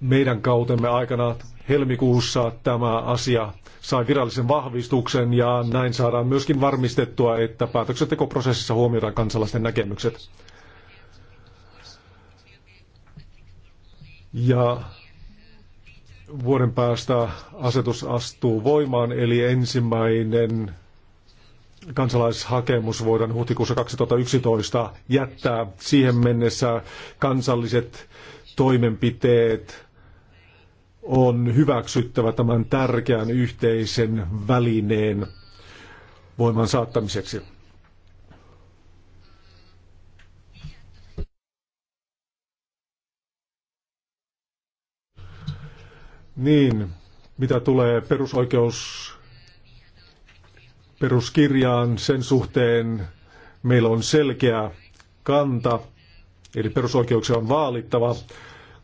Meidän kautemme aikana helmikuussa tämä asia sai virallisen vahvistuksen ja näin saadaan myöskin varmistettua, että päätöksentekoprosessissa huomioidaan kansalaisten näkemykset. Ja vuoden päästä asetus astuu voimaan, eli ensimmäinen kansalaishakemus voidaan huhtikuussa 2011 jättää. Siihen mennessä kansalliset toimenpiteet on hyväksyttävä tämän tärkeän yhteisen välineen voiman saattamiseksi. Niin, mitä tulee perusoikeus peruskirjaan sen suhteen meillä on selkeä kanta, eli perusoikeuksia on vaalittava.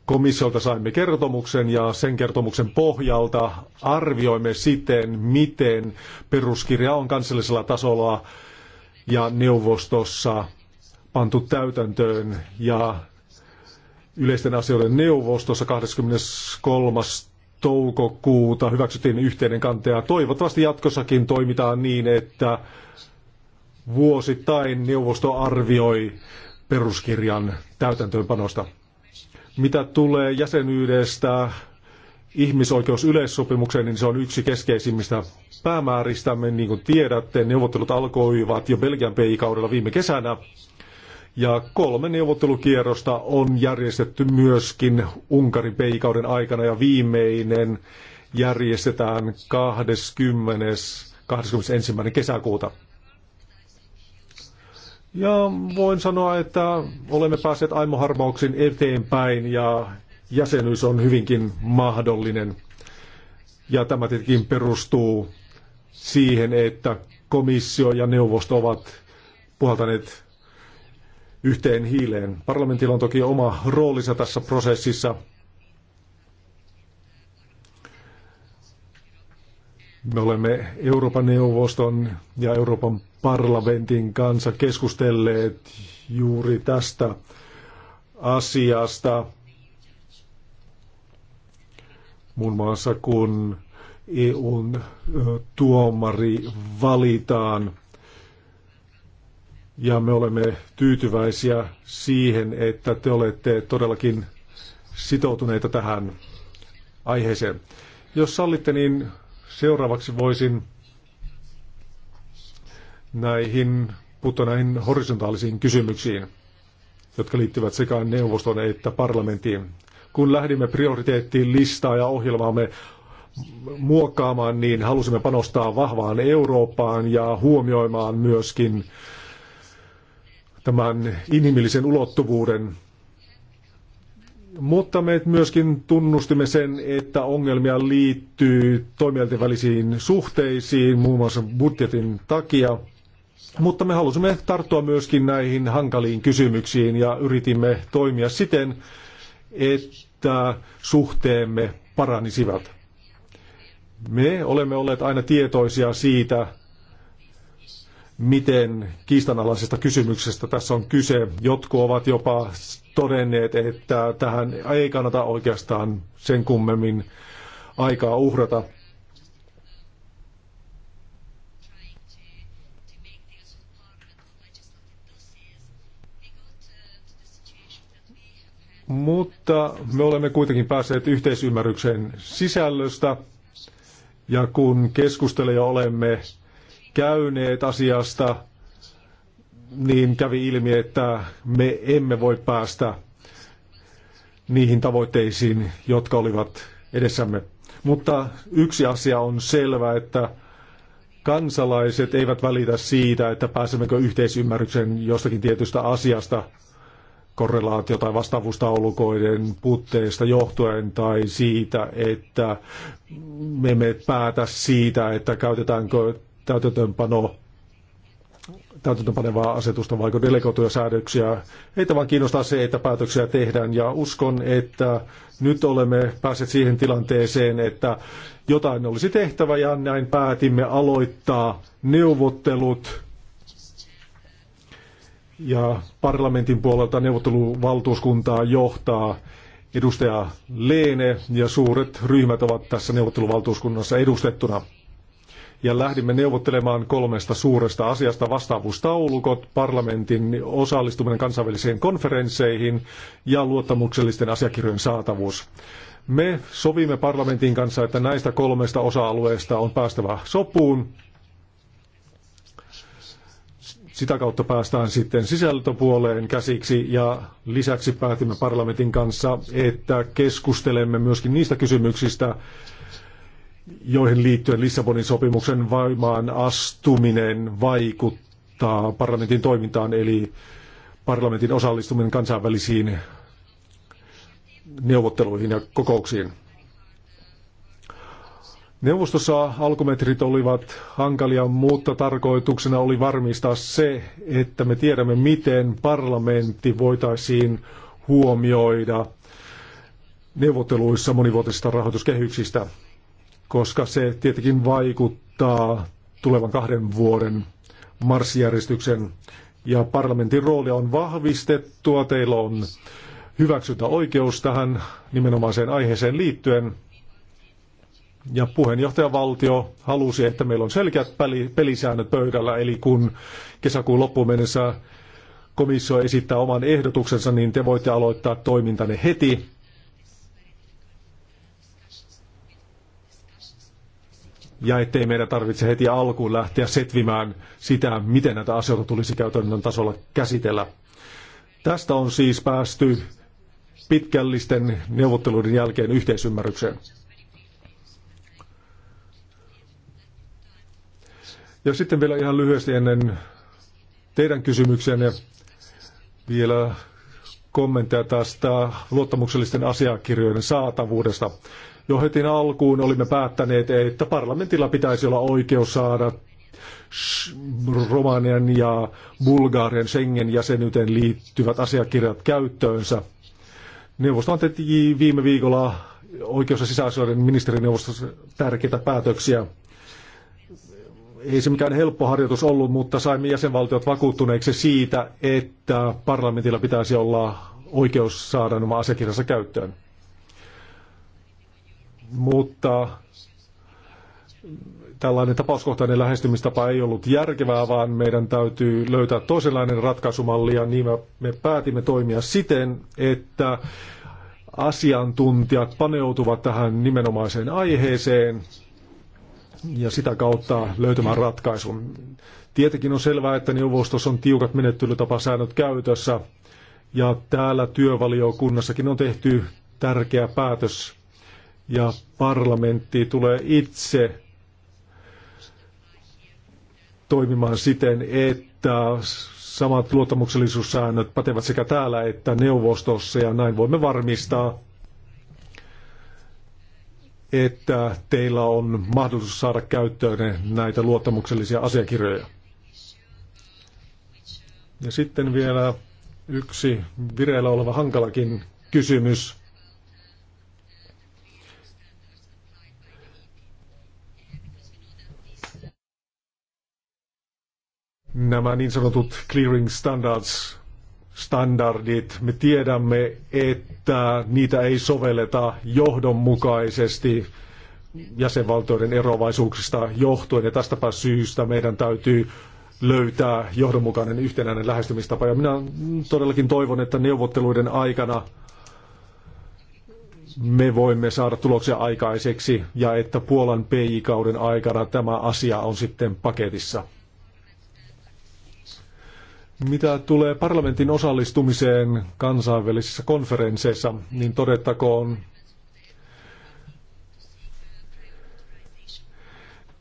Komissiolta saimme kertomuksen ja sen kertomuksen pohjalta arvioimme siten, miten peruskirja on kansallisella tasolla ja neuvostossa pantu täytäntöön ja yleisten asioiden neuvostossa 23 toukokuuta hyväksyttiin yhteinen kanta ja toivottavasti jatkossakin toimitaan niin, että vuosittain neuvosto arvioi peruskirjan täytäntöönpanosta. Mitä tulee jäsenyydestä ihmisoikeusyleissopimukseen, niin se on yksi keskeisimmistä päämääristämme. Niin kuin tiedätte, neuvottelut alkoivat jo Belgian PI-kaudella viime kesänä. Ja kolme neuvottelukierrosta on järjestetty myöskin Unkarin peikauden aikana ja viimeinen järjestetään 20. 21. kesäkuuta. Ja voin sanoa, että olemme päässeet aimoharmauksin eteenpäin ja jäsenyys on hyvinkin mahdollinen. Ja tämä tietenkin perustuu siihen, että komissio ja neuvosto ovat puhaltaneet yhteen hiileen. Parlamentilla on toki oma roolinsa tässä prosessissa. Me olemme Euroopan neuvoston ja Euroopan parlamentin kanssa keskustelleet juuri tästä asiasta. Muun muassa kun EUn tuomari valitaan – ja me olemme tyytyväisiä siihen, että te olette todellakin sitoutuneita tähän aiheeseen. Jos sallitte, niin seuraavaksi voisin näihin puuttua näihin horisontaalisiin kysymyksiin, jotka liittyvät sekä neuvoston että parlamenttiin. Kun lähdimme prioriteettiin listaa ja ohjelmaamme muokkaamaan, niin halusimme panostaa vahvaan Eurooppaan ja huomioimaan myöskin tämän inhimillisen ulottuvuuden. Mutta me myöskin tunnustimme sen, että ongelmia liittyy toimijoiden välisiin suhteisiin, muun muassa budjetin takia. Mutta me halusimme tarttua myöskin näihin hankaliin kysymyksiin ja yritimme toimia siten, että suhteemme paranisivat. Me olemme olleet aina tietoisia siitä, miten kiistanalaisesta kysymyksestä tässä on kyse. Jotkut ovat jopa todenneet, että tähän ei kannata oikeastaan sen kummemmin aikaa uhrata. Mutta me olemme kuitenkin päässeet yhteisymmärrykseen sisällöstä, ja kun keskustelija olemme käyneet asiasta, niin kävi ilmi, että me emme voi päästä niihin tavoitteisiin, jotka olivat edessämme. Mutta yksi asia on selvä, että kansalaiset eivät välitä siitä, että pääsemmekö yhteisymmärryksen jostakin tietystä asiasta, korrelaatio- tai vastaavuustaulukoiden puutteesta johtuen tai siitä, että me emme päätä siitä, että käytetäänkö täytäntöönpano täytäntöönpanevaa asetusta vaiko delegoituja säädöksiä. Heitä vaan kiinnostaa se, että päätöksiä tehdään ja uskon, että nyt olemme päässeet siihen tilanteeseen, että jotain olisi tehtävä ja näin päätimme aloittaa neuvottelut ja parlamentin puolelta neuvotteluvaltuuskuntaa johtaa edustaja Leene ja suuret ryhmät ovat tässä neuvotteluvaltuuskunnassa edustettuna ja lähdimme neuvottelemaan kolmesta suuresta asiasta vastaavuustaulukot, parlamentin osallistuminen kansainvälisiin konferensseihin ja luottamuksellisten asiakirjojen saatavuus. Me sovimme parlamentin kanssa, että näistä kolmesta osa-alueesta on päästävä sopuun. Sitä kautta päästään sitten sisältöpuoleen käsiksi ja lisäksi päätimme parlamentin kanssa, että keskustelemme myöskin niistä kysymyksistä, joihin liittyen Lissabonin sopimuksen vaimaan astuminen vaikuttaa parlamentin toimintaan, eli parlamentin osallistuminen kansainvälisiin neuvotteluihin ja kokouksiin. Neuvostossa alkumetrit olivat hankalia, mutta tarkoituksena oli varmistaa se, että me tiedämme, miten parlamentti voitaisiin huomioida neuvotteluissa monivuotisista rahoituskehyksistä koska se tietenkin vaikuttaa tulevan kahden vuoden marssijärjestyksen ja parlamentin roolia on vahvistettua. Teillä on oikeus tähän nimenomaiseen aiheeseen liittyen. Ja puheenjohtajavaltio halusi, että meillä on selkeät pelisäännöt pöydällä, eli kun kesäkuun loppuun mennessä komissio esittää oman ehdotuksensa, niin te voitte aloittaa toimintanne heti. ja ettei meidän tarvitse heti alkuun lähteä setvimään sitä, miten näitä asioita tulisi käytännön tasolla käsitellä. Tästä on siis päästy pitkällisten neuvotteluiden jälkeen yhteisymmärrykseen. Ja sitten vielä ihan lyhyesti ennen teidän kysymyksenne vielä kommentteja tästä luottamuksellisten asiakirjojen saatavuudesta. Jo heti alkuun olimme päättäneet, että parlamentilla pitäisi olla oikeus saada Romanian ja Bulgarian Schengen-jäsenyyteen liittyvät asiakirjat käyttöönsä. Neuvosto teki viime viikolla oikeus- ja sisäasioiden ministerineuvostossa tärkeitä päätöksiä. Ei se mikään helppo harjoitus ollut, mutta saimme jäsenvaltiot vakuuttuneeksi siitä, että parlamentilla pitäisi olla oikeus saada nämä asiakirjansa käyttöön mutta tällainen tapauskohtainen lähestymistapa ei ollut järkevää, vaan meidän täytyy löytää toisenlainen ratkaisumalli ja niin me päätimme toimia siten, että asiantuntijat paneutuvat tähän nimenomaiseen aiheeseen ja sitä kautta löytämään ratkaisun. Tietenkin on selvää, että neuvostossa on tiukat menettelytapasäännöt käytössä ja täällä työvaliokunnassakin on tehty tärkeä päätös ja parlamentti tulee itse toimimaan siten, että samat luottamuksellisuussäännöt pätevät sekä täällä että neuvostossa ja näin voimme varmistaa, että teillä on mahdollisuus saada käyttöön näitä luottamuksellisia asiakirjoja. Ja sitten vielä yksi vireillä oleva hankalakin kysymys. nämä niin sanotut clearing standards, standardit, me tiedämme, että niitä ei sovelleta johdonmukaisesti jäsenvaltioiden eroavaisuuksista johtuen. Ja tästäpä syystä meidän täytyy löytää johdonmukainen yhtenäinen lähestymistapa. Ja minä todellakin toivon, että neuvotteluiden aikana me voimme saada tuloksia aikaiseksi ja että Puolan PI-kauden aikana tämä asia on sitten paketissa. Mitä tulee parlamentin osallistumiseen kansainvälisissä konferensseissa, niin todettakoon,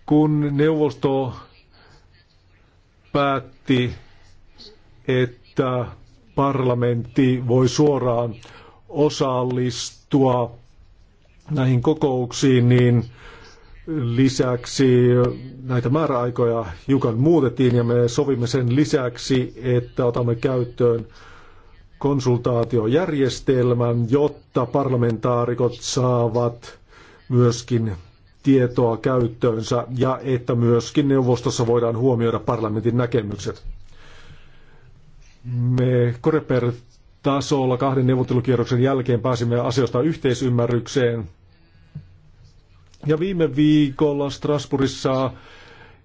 kun neuvosto päätti, että parlamentti voi suoraan osallistua näihin kokouksiin, niin Lisäksi näitä määräaikoja hiukan muutettiin ja me sovimme sen lisäksi, että otamme käyttöön konsultaatiojärjestelmän, jotta parlamentaarikot saavat myöskin tietoa käyttöönsä ja että myöskin neuvostossa voidaan huomioida parlamentin näkemykset. Me Koreper tasolla kahden neuvottelukierroksen jälkeen pääsimme asioista yhteisymmärrykseen – ja viime viikolla Strasbourgissa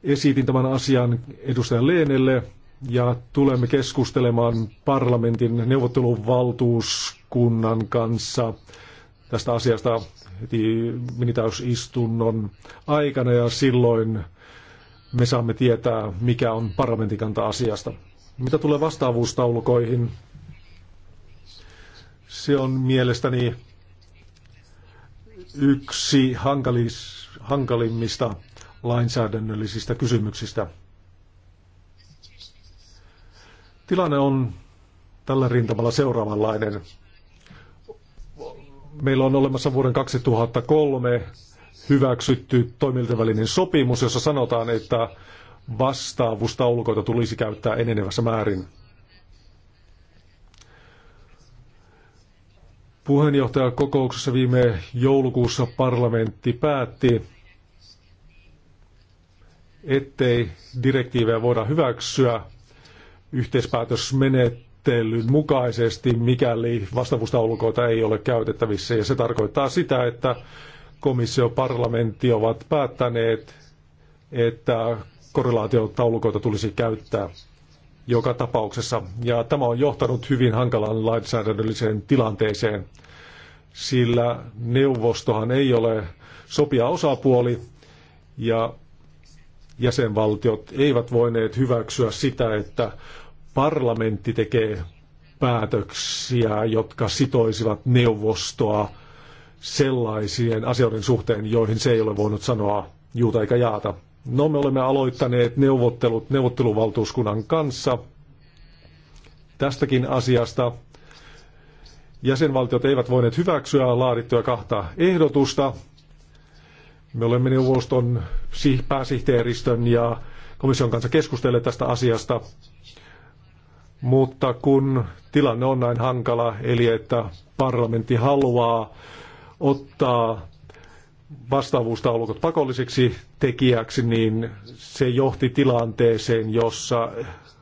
esitin tämän asian edustajan Leenelle ja tulemme keskustelemaan parlamentin neuvotteluvaltuuskunnan kanssa tästä asiasta heti minitäysistunnon aikana ja silloin me saamme tietää, mikä on parlamentin kanta asiasta. Mitä tulee vastaavuustaulukoihin, se on mielestäni yksi hankalis, hankalimmista lainsäädännöllisistä kysymyksistä. Tilanne on tällä rintamalla seuraavanlainen. Meillä on olemassa vuoden 2003 hyväksytty toimintavälinen sopimus, jossa sanotaan, että vastaavuustaulukoita tulisi käyttää enenevässä määrin. Puheenjohtajakokouksessa viime joulukuussa parlamentti päätti, ettei direktiivejä voida hyväksyä yhteispäätösmenettelyn mukaisesti, mikäli vastavuustaulukoita ei ole käytettävissä. Ja se tarkoittaa sitä, että komissio ja parlamentti ovat päättäneet, että korrelaatiotaulukoita tulisi käyttää joka tapauksessa. Ja tämä on johtanut hyvin hankalaan lainsäädännölliseen tilanteeseen, sillä neuvostohan ei ole sopia osapuoli ja jäsenvaltiot eivät voineet hyväksyä sitä, että parlamentti tekee päätöksiä, jotka sitoisivat neuvostoa sellaisien asioiden suhteen, joihin se ei ole voinut sanoa juuta eikä jaata. No me olemme aloittaneet neuvottelut neuvotteluvaltuuskunnan kanssa tästäkin asiasta. Jäsenvaltiot eivät voineet hyväksyä laadittuja kahta ehdotusta. Me olemme neuvoston pääsihteeristön ja komission kanssa keskustelleet tästä asiasta. Mutta kun tilanne on näin hankala, eli että parlamentti haluaa ottaa vastaavuustaulukot pakollisiksi tekijäksi, niin se johti tilanteeseen, jossa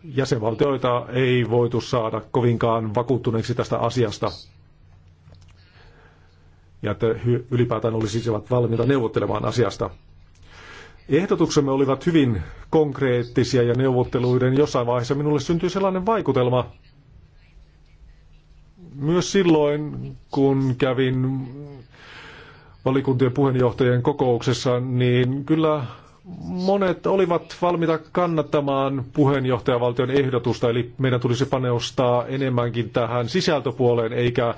jäsenvaltioita ei voitu saada kovinkaan vakuuttuneeksi tästä asiasta. Ja että ylipäätään olisivat siis valmiita neuvottelemaan asiasta. Ehdotuksemme olivat hyvin konkreettisia ja neuvotteluiden jossain vaiheessa minulle syntyi sellainen vaikutelma, myös silloin, kun kävin valikuntien puheenjohtajien kokouksessa, niin kyllä monet olivat valmiita kannattamaan puheenjohtajavaltion ehdotusta, eli meidän tulisi paneustaa enemmänkin tähän sisältöpuoleen eikä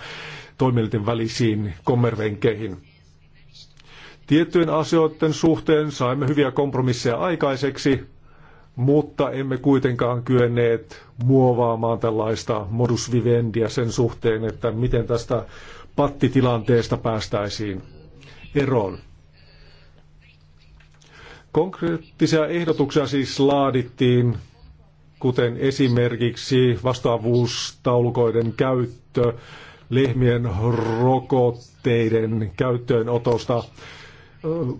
toimielinten välisiin kommervenkeihin. Tiettyjen asioiden suhteen saimme hyviä kompromisseja aikaiseksi, mutta emme kuitenkaan kyenneet muovaamaan tällaista modus vivendiä sen suhteen, että miten tästä pattitilanteesta päästäisiin eroon. Konkreettisia ehdotuksia siis laadittiin, kuten esimerkiksi vastaavuustaulukoiden käyttö, lehmien rokotteiden käyttöönotosta,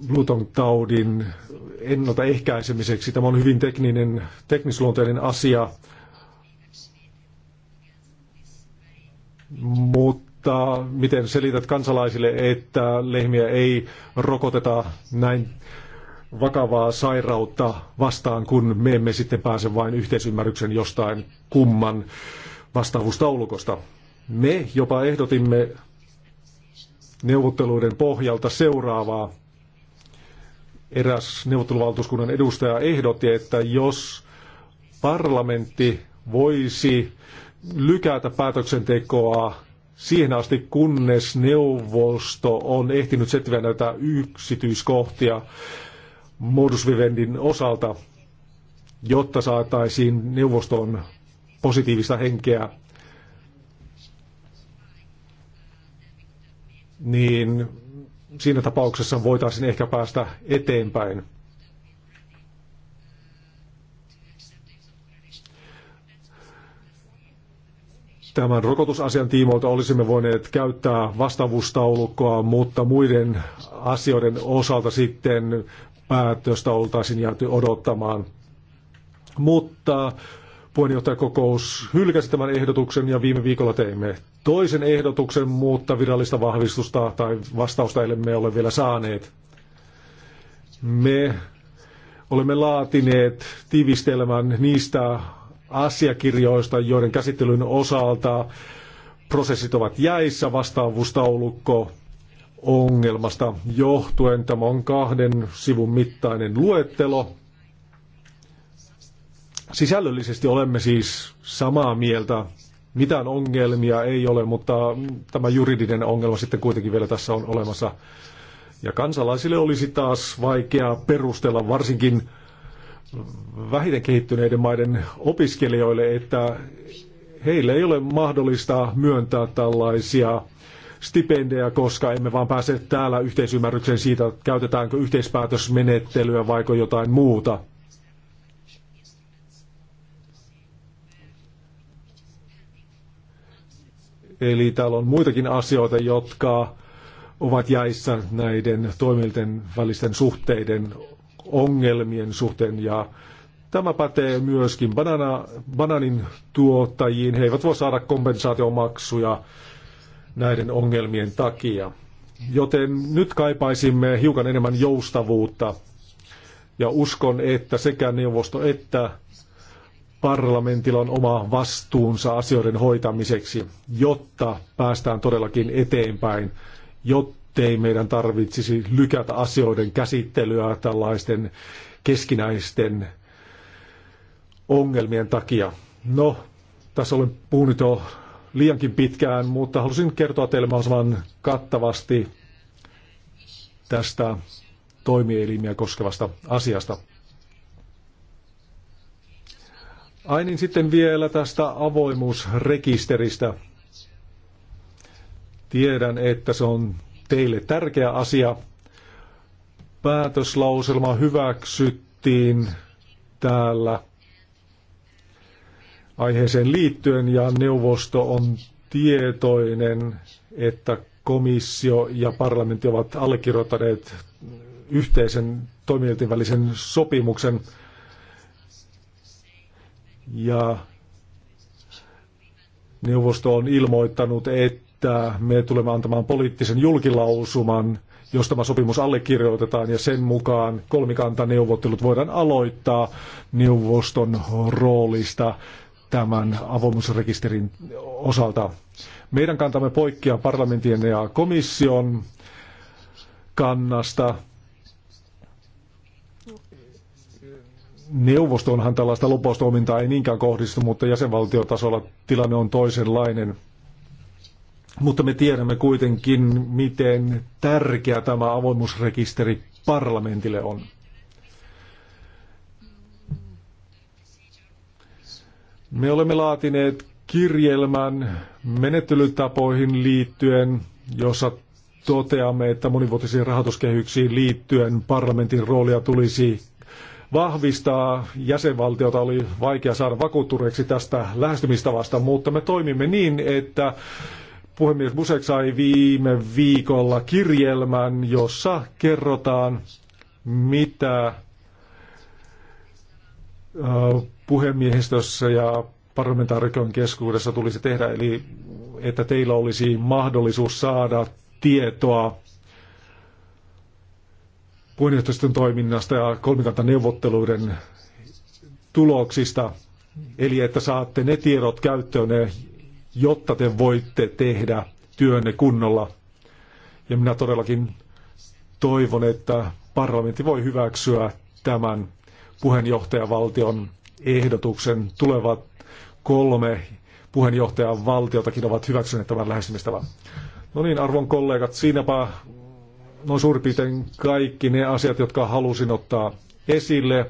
Luton taudin ennaltaehkäisemiseksi. Tämä on hyvin tekninen, teknisluonteinen asia, mutta mutta miten selität kansalaisille, että lehmiä ei rokoteta näin vakavaa sairautta vastaan, kun me emme sitten pääse vain yhteisymmärryksen jostain kumman vastaavuustaulukosta. Me jopa ehdotimme neuvotteluiden pohjalta seuraavaa. Eräs neuvotteluvaltuuskunnan edustaja ehdotti, että jos parlamentti voisi lykätä päätöksentekoa siihen asti, kunnes neuvosto on ehtinyt setviä näitä yksityiskohtia modus vivendin osalta, jotta saataisiin neuvoston positiivista henkeä, niin siinä tapauksessa voitaisiin ehkä päästä eteenpäin. Tämän rokotusasian tiimoilta olisimme voineet käyttää vastaavuustaulukkoa, mutta muiden asioiden osalta sitten päätöstä oltaisiin jääty odottamaan. Mutta puheenjohtajakokous hylkäsi tämän ehdotuksen ja viime viikolla teimme toisen ehdotuksen, mutta virallista vahvistusta tai vastausta emme ole vielä saaneet. Me olemme laatineet tiivistelmän niistä asiakirjoista, joiden käsittelyn osalta prosessit ovat jäissä vastaavuustaulukko ongelmasta johtuen. Tämä on kahden sivun mittainen luettelo. Sisällöllisesti olemme siis samaa mieltä. Mitään ongelmia ei ole, mutta tämä juridinen ongelma sitten kuitenkin vielä tässä on olemassa. Ja kansalaisille olisi taas vaikea perustella, varsinkin vähiten kehittyneiden maiden opiskelijoille, että heille ei ole mahdollista myöntää tällaisia stipendejä, koska emme vaan pääse täällä yhteisymmärrykseen siitä, käytetäänkö yhteispäätösmenettelyä vai jotain muuta. Eli täällä on muitakin asioita, jotka ovat jäissä näiden toimilten välisten suhteiden ongelmien suhteen ja Tämä pätee myöskin banana, bananin tuottajiin. He eivät voi saada kompensaatiomaksuja näiden ongelmien takia. Joten nyt kaipaisimme hiukan enemmän joustavuutta. Ja uskon, että sekä neuvosto että parlamentilla on oma vastuunsa asioiden hoitamiseksi, jotta päästään todellakin eteenpäin, jotta ettei meidän tarvitsisi lykätä asioiden käsittelyä tällaisten keskinäisten ongelmien takia. No, tässä olen puhunut jo liiankin pitkään, mutta halusin kertoa teille mahdollisimman kattavasti tästä toimielimiä koskevasta asiasta. Ai niin, sitten vielä tästä avoimuusrekisteristä. Tiedän, että se on teille tärkeä asia. Päätöslauselma hyväksyttiin täällä aiheeseen liittyen ja neuvosto on tietoinen, että komissio ja parlamentti ovat allekirjoittaneet yhteisen toimielinten välisen sopimuksen. Ja neuvosto on ilmoittanut, että että me tulemme antamaan poliittisen julkilausuman, jos tämä sopimus allekirjoitetaan ja sen mukaan kolmikantaneuvottelut voidaan aloittaa neuvoston roolista tämän avoimuusrekisterin osalta. Meidän kantamme poikkeaa parlamentin ja komission kannasta. Neuvostonhan tällaista lupaustoimintaa ei niinkään kohdistu, mutta jäsenvaltiotasolla tilanne on toisenlainen – mutta me tiedämme kuitenkin, miten tärkeä tämä avoimuusrekisteri parlamentille on. Me olemme laatineet kirjelmän menettelytapoihin liittyen, jossa toteamme, että monivuotisiin rahoituskehyksiin liittyen parlamentin roolia tulisi vahvistaa. Jäsenvaltiota oli vaikea saada vakuuttuneeksi tästä lähestymistavasta, mutta me toimimme niin, että puhemies Busek sai viime viikolla kirjelmän, jossa kerrotaan, mitä puhemiehistössä ja parlamentaarikon keskuudessa tulisi tehdä, eli että teillä olisi mahdollisuus saada tietoa puheenjohtajiston toiminnasta ja kolmikantaneuvotteluiden tuloksista, eli että saatte ne tiedot käyttöön, jotta te voitte tehdä työnne kunnolla. Ja minä todellakin toivon, että parlamentti voi hyväksyä tämän puheenjohtajavaltion ehdotuksen. Tulevat kolme puheenjohtajavaltiotakin ovat hyväksyneet tämän lähestymistavan. No niin, arvon kollegat, siinäpä noin suurin piirtein kaikki ne asiat, jotka halusin ottaa esille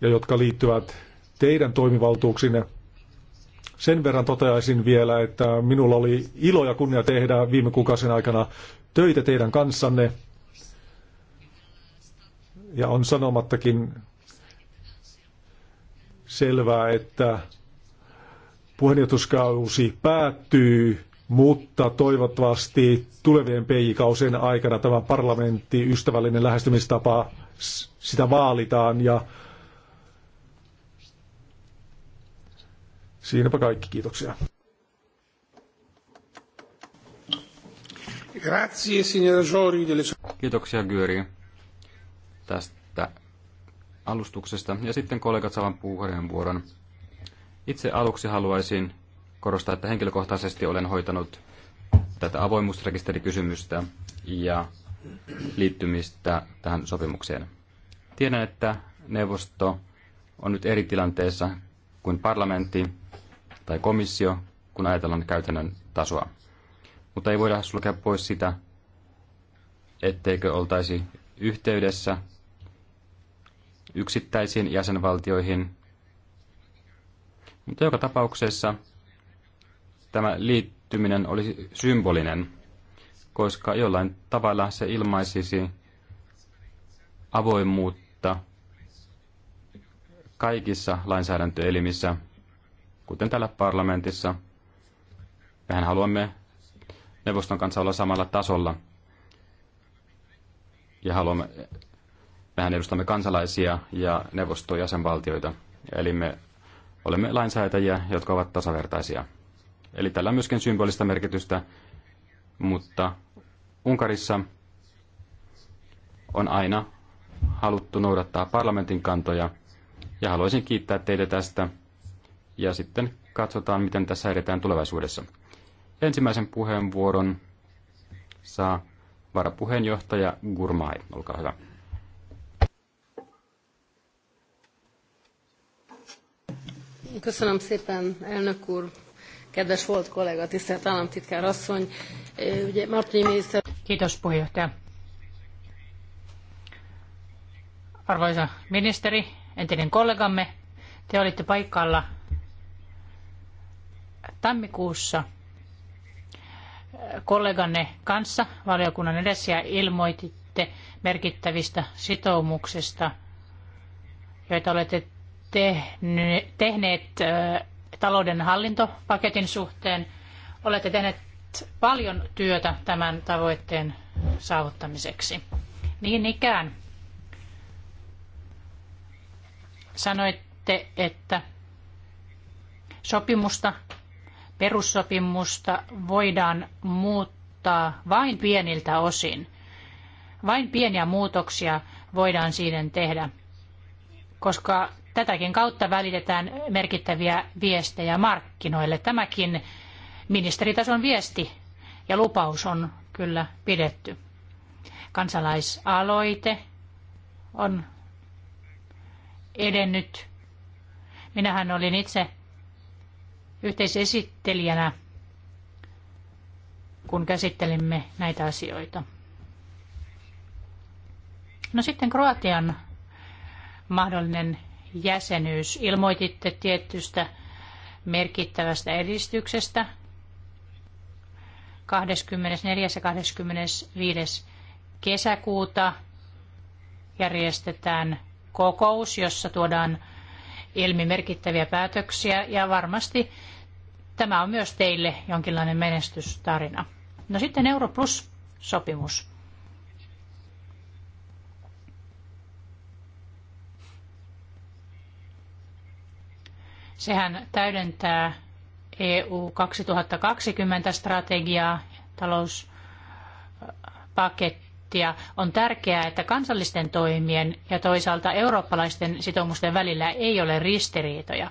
ja jotka liittyvät teidän toimivaltuuksinne. Sen verran toteaisin vielä, että minulla oli ilo ja kunnia tehdä viime kuukausien aikana töitä teidän kanssanne. Ja on sanomattakin selvää, että puheenjohtuskausi päättyy, mutta toivottavasti tulevien PJ-kausien aikana tämä parlamentti ystävällinen lähestymistapa sitä vaalitaan ja Siinäpä kaikki, kiitoksia. Grazie, signor Jori. Kiitoksia, Györi, tästä alustuksesta. Ja sitten kollegat saavan puheenvuoron. Itse aluksi haluaisin korostaa, että henkilökohtaisesti olen hoitanut tätä avoimuusrekisterikysymystä ja liittymistä tähän sopimukseen. Tiedän, että neuvosto on nyt eri tilanteessa kuin parlamentti tai komissio, kun ajatellaan käytännön tasoa. Mutta ei voida sulkea pois sitä, etteikö oltaisi yhteydessä yksittäisiin jäsenvaltioihin. Mutta joka tapauksessa tämä liittyminen olisi symbolinen, koska jollain tavalla se ilmaisisi avoimuutta kaikissa lainsäädäntöelimissä kuten täällä parlamentissa. Mehän haluamme neuvoston kanssa olla samalla tasolla. Ja haluamme, mehän edustamme kansalaisia ja neuvoston jäsenvaltioita. Eli me olemme lainsäätäjiä, jotka ovat tasavertaisia. Eli tällä on myöskin symbolista merkitystä, mutta Unkarissa on aina haluttu noudattaa parlamentin kantoja, ja haluaisin kiittää teitä tästä ja sitten katsotaan, miten tässä edetään tulevaisuudessa. Ensimmäisen puheenvuoron saa varapuheenjohtaja Gurmai. Olkaa hyvä. Köszönöm szépen, elnök úr, kedves volt kollega, tisztelt államtitkár asszony. Ugye Martin miniszter... Kiitos puheenjohtaja. Arvoisa ministeri, entinen kollegamme, te olitte paikalla tammikuussa kolleganne kanssa valiokunnan edessä ja ilmoititte merkittävistä sitoumuksista, joita olette tehneet talouden hallintopaketin suhteen. Olette tehneet paljon työtä tämän tavoitteen saavuttamiseksi. Niin ikään sanoitte, että sopimusta perussopimusta voidaan muuttaa vain pieniltä osin. Vain pieniä muutoksia voidaan siihen tehdä, koska tätäkin kautta välitetään merkittäviä viestejä markkinoille. Tämäkin ministeritason viesti ja lupaus on kyllä pidetty. Kansalaisaloite on edennyt. Minähän olin itse yhteisesittelijänä, kun käsittelimme näitä asioita. No sitten Kroatian mahdollinen jäsenyys. Ilmoititte tietystä merkittävästä edistyksestä 24. ja 25. kesäkuuta järjestetään kokous, jossa tuodaan ilmi merkittäviä päätöksiä ja varmasti Tämä on myös teille jonkinlainen menestystarina. No sitten Europlus-sopimus. Sehän täydentää EU 2020-strategiaa, talouspakettia. On tärkeää, että kansallisten toimien ja toisaalta eurooppalaisten sitoumusten välillä ei ole ristiriitoja.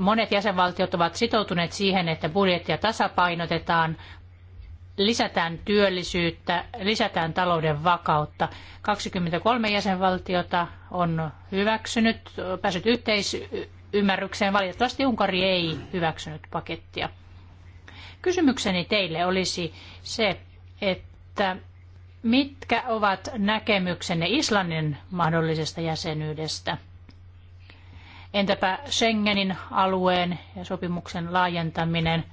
Monet jäsenvaltiot ovat sitoutuneet siihen, että budjettia tasapainotetaan, lisätään työllisyyttä, lisätään talouden vakautta. 23 jäsenvaltiota on hyväksynyt, päässyt yhteisymmärrykseen. Valitettavasti Unkari ei hyväksynyt pakettia. Kysymykseni teille olisi se, että mitkä ovat näkemyksenne Islannin mahdollisesta jäsenyydestä – Entäpä Schengenin alueen ja sopimuksen laajentaminen?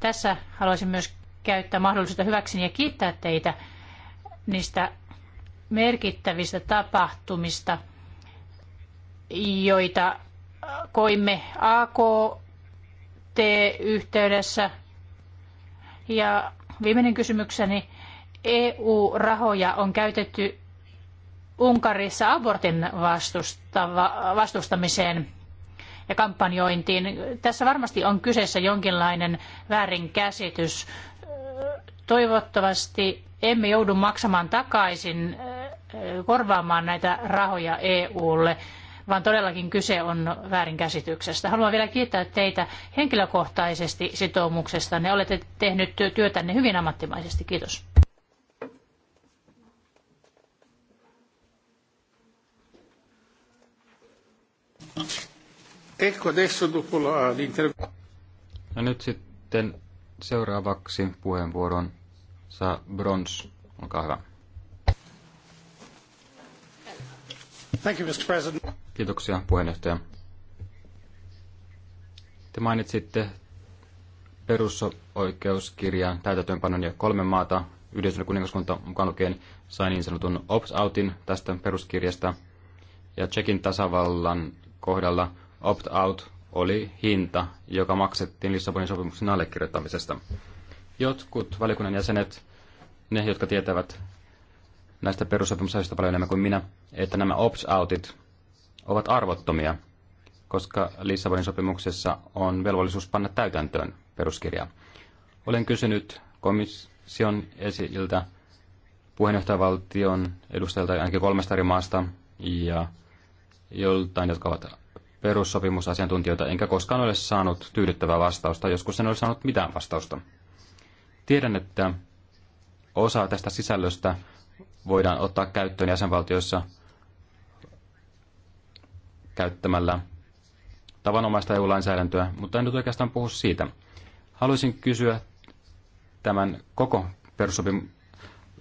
Tässä haluaisin myös käyttää mahdollisuutta hyväkseni ja kiittää teitä niistä merkittävistä tapahtumista, joita koimme AKT-yhteydessä. Ja viimeinen kysymykseni. EU-rahoja on käytetty Unkarissa abortin vastustamiseen ja kampanjointiin. Tässä varmasti on kyseessä jonkinlainen väärinkäsitys. Toivottavasti emme joudu maksamaan takaisin eh, korvaamaan näitä rahoja EUlle, vaan todellakin kyse on väärinkäsityksestä. Haluan vielä kiittää teitä henkilökohtaisesti sitoumuksesta. Ne olette tehnyt työtänne hyvin ammattimaisesti. Kiitos. Ecco adesso dopo l'intervento. No nyt sitten seuraavaksi puheenvuoron saa Brons. Olkaa hyvä. Thank you, Mr. President. Kiitoksia puheenjohtaja. Te mainitsitte perusoikeuskirjan täytäntöönpanon ja kolme maata, yhdistynyt kuningaskunta mukaan lukien, sai niin sanotun opt-outin tästä peruskirjasta. Ja Tsekin tasavallan kohdalla opt-out oli hinta, joka maksettiin Lissabonin sopimuksen allekirjoittamisesta. Jotkut valiokunnan jäsenet, ne jotka tietävät näistä perussopimusasioista paljon enemmän kuin minä, että nämä opt-outit ovat arvottomia, koska Lissabonin sopimuksessa on velvollisuus panna täytäntöön peruskirjaa. Olen kysynyt komission esiltä puheenjohtajavaltion edustajilta ainakin kolmesta eri maasta ja joltain, jotka ovat perussopimusasiantuntijoita, enkä koskaan ole saanut tyydyttävää vastausta, joskus en ole saanut mitään vastausta. Tiedän, että osa tästä sisällöstä voidaan ottaa käyttöön jäsenvaltioissa käyttämällä tavanomaista EU-lainsäädäntöä, mutta en nyt oikeastaan puhu siitä. Haluaisin kysyä tämän koko perussopim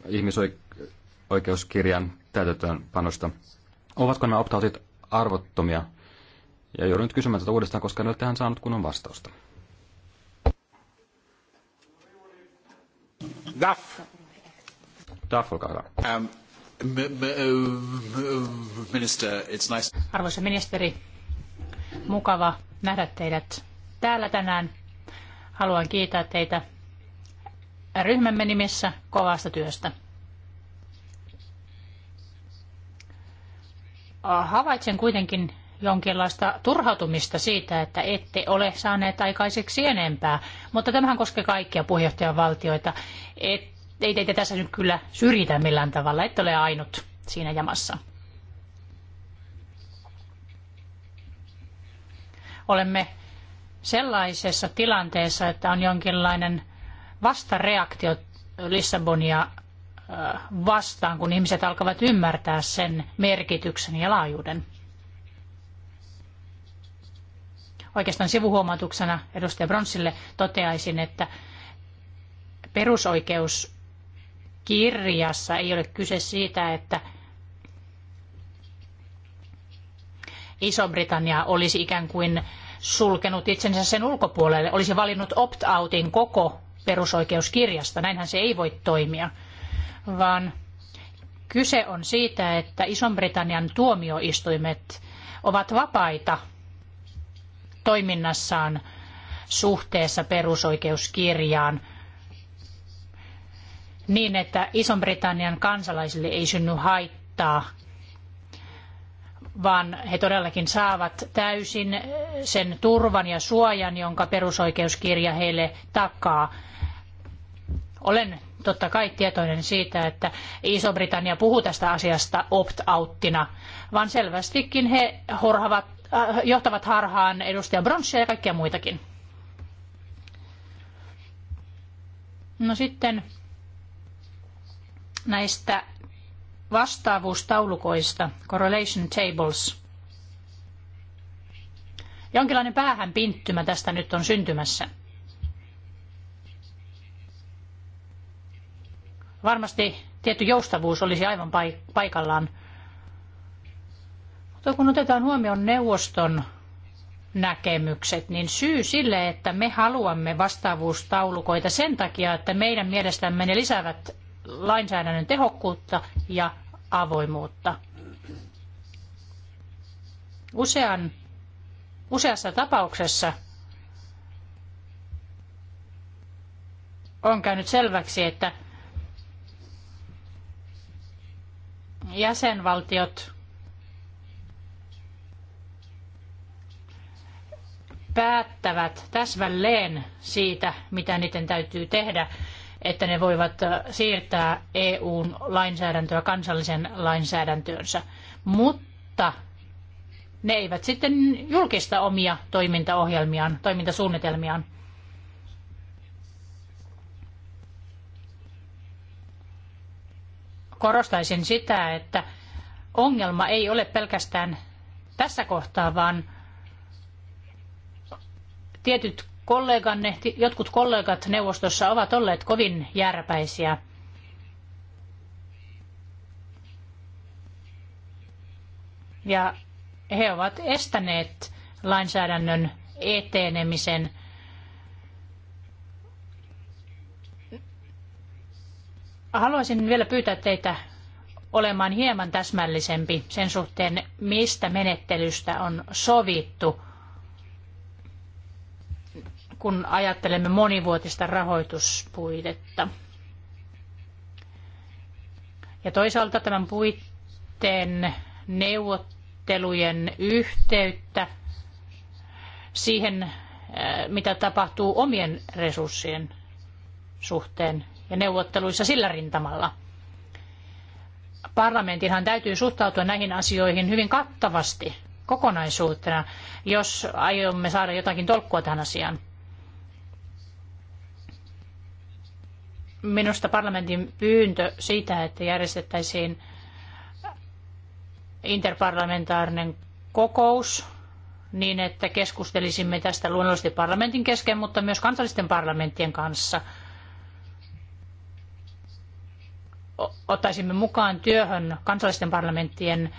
ihmisoikeuskirjan täytäntöönpanosta. Ovatko nämä optautit arvottomia. Ja joudun nyt kysymään tätä uudestaan, koska en ole tähän saanut kunnon vastausta. Daff. Daff, olkaa hyvä. Um, uh, minister, it's nice. Arvoisa ministeri, mukava nähdä teidät täällä tänään. Haluan kiittää teitä ryhmämme nimissä kovasta työstä. havaitsen kuitenkin jonkinlaista turhautumista siitä, että ette ole saaneet aikaiseksi enempää. Mutta tämähän koskee kaikkia puheenjohtajavaltioita. Et, ei teitä tässä nyt kyllä syrjitä millään tavalla. Ette ole ainut siinä jamassa. Olemme sellaisessa tilanteessa, että on jonkinlainen vastareaktio Lissabonia vastaan, kun ihmiset alkavat ymmärtää sen merkityksen ja laajuuden. Oikeastaan sivuhuomautuksena edustaja Bronsille toteaisin, että perusoikeuskirjassa ei ole kyse siitä, että Iso-Britannia olisi ikään kuin sulkenut itsensä sen ulkopuolelle, olisi valinnut opt-outin koko perusoikeuskirjasta. Näinhän se ei voi toimia vaan kyse on siitä, että Ison-Britannian tuomioistuimet ovat vapaita toiminnassaan suhteessa perusoikeuskirjaan niin, että Ison-Britannian kansalaisille ei synny haittaa, vaan he todellakin saavat täysin sen turvan ja suojan, jonka perusoikeuskirja heille takaa. Olen totta kai tietoinen siitä, että Iso-Britannia puhuu tästä asiasta opt-outtina, vaan selvästikin he horhavat, äh, johtavat harhaan edustaja Bronssia ja kaikkia muitakin. No sitten näistä vastaavuustaulukoista, correlation tables. Jonkinlainen päähänpinttymä tästä nyt on syntymässä. Varmasti tietty joustavuus olisi aivan paikallaan. Mutta kun otetaan huomioon neuvoston näkemykset, niin syy sille, että me haluamme vastaavuustaulukoita sen takia, että meidän mielestämme ne lisäävät lainsäädännön tehokkuutta ja avoimuutta. Usean, useassa tapauksessa on käynyt selväksi, että jäsenvaltiot päättävät täsmälleen siitä, mitä niiden täytyy tehdä, että ne voivat äh, siirtää EUn lainsäädäntöä kansallisen lainsäädäntöönsä. Mutta ne eivät sitten julkista omia toimintaohjelmiaan, toimintasuunnitelmiaan. korostaisin sitä, että ongelma ei ole pelkästään tässä kohtaa, vaan tietyt kolleganne, jotkut kollegat neuvostossa ovat olleet kovin järpäisiä. Ja he ovat estäneet lainsäädännön etenemisen – Haluaisin vielä pyytää teitä olemaan hieman täsmällisempi sen suhteen, mistä menettelystä on sovittu, kun ajattelemme monivuotista rahoituspuitetta. Ja toisaalta tämän puitteen neuvottelujen yhteyttä siihen, äh, mitä tapahtuu omien resurssien suhteen ja neuvotteluissa sillä rintamalla. Parlamentinhan täytyy suhtautua näihin asioihin hyvin kattavasti kokonaisuutena, jos aiomme saada jotakin tolkkua tähän asiaan. Minusta parlamentin pyyntö siitä, että järjestettäisiin interparlamentaarinen kokous niin, että keskustelisimme tästä luonnollisesti parlamentin kesken, mutta myös kansallisten parlamenttien kanssa – ottaisimme mukaan työhön kansallisten parlamenttien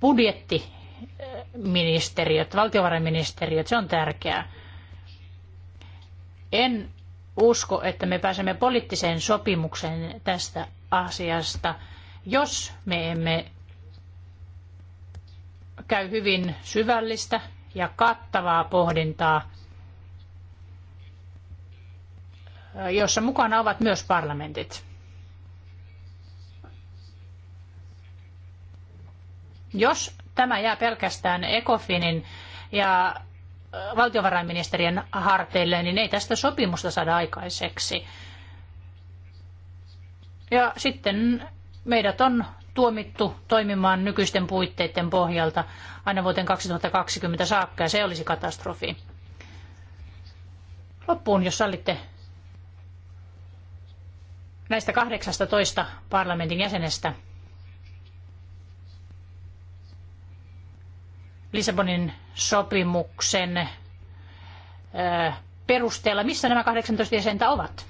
budjettiministeriöt, valtiovarainministeriöt, se on tärkeää. En usko, että me pääsemme poliittiseen sopimukseen tästä asiasta, jos me emme käy hyvin syvällistä ja kattavaa pohdintaa, jossa mukana ovat myös parlamentit. Jos tämä jää pelkästään ECOFINin ja äh, valtiovarainministerien harteille, niin ei tästä sopimusta saada aikaiseksi. Ja sitten meidät on tuomittu toimimaan nykyisten puitteiden pohjalta aina vuoteen 2020 saakka, ja se olisi katastrofi. Loppuun, jos sallitte näistä 18 parlamentin jäsenestä Lissabonin sopimuksen perusteella. Missä nämä 18 jäsentä ovat?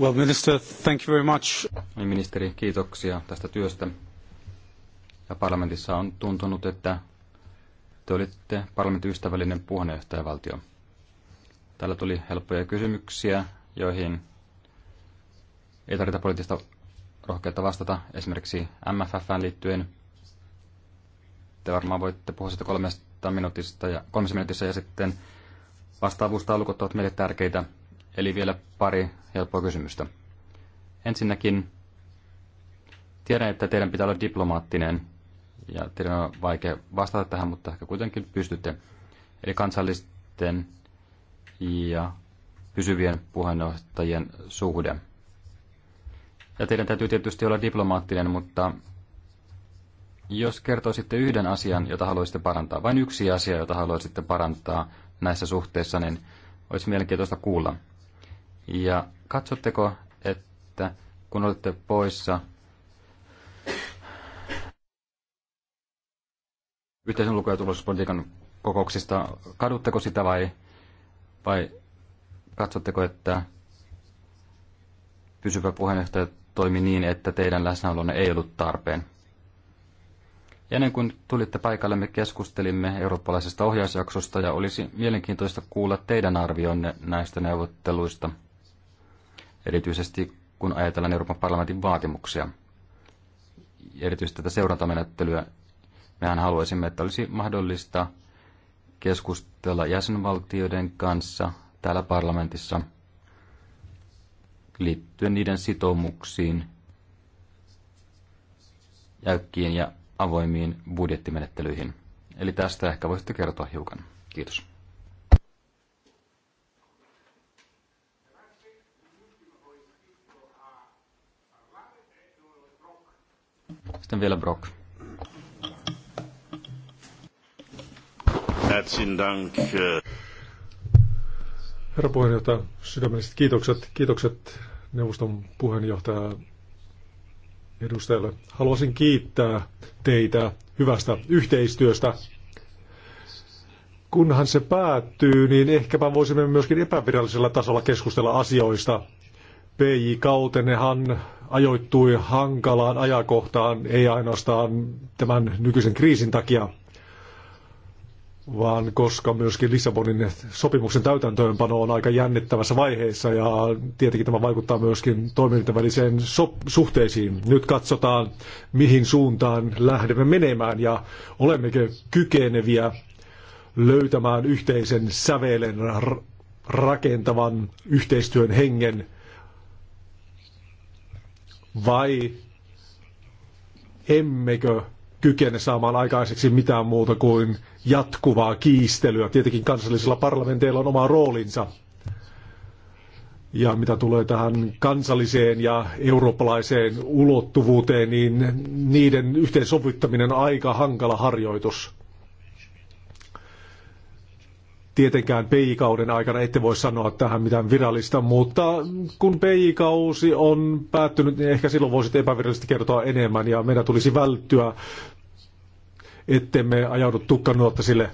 Well, minister, thank you very much. Ministeri, kiitoksia tästä työstä. Ja parlamentissa on tuntunut, että te olitte parlamentin ystävällinen puheenjohtajavaltio. Täällä tuli helppoja kysymyksiä, joihin ei tarvita poliittista rohkeutta vastata, esimerkiksi MFFään liittyen. Te varmaan voitte puhua siitä kolmesta minuutista ja, kolmessa minuutissa ja sitten vastaavuustaulukot ovat meille tärkeitä. Eli vielä pari helppoa kysymystä. Ensinnäkin tiedän, että teidän pitää olla diplomaattinen ja teidän on vaikea vastata tähän, mutta ehkä kuitenkin pystytte. Eli kansallisten ja pysyvien puheenjohtajien suhde. Ja teidän täytyy tietysti olla diplomaattinen, mutta jos kertoisitte yhden asian, jota haluaisitte parantaa, vain yksi asia, jota haluaisitte parantaa näissä suhteissa, niin olisi mielenkiintoista kuulla. Ja katsotteko, että kun olette poissa yhteisen ulko- ja turvallisuuspolitiikan kokouksista, kadutteko sitä vai vai katsotteko, että pysyvä puheenjohtaja toimi niin, että teidän läsnäolonne ei ollut tarpeen? Ja ennen kuin tulitte paikalle, me keskustelimme eurooppalaisesta ohjausjaksosta ja olisi mielenkiintoista kuulla teidän arvionne näistä neuvotteluista, erityisesti kun ajatellaan Euroopan parlamentin vaatimuksia. Erityisesti tätä seurantamenettelyä mehän haluaisimme, että olisi mahdollista keskustella jäsenvaltioiden kanssa täällä parlamentissa liittyen niiden sitoumuksiin jäykkiin ja avoimiin budjettimenettelyihin. Eli tästä ehkä voisitte kertoa hiukan. Kiitos. Sitten vielä Brock. Herzlichen Dank. Äh, Herra puheenjohtaja, sydämelliset kiitokset. Kiitokset neuvoston puheenjohtaja edustajalle. Haluaisin kiittää teitä hyvästä yhteistyöstä. Kunhan se päättyy, niin ehkäpä voisimme myöskin epävirallisella tasolla keskustella asioista. PJ-kautenehan ajoittui hankalaan ajankohtaan, ei ainoastaan tämän nykyisen kriisin takia vaan koska myöskin Lissabonin sopimuksen täytäntöönpano on aika jännittävässä vaiheessa ja tietenkin tämä vaikuttaa myöskin toimintaväliseen so- suhteisiin. Nyt katsotaan, mihin suuntaan lähdemme menemään ja olemmeko kykeneviä löytämään yhteisen sävelen rakentavan yhteistyön hengen vai emmekö kykene saamaan aikaiseksi mitään muuta kuin jatkuvaa kiistelyä. Tietenkin kansallisilla parlamenteilla on oma roolinsa. Ja mitä tulee tähän kansalliseen ja eurooppalaiseen ulottuvuuteen, niin niiden yhteensovittaminen on aika hankala harjoitus. Tietenkään PI-kauden aikana ette voi sanoa tähän mitään virallista, mutta kun PI-kausi on päättynyt, niin ehkä silloin voisit epävirallisesti kertoa enemmän ja meidän tulisi välttyä ettemme ajaudu sille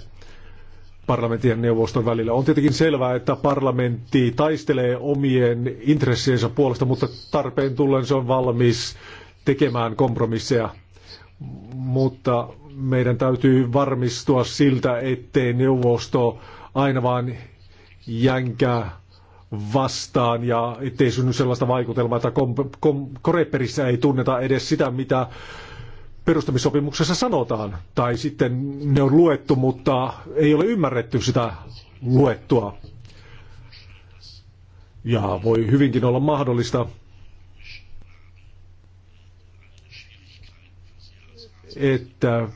parlamentin ja neuvoston välillä. On tietenkin selvää, että parlamentti taistelee omien intressiensä puolesta, mutta tarpeen tullen se on valmis tekemään kompromisseja. Mutta meidän täytyy varmistua siltä, ettei neuvosto aina vaan jänkää vastaan ja ettei synny sellaista vaikutelmaa, että kom- kom- koreperissä ei tunneta edes sitä, mitä perustamissopimuksessa sanotaan, tai sitten ne on luettu, mutta ei ole ymmärretty sitä luettua. Ja voi hyvinkin olla mahdollista, että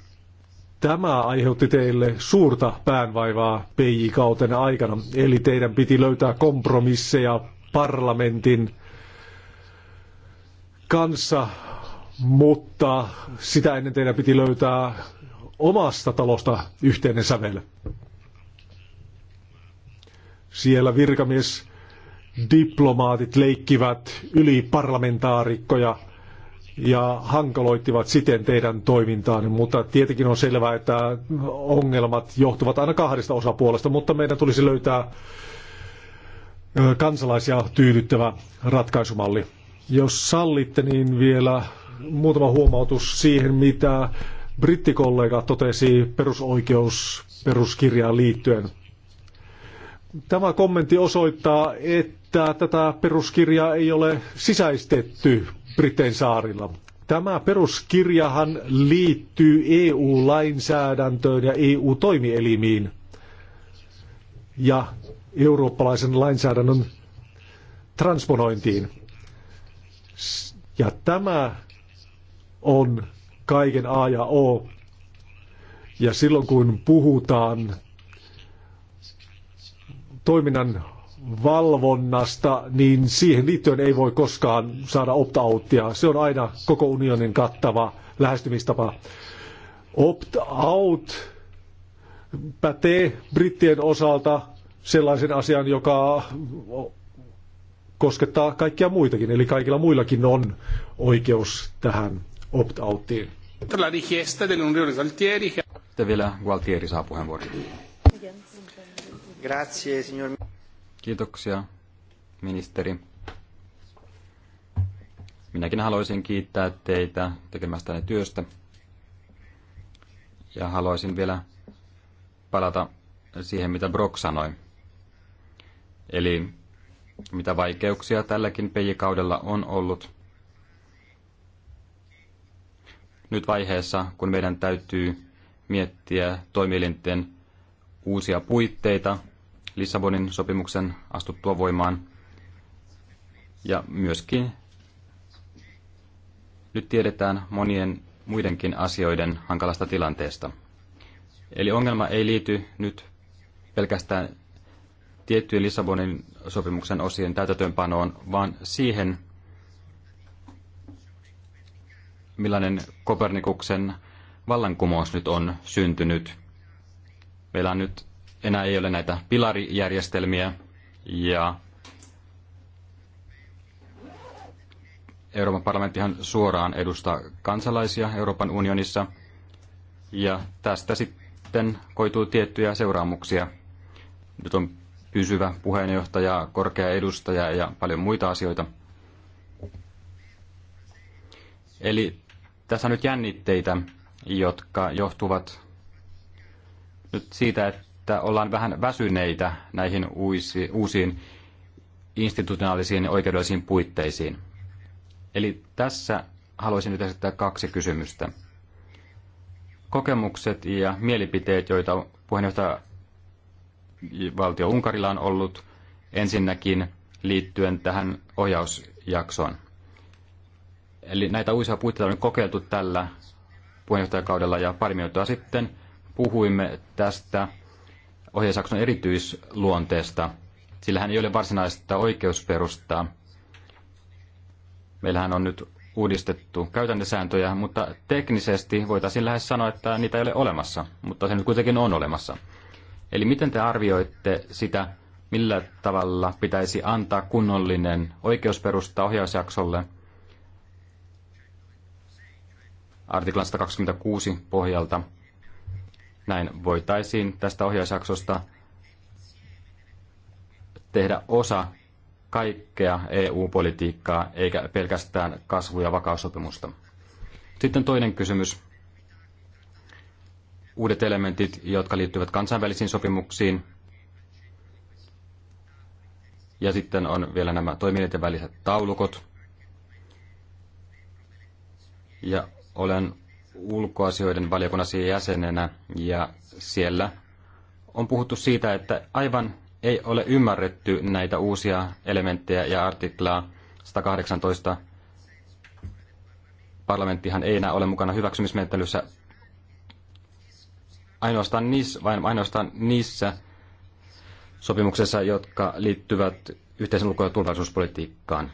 tämä aiheutti teille suurta päänvaivaa PJ-kauten aikana, eli teidän piti löytää kompromisseja parlamentin kanssa mutta sitä ennen teidän piti löytää omasta talosta yhteinen sävel. Siellä virkamies diplomaatit leikkivät yli parlamentaarikkoja ja hankaloittivat siten teidän toimintaanne, mutta tietenkin on selvää, että ongelmat johtuvat aina kahdesta osapuolesta, mutta meidän tulisi löytää kansalaisia tyydyttävä ratkaisumalli. Jos sallitte, niin vielä muutama huomautus siihen, mitä brittikollega totesi perusoikeusperuskirjaan liittyen. Tämä kommentti osoittaa, että tätä peruskirjaa ei ole sisäistetty briten saarilla. Tämä peruskirjahan liittyy EU-lainsäädäntöön ja EU-toimielimiin ja eurooppalaisen lainsäädännön transponointiin. Ja tämä on kaiken A ja O. Ja silloin kun puhutaan toiminnan valvonnasta, niin siihen liittyen ei voi koskaan saada opt-outtia. Se on aina koko unionin kattava lähestymistapa. Opt-out pätee brittien osalta sellaisen asian, joka koskettaa kaikkia muitakin. Eli kaikilla muillakin on oikeus tähän opt-outtiin. La richiesta dell'onorevole Gualtieri. Sitten vielä Gualtieri saa puheenvuoron. Grazie, signor. Kiitoksia, ministeri. Minäkin haluaisin kiittää teitä tekemästäne työstä. Ja haluaisin vielä palata siihen, mitä Brock sanoi. Eli mitä vaikeuksia tälläkin peijikaudella on ollut. nyt vaiheessa, kun meidän täytyy miettiä toimielinten uusia puitteita Lissabonin sopimuksen astuttua voimaan. Ja myöskin nyt tiedetään monien muidenkin asioiden hankalasta tilanteesta. Eli ongelma ei liity nyt pelkästään tiettyjen Lissabonin sopimuksen osien täytäntöönpanoon, vaan siihen, millainen Kopernikuksen vallankumous nyt on syntynyt. Meillä on nyt enää ei ole näitä pilarijärjestelmiä ja Euroopan parlamenttihan suoraan edustaa kansalaisia Euroopan unionissa ja tästä sitten koituu tiettyjä seuraamuksia. Nyt on pysyvä puheenjohtaja, korkea edustaja ja paljon muita asioita. Eli tässä on nyt jännitteitä, jotka johtuvat nyt siitä, että ollaan vähän väsyneitä näihin uusi, uusiin institutionaalisiin ja oikeudellisiin puitteisiin. Eli tässä haluaisin nyt esittää kaksi kysymystä. Kokemukset ja mielipiteet, joita puheenjohtaja valtio Unkarilla on ollut ensinnäkin liittyen tähän ohjausjaksoon. Eli näitä uusia puitteita on nyt kokeiltu tällä puheenjohtajakaudella ja pari minuuttia sitten puhuimme tästä ohjeisakson erityisluonteesta. Sillähän ei ole varsinaista oikeusperustaa. Meillähän on nyt uudistettu käytäntösääntöjä, mutta teknisesti voitaisiin lähes sanoa, että niitä ei ole olemassa, mutta se nyt kuitenkin on olemassa. Eli miten te arvioitte sitä, millä tavalla pitäisi antaa kunnollinen oikeusperusta ohjausjaksolle – artiklan 126 pohjalta. Näin voitaisiin tästä ohjausjaksosta tehdä osa kaikkea EU-politiikkaa, eikä pelkästään kasvu- ja vakaussopimusta. Sitten toinen kysymys. Uudet elementit, jotka liittyvät kansainvälisiin sopimuksiin. Ja sitten on vielä nämä toimijoiden väliset taulukot. Ja olen ulkoasioiden valiokunnassa jäsenenä ja siellä on puhuttu siitä, että aivan ei ole ymmärretty näitä uusia elementtejä ja artiklaa 118. Parlamenttihan ei enää ole mukana hyväksymismenettelyssä ainoastaan niissä, vain ainoastaan niissä sopimuksessa, jotka liittyvät yhteisen ulko- ja turvallisuuspolitiikkaan.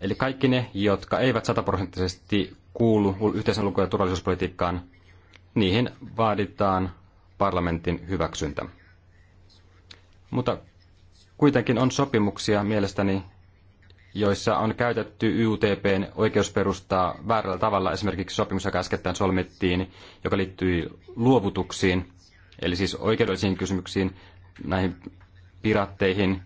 Eli kaikki ne, jotka eivät sataprosenttisesti kuulu yhteisen ulko- ja turvallisuuspolitiikkaan, niihin vaaditaan parlamentin hyväksyntä. Mutta kuitenkin on sopimuksia mielestäni, joissa on käytetty YUTPn oikeusperustaa väärällä tavalla. Esimerkiksi sopimus, joka äskettäin solmittiin, joka liittyi luovutuksiin, eli siis oikeudellisiin kysymyksiin, näihin piratteihin,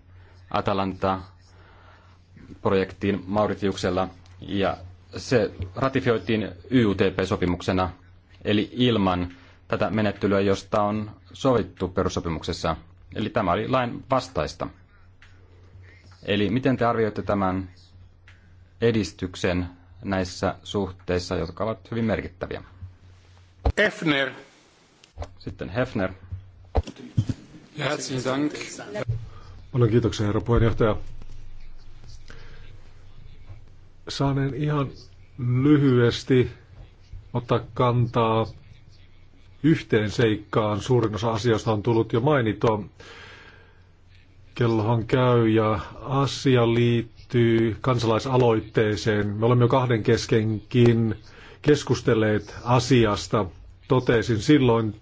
Atalanta-projektiin Mauritiuksella ja se ratifioitiin YUTP-sopimuksena, eli ilman tätä menettelyä, josta on sovittu perussopimuksessa. Eli tämä oli lain vastaista. Eli miten te arvioitte tämän edistyksen näissä suhteissa, jotka ovat hyvin merkittäviä? Hefner. Sitten Hefner. Ja Olen Paljon kiitoksia, herra puheenjohtaja saaneen ihan lyhyesti ottaa kantaa yhteen seikkaan. Suurin osa asioista on tullut jo mainittua. Kellohan käy ja asia liittyy kansalaisaloitteeseen. Me olemme jo kahden keskenkin keskustelleet asiasta. Totesin silloin,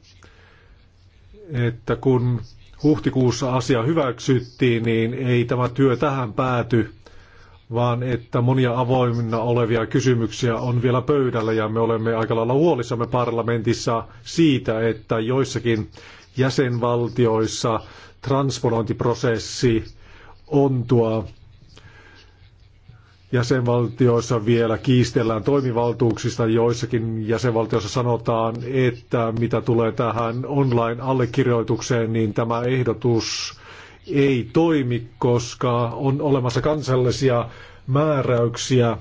että kun huhtikuussa asia hyväksyttiin, niin ei tämä työ tähän pääty vaan että monia avoimina olevia kysymyksiä on vielä pöydällä ja me olemme aika lailla huolissamme parlamentissa siitä, että joissakin jäsenvaltioissa transponointiprosessi on tuo jäsenvaltioissa vielä kiistellään toimivaltuuksista. Joissakin jäsenvaltioissa sanotaan, että mitä tulee tähän online-allekirjoitukseen, niin tämä ehdotus ei toimi, koska on olemassa kansallisia määräyksiä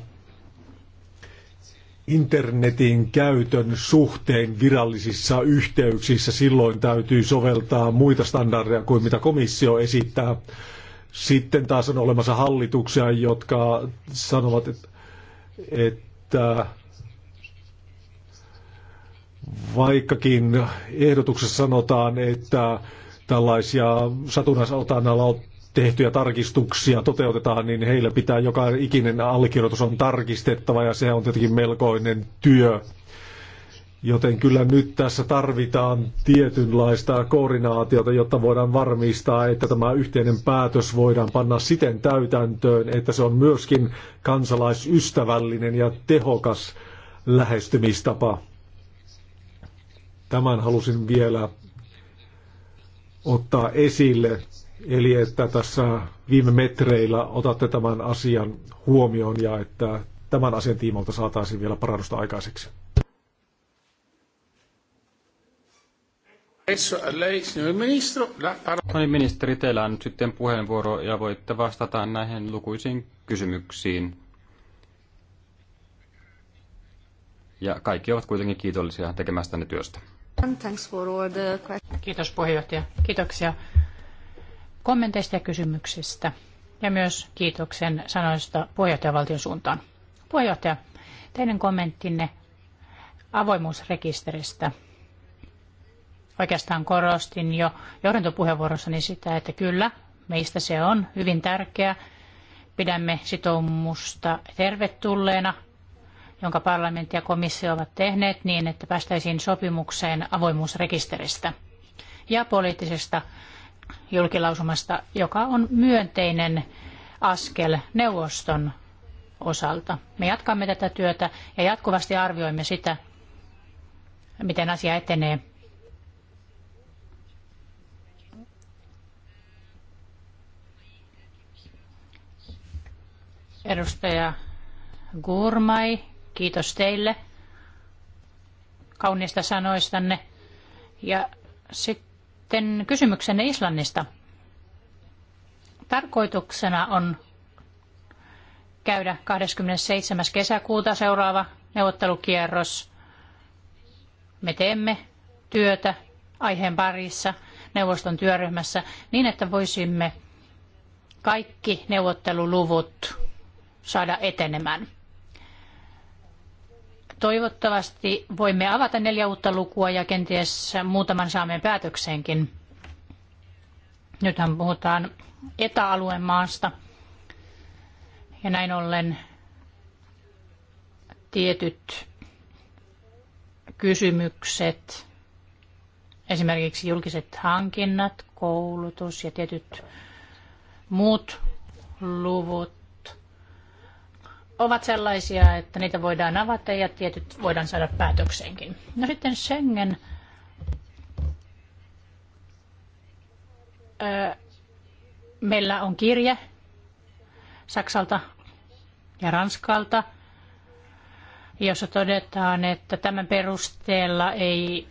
internetin käytön suhteen virallisissa yhteyksissä. Silloin täytyy soveltaa muita standardeja kuin mitä komissio esittää. Sitten taas on olemassa hallituksia, jotka sanovat, että vaikkakin ehdotuksessa sanotaan, että tällaisia satunnaisotannalla tehtyjä tarkistuksia toteutetaan, niin heillä pitää joka ikinen allekirjoitus on tarkistettava ja se on tietenkin melkoinen työ. Joten kyllä nyt tässä tarvitaan tietynlaista koordinaatiota, jotta voidaan varmistaa, että tämä yhteinen päätös voidaan panna siten täytäntöön, että se on myöskin kansalaisystävällinen ja tehokas lähestymistapa. Tämän halusin vielä ottaa esille. Eli että tässä viime metreillä otatte tämän asian huomioon ja että tämän asian tiimolta saataisiin vielä parannusta aikaiseksi. No niin, ministeri, teillä on nyt sitten puheenvuoro ja voitte vastata näihin lukuisiin kysymyksiin. Ja kaikki ovat kuitenkin kiitollisia tekemästänne työstä. Kiitos puheenjohtaja. Kiitoksia kommenteista ja kysymyksistä ja myös kiitoksen sanoista puheenjohtajavaltion suuntaan. Puheenjohtaja, teidän kommenttinne avoimuusrekisteristä. Oikeastaan korostin jo johdantopuheenvuorossani sitä, että kyllä, meistä se on hyvin tärkeä. Pidämme sitoumusta tervetulleena, jonka parlamentti ja komissio ovat tehneet niin, että päästäisiin sopimukseen avoimuusrekisteristä – ja poliittisesta julkilausumasta, joka on myönteinen askel neuvoston osalta. Me jatkamme tätä työtä ja jatkuvasti arvioimme sitä, miten asia etenee. Edustaja Gurmai, kiitos teille kauniista sanoistanne. Ja sitten sitten kysymyksenne Islannista. Tarkoituksena on käydä 27. kesäkuuta seuraava neuvottelukierros. Me teemme työtä aiheen parissa neuvoston työryhmässä niin, että voisimme kaikki neuvotteluluvut saada etenemään. Toivottavasti voimme avata neljä uutta lukua ja kenties muutaman saamme päätökseenkin. Nythän puhutaan etäalueen maasta. Ja näin ollen tietyt kysymykset, esimerkiksi julkiset hankinnat, koulutus ja tietyt muut luvut ovat sellaisia, että niitä voidaan avata ja tietyt voidaan saada päätökseenkin. No sitten Schengen. Meillä on kirje Saksalta ja Ranskalta, jossa todetaan, että tämän perusteella ei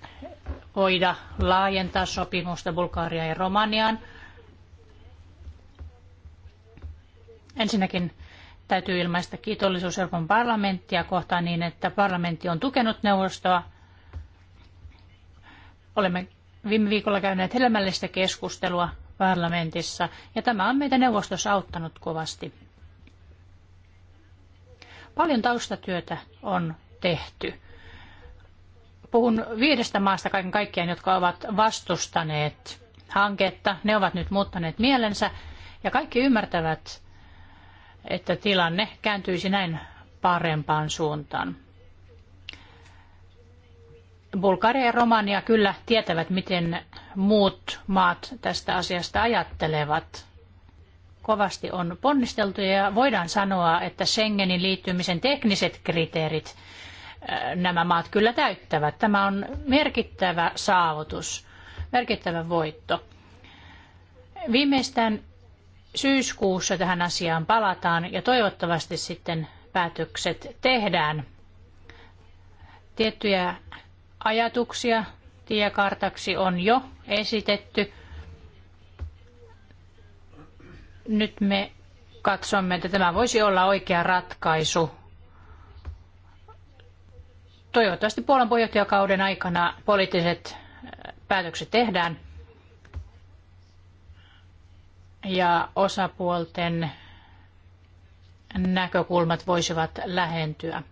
voida laajentaa sopimusta Bulgaariaan ja Romaniaan. Ensinnäkin täytyy ilmaista kiitollisuus Euroopan parlamenttia kohtaan niin, että parlamentti on tukenut neuvostoa. Olemme viime viikolla käyneet hedelmällistä keskustelua parlamentissa ja tämä on meitä neuvostossa auttanut kovasti. Paljon taustatyötä on tehty. Puhun viidestä maasta kaiken kaikkiaan, jotka ovat vastustaneet hanketta. Ne ovat nyt muuttaneet mielensä ja kaikki ymmärtävät, että tilanne kääntyisi näin parempaan suuntaan. Bulgaria ja Romania kyllä tietävät, miten muut maat tästä asiasta ajattelevat. Kovasti on ponnisteltu ja voidaan sanoa, että Schengenin liittymisen tekniset kriteerit äh, nämä maat kyllä täyttävät. Tämä on merkittävä saavutus, merkittävä voitto. Viimeistään syyskuussa tähän asiaan palataan ja toivottavasti sitten päätökset tehdään. Tiettyjä ajatuksia tiekartaksi on jo esitetty. Nyt me katsomme, että tämä voisi olla oikea ratkaisu. Toivottavasti Puolan puheenjohtajakauden aikana poliittiset päätökset tehdään ja osapuolten näkökulmat voisivat lähentyä.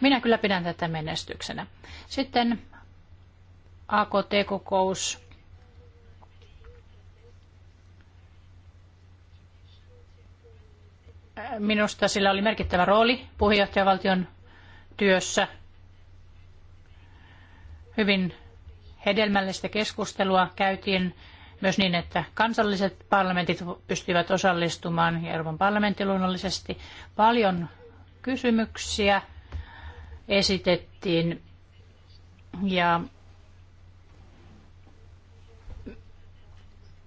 Minä kyllä pidän tätä menestyksenä. Sitten AKT-kokous. Minusta sillä oli merkittävä rooli puheenjohtajavaltion työssä. Hyvin hedelmällistä keskustelua käytiin myös niin, että kansalliset parlamentit pystyvät osallistumaan ja Euroopan parlamentti luonnollisesti. Paljon kysymyksiä esitettiin ja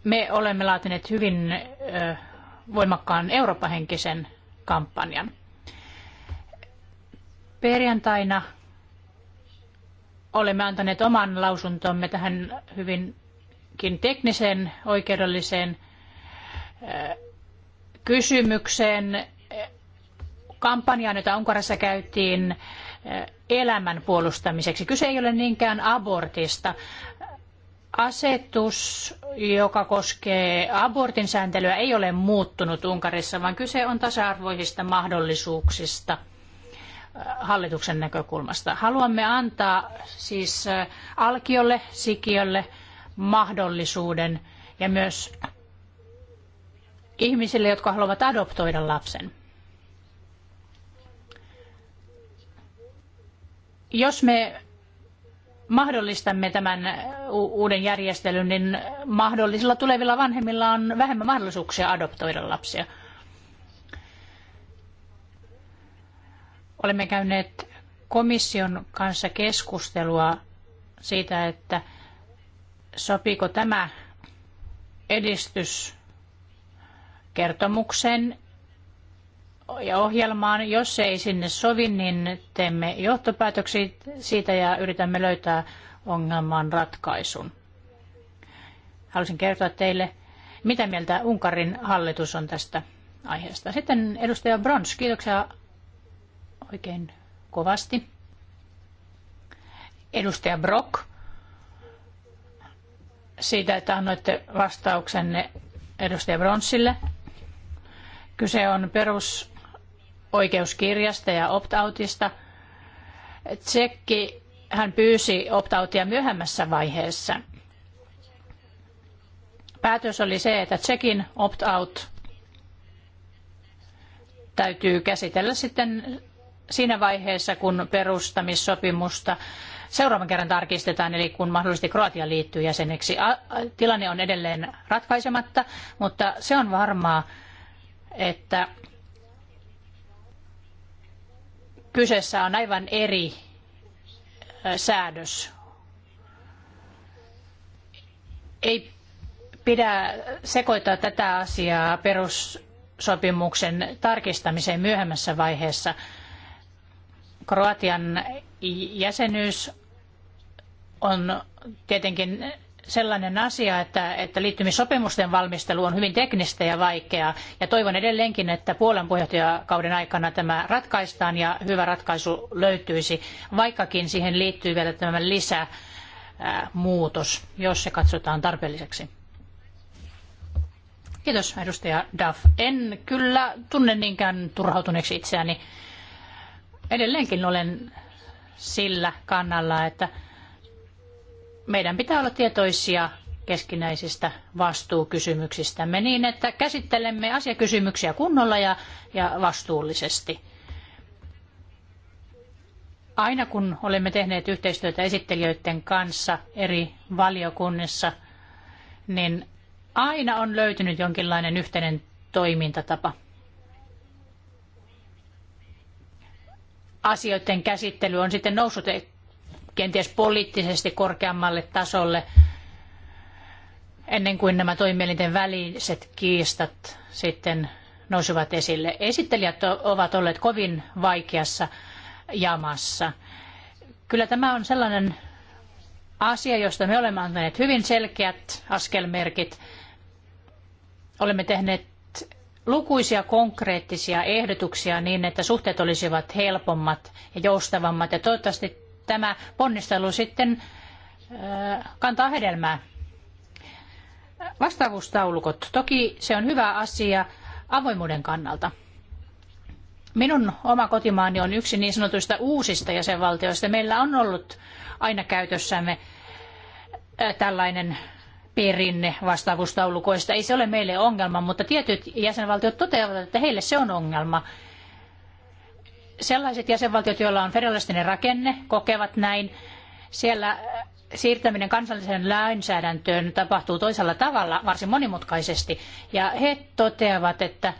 me olemme laatineet hyvin voimakkaan eurooppahenkisen kampanjan. Perjantaina olemme antaneet oman lausuntomme tähän hyvin tekniseen oikeudelliseen äh, kysymykseen, äh, kampanjaan, jota Unkarissa käytiin äh, elämän puolustamiseksi. Kyse ei ole niinkään abortista. Asetus, joka koskee abortin sääntelyä, ei ole muuttunut Unkarissa, vaan kyse on tasa-arvoisista mahdollisuuksista hallituksen näkökulmasta. Haluamme antaa siis alkiolle, sikiölle, mahdollisuuden ja myös ihmisille, jotka haluavat adoptoida lapsen. Jos me mahdollistamme tämän uuden järjestelyn, niin mahdollisilla tulevilla vanhemmilla on vähemmän mahdollisuuksia adoptoida lapsia. Olemme käyneet komission kanssa keskustelua siitä, että – Sopiiko tämä edistys ja ohjelmaan. Jos ei sinne sovi, niin teemme johtopäätöksiä siitä ja yritämme löytää ongelman ratkaisun. Haluaisin kertoa teille, mitä mieltä Unkarin hallitus on tästä aiheesta. Sitten edustaja Brons, kiitoksia oikein kovasti. Edustaja Brock siitä, että annoitte vastauksenne edustaja Bronssille. Kyse on perusoikeuskirjasta ja opt-outista. Tsekki hän pyysi opt-outia myöhemmässä vaiheessa. Päätös oli se, että Tsekin opt-out täytyy käsitellä sitten siinä vaiheessa, kun perustamissopimusta seuraavan kerran tarkistetaan, eli kun mahdollisesti Kroatia liittyy jäseneksi. Tilanne on edelleen ratkaisematta, mutta se on varmaa, että kyseessä on aivan eri säädös. Ei pidä sekoittaa tätä asiaa perussopimuksen tarkistamiseen myöhemmässä vaiheessa. Kroatian jäsenyys on tietenkin sellainen asia, että, että liittymissopimusten valmistelu on hyvin teknistä ja vaikeaa. Ja toivon edelleenkin, että Puolan puheenjohtajakauden aikana tämä ratkaistaan ja hyvä ratkaisu löytyisi, vaikkakin siihen liittyy vielä tämä lisämuutos, jos se katsotaan tarpeelliseksi. Kiitos, edustaja Duff. En kyllä tunne niinkään turhautuneeksi itseäni. Edelleenkin olen sillä kannalla, että meidän pitää olla tietoisia keskinäisistä vastuukysymyksistämme niin, että käsittelemme asiakysymyksiä kunnolla ja, ja vastuullisesti. Aina kun olemme tehneet yhteistyötä esittelijöiden kanssa eri valiokunnissa, niin aina on löytynyt jonkinlainen yhteinen toimintatapa. Asioiden käsittely on sitten noussut kenties poliittisesti korkeammalle tasolle ennen kuin nämä toimielinten väliset kiistat sitten nousivat esille. Esittelijät ovat olleet kovin vaikeassa jamassa. Kyllä tämä on sellainen asia, josta me olemme antaneet hyvin selkeät askelmerkit. Olemme tehneet lukuisia konkreettisia ehdotuksia niin, että suhteet olisivat helpommat ja joustavammat. Ja toivottavasti tämä ponnistelu sitten kantaa hedelmää. Vastaavuustaulukot. Toki se on hyvä asia avoimuuden kannalta. Minun oma kotimaani on yksi niin sanotuista uusista jäsenvaltioista. Meillä on ollut aina käytössämme tällainen perinne vastaavuustaulukoista. Ei se ole meille ongelma, mutta tietyt jäsenvaltiot toteavat, että heille se on ongelma. Sellaiset jäsenvaltiot, joilla on federalistinen rakenne, kokevat näin. Siellä äh, siirtäminen kansalliseen lainsäädäntöön tapahtuu toisella tavalla, varsin monimutkaisesti. Ja he toteavat, että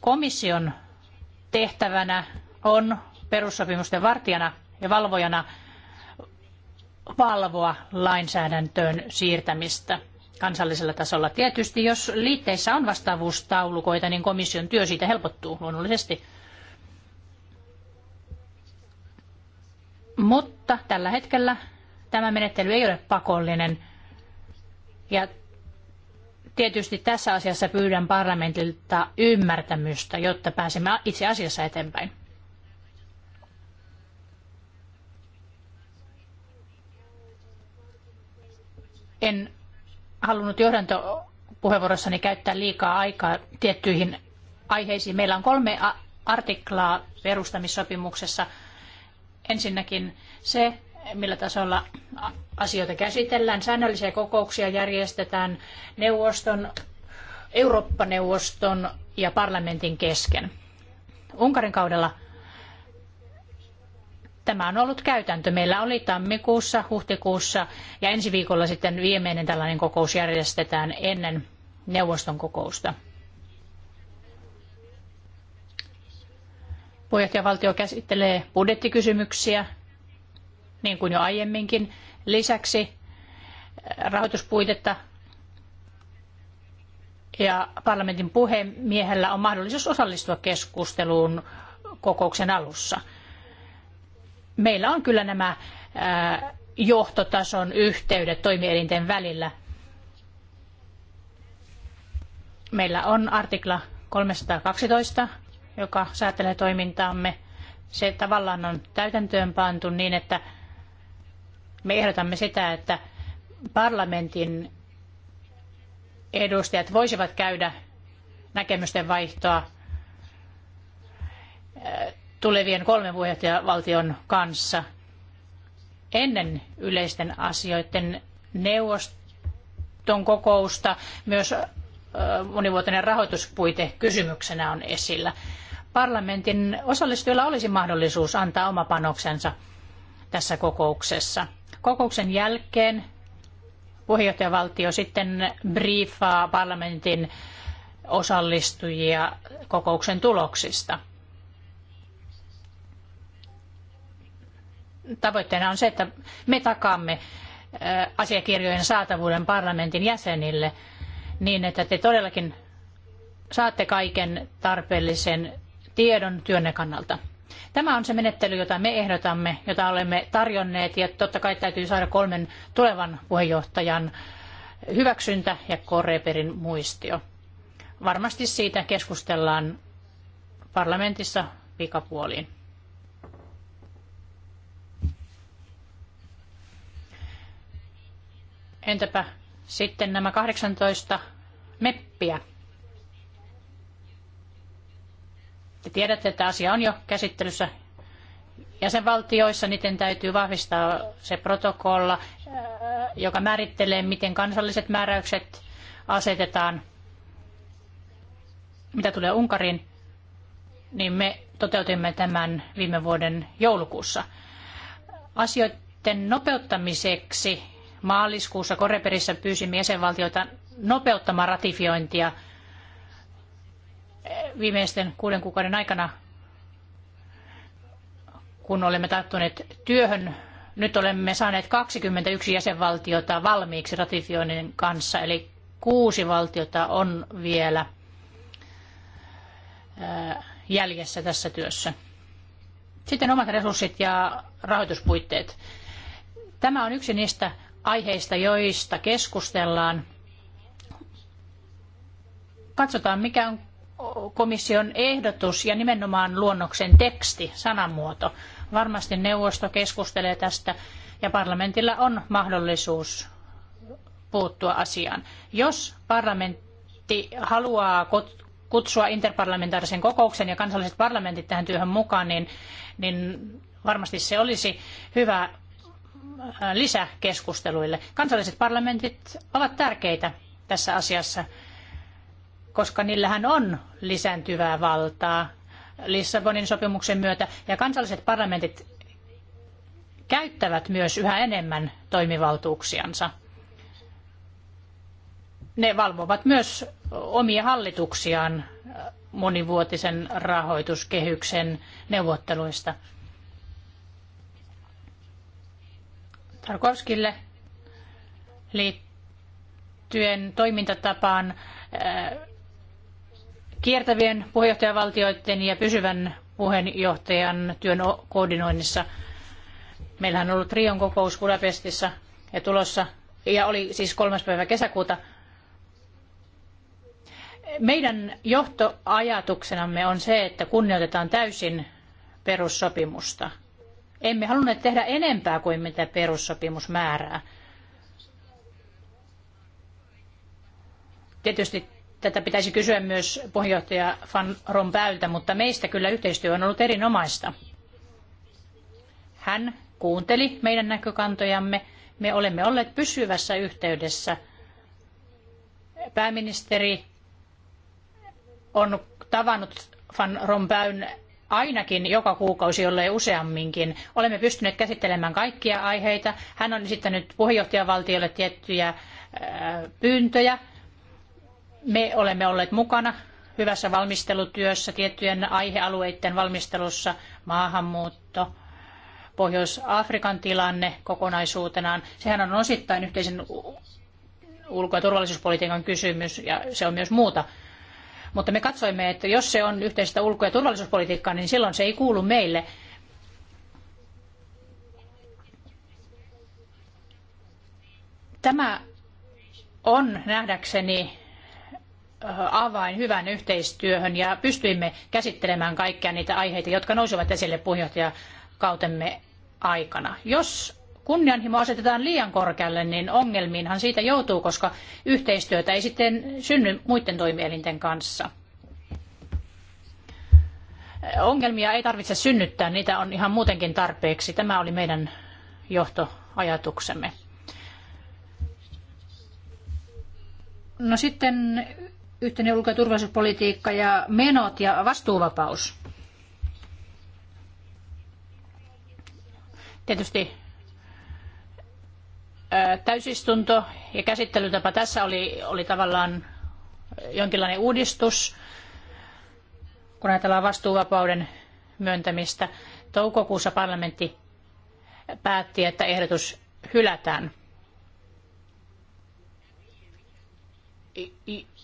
komission tehtävänä on perussopimusten vartijana ja valvojana valvoa lainsäädäntöön siirtämistä kansallisella tasolla. Tietysti jos liitteissä on vastaavuustaulukoita, niin komission työ siitä helpottuu luonnollisesti. Mutta tällä hetkellä tämä menettely ei ole pakollinen. Ja tietysti tässä asiassa pyydän parlamentilta ymmärtämystä, jotta pääsemme itse asiassa eteenpäin. En halunnut johdantopuheenvuorossani käyttää liikaa aikaa tiettyihin aiheisiin. Meillä on kolme artiklaa perustamissopimuksessa – Ensinnäkin se, millä tasolla asioita käsitellään. Säännöllisiä kokouksia järjestetään neuvoston, Eurooppa-neuvoston ja parlamentin kesken. Unkarin kaudella tämä on ollut käytäntö. Meillä oli tammikuussa, huhtikuussa ja ensi viikolla sitten viimeinen tällainen kokous järjestetään ennen neuvoston kokousta. Puheenjohtajavaltio käsittelee budjettikysymyksiä, niin kuin jo aiemminkin. Lisäksi eh, rahoituspuitetta ja parlamentin puhemiehellä on mahdollisuus osallistua keskusteluun kokouksen alussa. Meillä on kyllä nämä eh, johtotason yhteydet toimielinten välillä. Meillä on artikla 312 joka säätelee toimintaamme, se tavallaan on täytäntöön pantu niin, että me ehdotamme sitä, että parlamentin edustajat voisivat käydä näkemysten vaihtoa tulevien kolmen puheenjohtajavaltion kanssa ennen yleisten asioiden neuvoston kokousta myös monivuotinen rahoituspuite kysymyksenä on esillä parlamentin osallistujilla olisi mahdollisuus antaa oma panoksensa tässä kokouksessa. Kokouksen jälkeen puheenjohtajavaltio sitten briefaa parlamentin osallistujia kokouksen tuloksista. Tavoitteena on se, että me takaamme äh, asiakirjojen saatavuuden parlamentin jäsenille niin, että te todellakin saatte kaiken tarpeellisen tiedon työnne kannalta. Tämä on se menettely, jota me ehdotamme, jota olemme tarjonneet ja totta kai täytyy saada kolmen tulevan puheenjohtajan hyväksyntä ja Koreperin muistio. Varmasti siitä keskustellaan parlamentissa pikapuoliin. Entäpä sitten nämä 18 meppiä? Te tiedätte, että asia on jo käsittelyssä jäsenvaltioissa, niiden täytyy vahvistaa se protokolla, äh, joka määrittelee, miten kansalliset määräykset asetetaan. Mitä tulee Unkariin, niin me toteutimme tämän viime vuoden joulukuussa. Asioiden nopeuttamiseksi maaliskuussa Koreperissä pyysimme jäsenvaltioita nopeuttamaan ratifiointia – viimeisten kuuden kuukauden aikana, kun olemme tarttuneet työhön, nyt olemme saaneet 21 jäsenvaltiota valmiiksi ratifioinnin kanssa, eli kuusi valtiota on vielä jäljessä tässä työssä. Sitten omat resurssit ja rahoituspuitteet. Tämä on yksi niistä aiheista, joista keskustellaan. Katsotaan, mikä on komission ehdotus ja nimenomaan luonnoksen teksti, sanamuoto. Varmasti neuvosto keskustelee tästä ja parlamentilla on mahdollisuus puuttua asiaan. Jos parlamentti haluaa kutsua interparlamentaarisen kokouksen ja kansalliset parlamentit tähän työhön mukaan, niin, niin varmasti se olisi hyvä äh, lisä keskusteluille. Kansalliset parlamentit ovat tärkeitä tässä asiassa koska niillähän on lisääntyvää valtaa Lissabonin sopimuksen myötä ja kansalliset parlamentit käyttävät myös yhä enemmän toimivaltuuksiansa. Ne valvovat myös omia hallituksiaan monivuotisen rahoituskehyksen neuvotteluista. Tarkovskille liittyen toimintatapaan kiertävien puheenjohtajavaltioiden ja pysyvän puheenjohtajan työn koordinoinnissa. Meillähän on ollut Rion kokous Budapestissa ja tulossa, ja oli siis kolmas päivä kesäkuuta. Meidän johtoajatuksenamme on se, että kunnioitetaan täysin perussopimusta. Emme halunneet tehdä enempää kuin mitä perussopimus määrää. Tietysti Tätä pitäisi kysyä myös puheenjohtaja Van Rompäyltä, mutta meistä kyllä yhteistyö on ollut erinomaista. Hän kuunteli meidän näkökantojamme. Me olemme olleet pysyvässä yhteydessä. Pääministeri on tavannut Van Rompäyn ainakin joka kuukausi, jollei useamminkin. Olemme pystyneet käsittelemään kaikkia aiheita. Hän on esittänyt puheenjohtajavaltiolle tiettyjä pyyntöjä me olemme olleet mukana hyvässä valmistelutyössä, tiettyjen aihealueiden valmistelussa, maahanmuutto, Pohjois-Afrikan tilanne kokonaisuutenaan. Sehän on osittain yhteisen ulko- ja turvallisuuspolitiikan kysymys ja se on myös muuta. Mutta me katsoimme, että jos se on yhteistä ulko- ja turvallisuuspolitiikkaa, niin silloin se ei kuulu meille. Tämä on nähdäkseni avain hyvään yhteistyöhön ja pystyimme käsittelemään kaikkia niitä aiheita, jotka nousivat esille puheenjohtajakautemme aikana. Jos kunnianhimo asetetaan liian korkealle, niin ongelmiinhan siitä joutuu, koska yhteistyötä ei sitten synny muiden toimielinten kanssa. Ongelmia ei tarvitse synnyttää, niitä on ihan muutenkin tarpeeksi. Tämä oli meidän johtoajatuksemme. No sitten yhteinen ulko- ja turvallisuuspolitiikka ja menot ja vastuuvapaus. Tietysti täysistunto ja käsittelytapa tässä oli, oli tavallaan jonkinlainen uudistus, kun ajatellaan vastuuvapauden myöntämistä. Toukokuussa parlamentti päätti, että ehdotus hylätään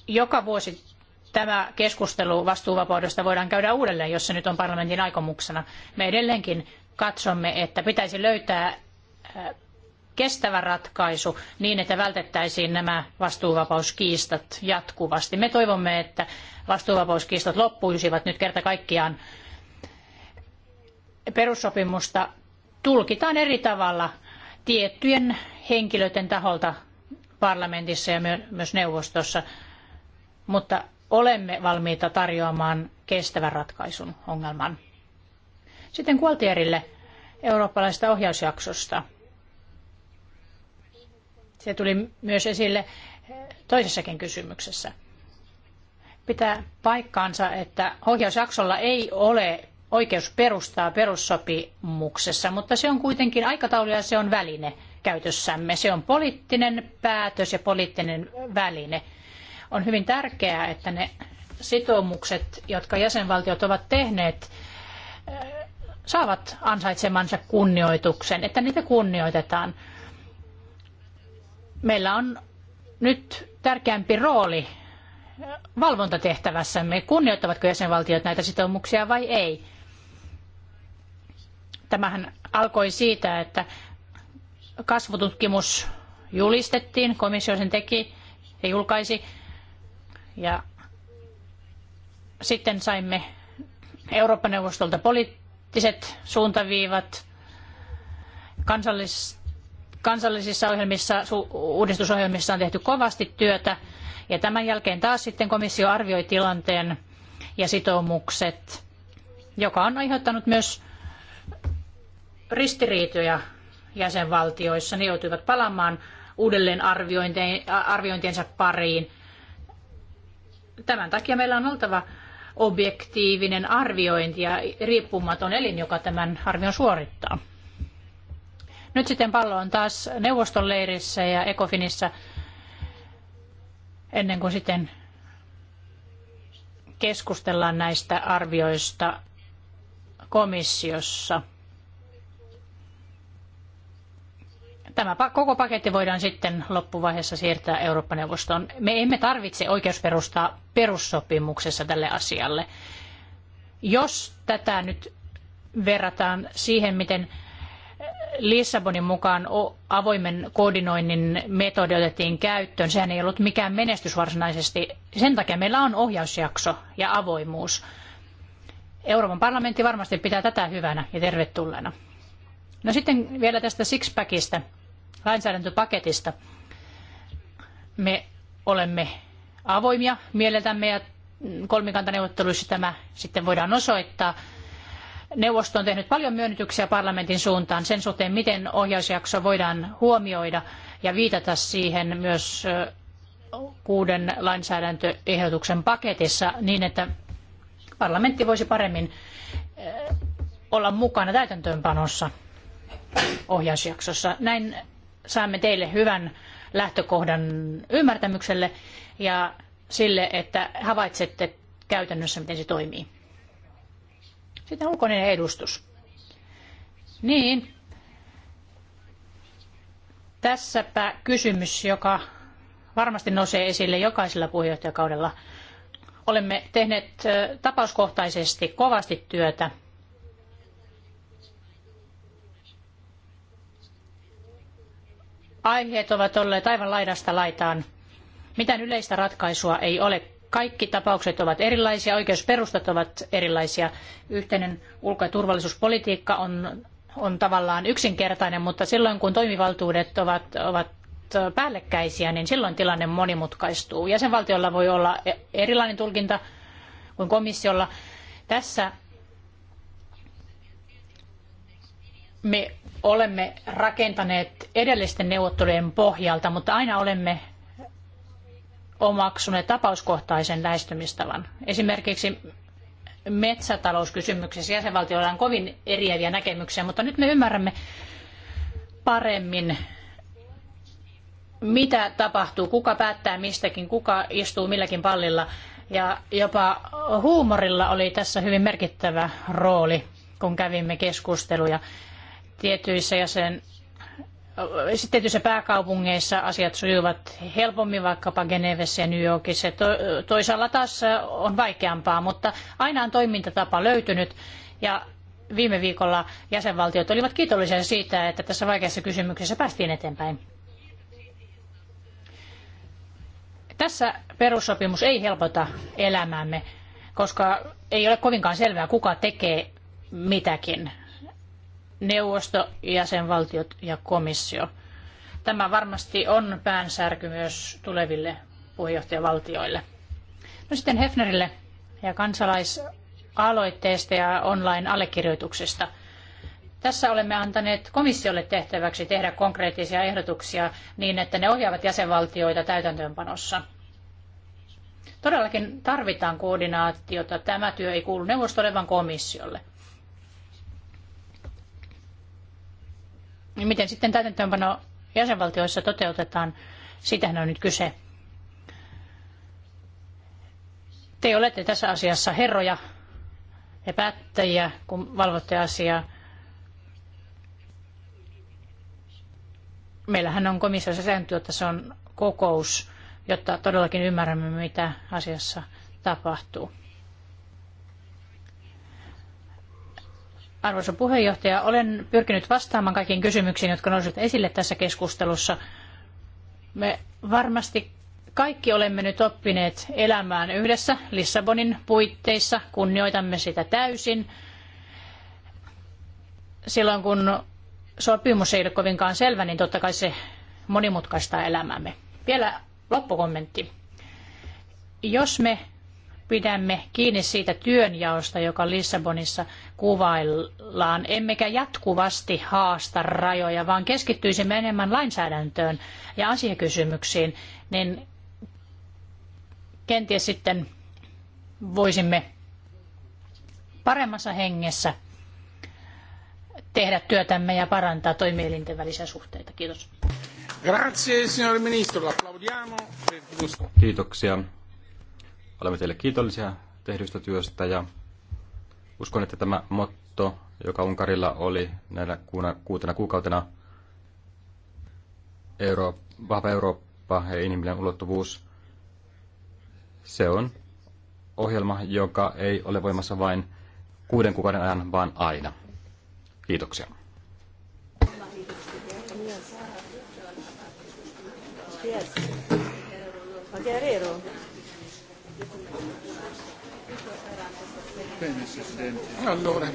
joka vuosi tämä keskustelu vastuuvapaudesta voidaan käydä uudelleen, jos se nyt on parlamentin aikomuksena. Me edelleenkin katsomme, että pitäisi löytää äh, kestävä ratkaisu niin, että vältettäisiin nämä vastuuvapauskiistat jatkuvasti. Me toivomme, että vastuuvapauskiistat loppuisivat nyt kerta kaikkiaan. Perussopimusta tulkitaan eri tavalla tiettyjen henkilöiden taholta parlamentissa ja myös neuvostossa mutta olemme valmiita tarjoamaan kestävän ratkaisun ongelman. Sitten Kualtierille eurooppalaisesta ohjausjaksosta. Se tuli myös esille toisessakin kysymyksessä. Pitää paikkaansa, että ohjausjaksolla ei ole oikeus perustaa perussopimuksessa, mutta se on kuitenkin aikataulu ja se on väline käytössämme. Se on poliittinen päätös ja poliittinen väline – on hyvin tärkeää, että ne sitoumukset, jotka jäsenvaltiot ovat tehneet, eh, saavat ansaitsemansa kunnioituksen, että niitä kunnioitetaan. Meillä on nyt tärkeämpi rooli valvontatehtävässämme, kunnioittavatko jäsenvaltiot näitä sitoumuksia vai ei. Tämähän alkoi siitä, että kasvututkimus julistettiin, komissio sen teki ja julkaisi. Ja sitten saimme Eurooppa-neuvostolta poliittiset suuntaviivat. Kansallis, kansallisissa ohjelmissa, uudistusohjelmissa on tehty kovasti työtä. Ja tämän jälkeen taas sitten komissio arvioi tilanteen ja sitoumukset, joka on aiheuttanut myös ristiriitoja jäsenvaltioissa. Ne joutuivat palaamaan uudelleen arviointiensa pariin. Tämän takia meillä on oltava objektiivinen arviointi ja riippumaton elin, joka tämän arvion suorittaa. Nyt sitten pallo on taas neuvoston leirissä ja Ecofinissä, ennen kuin sitten keskustellaan näistä arvioista komissiossa – Tämä koko paketti voidaan sitten loppuvaiheessa siirtää Eurooppa-neuvostoon. Me emme tarvitse oikeusperustaa perussopimuksessa tälle asialle. Jos tätä nyt verrataan siihen, miten eh, Lissabonin mukaan avoimen koordinoinnin metodi otettiin käyttöön. Sehän ei ollut mikään menestys varsinaisesti. Sen takia meillä on ohjausjakso ja avoimuus. Euroopan parlamentti varmasti pitää tätä hyvänä ja tervetulleena. No sitten vielä tästä sixpackista lainsäädäntöpaketista. Me olemme avoimia mieleltämme ja kolmikantaneuvotteluissa tämä sitten voidaan osoittaa. Neuvosto on tehnyt paljon myönnytyksiä parlamentin suuntaan sen suhteen, miten ohjausjakso voidaan huomioida ja viitata siihen myös kuuden lainsäädäntöehdotuksen paketissa niin, että parlamentti voisi paremmin olla mukana täytäntöönpanossa ohjausjaksossa. Näin saamme teille hyvän lähtökohdan ymmärtämykselle ja sille, että havaitsette käytännössä, miten se toimii. Sitten ulkoinen edustus. Niin. Tässäpä kysymys, joka varmasti nousee esille jokaisella puheenjohtajakaudella. Olemme tehneet tapauskohtaisesti kovasti työtä aiheet ovat olleet aivan laidasta laitaan. Mitään yleistä ratkaisua ei ole. Kaikki tapaukset ovat erilaisia, oikeusperustat ovat erilaisia. Yhteinen ulko- ja turvallisuuspolitiikka on, on tavallaan yksinkertainen, mutta silloin kun toimivaltuudet ovat, ovat päällekkäisiä, niin silloin tilanne monimutkaistuu. Jäsenvaltiolla voi olla e- erilainen tulkinta kuin komissiolla. Tässä me olemme rakentaneet edellisten neuvottelujen pohjalta, mutta aina olemme omaksuneet tapauskohtaisen lähestymistavan. Esimerkiksi metsätalouskysymyksessä jäsenvaltioilla on kovin eriäviä näkemyksiä, mutta nyt me ymmärrämme paremmin, mitä tapahtuu, kuka päättää mistäkin, kuka istuu milläkin pallilla. Ja jopa huumorilla oli tässä hyvin merkittävä rooli, kun kävimme keskusteluja tietyissä jäsen tietyissä pääkaupungeissa asiat sujuvat helpommin, vaikkapa Genevessä ja New Yorkissa. toisaalla taas on vaikeampaa, mutta aina on toimintatapa löytynyt. Ja viime viikolla jäsenvaltiot olivat kiitollisia siitä, että tässä vaikeassa kysymyksessä päästiin eteenpäin. Tässä perussopimus ei helpota elämäämme, koska ei ole kovinkaan selvää, kuka tekee mitäkin neuvosto, jäsenvaltiot ja komissio. Tämä varmasti on päänsärky myös tuleville puheenjohtajavaltioille. No sitten Hefnerille ja kansalaisaloitteesta ja online-allekirjoituksesta. Tässä olemme antaneet komissiolle tehtäväksi tehdä konkreettisia ehdotuksia niin, että ne ohjaavat jäsenvaltioita täytäntöönpanossa. Todellakin tarvitaan koordinaatiota. Tämä työ ei kuulu neuvostolle, vaan komissiolle. Niin miten sitten täytäntöönpano jäsenvaltioissa toteutetaan, sitähän on nyt kyse. Te olette tässä asiassa herroja ja päättäjiä, kun valvotte asiaa. Meillähän on komissiossa sääntö, että se on kokous, jotta todellakin ymmärrämme, mitä asiassa tapahtuu. Arvoisa puheenjohtaja, olen pyrkinyt vastaamaan kaikkiin kysymyksiin, jotka nousivat esille tässä keskustelussa. Me varmasti kaikki olemme nyt oppineet elämään yhdessä Lissabonin puitteissa, kunnioitamme sitä täysin. Silloin kun sopimus ei ole kovinkaan selvä, niin totta kai se monimutkaistaa elämäämme. Vielä loppukommentti. Jos me pidämme kiinni siitä työnjaosta, joka Lissabonissa kuvaillaan, emmekä jatkuvasti haasta rajoja, vaan keskittyisimme enemmän lainsäädäntöön ja asiakysymyksiin, niin kenties sitten voisimme paremmassa hengessä tehdä työtämme ja parantaa toimielinten välisiä suhteita. Kiitos. Grazie, signor ministro. L'applaudiamo. Kiitoksia, Olemme teille kiitollisia tehdystä työstä ja uskon, että tämä motto, joka Unkarilla oli näinä kuutena kuukautena, Euro, vahva Eurooppa ja inhimillinen ulottuvuus, se on ohjelma, joka ei ole voimassa vain kuuden kuukauden ajan, vaan aina. Kiitoksia. Yes. Guerrero. Bene, Presidente. Allora,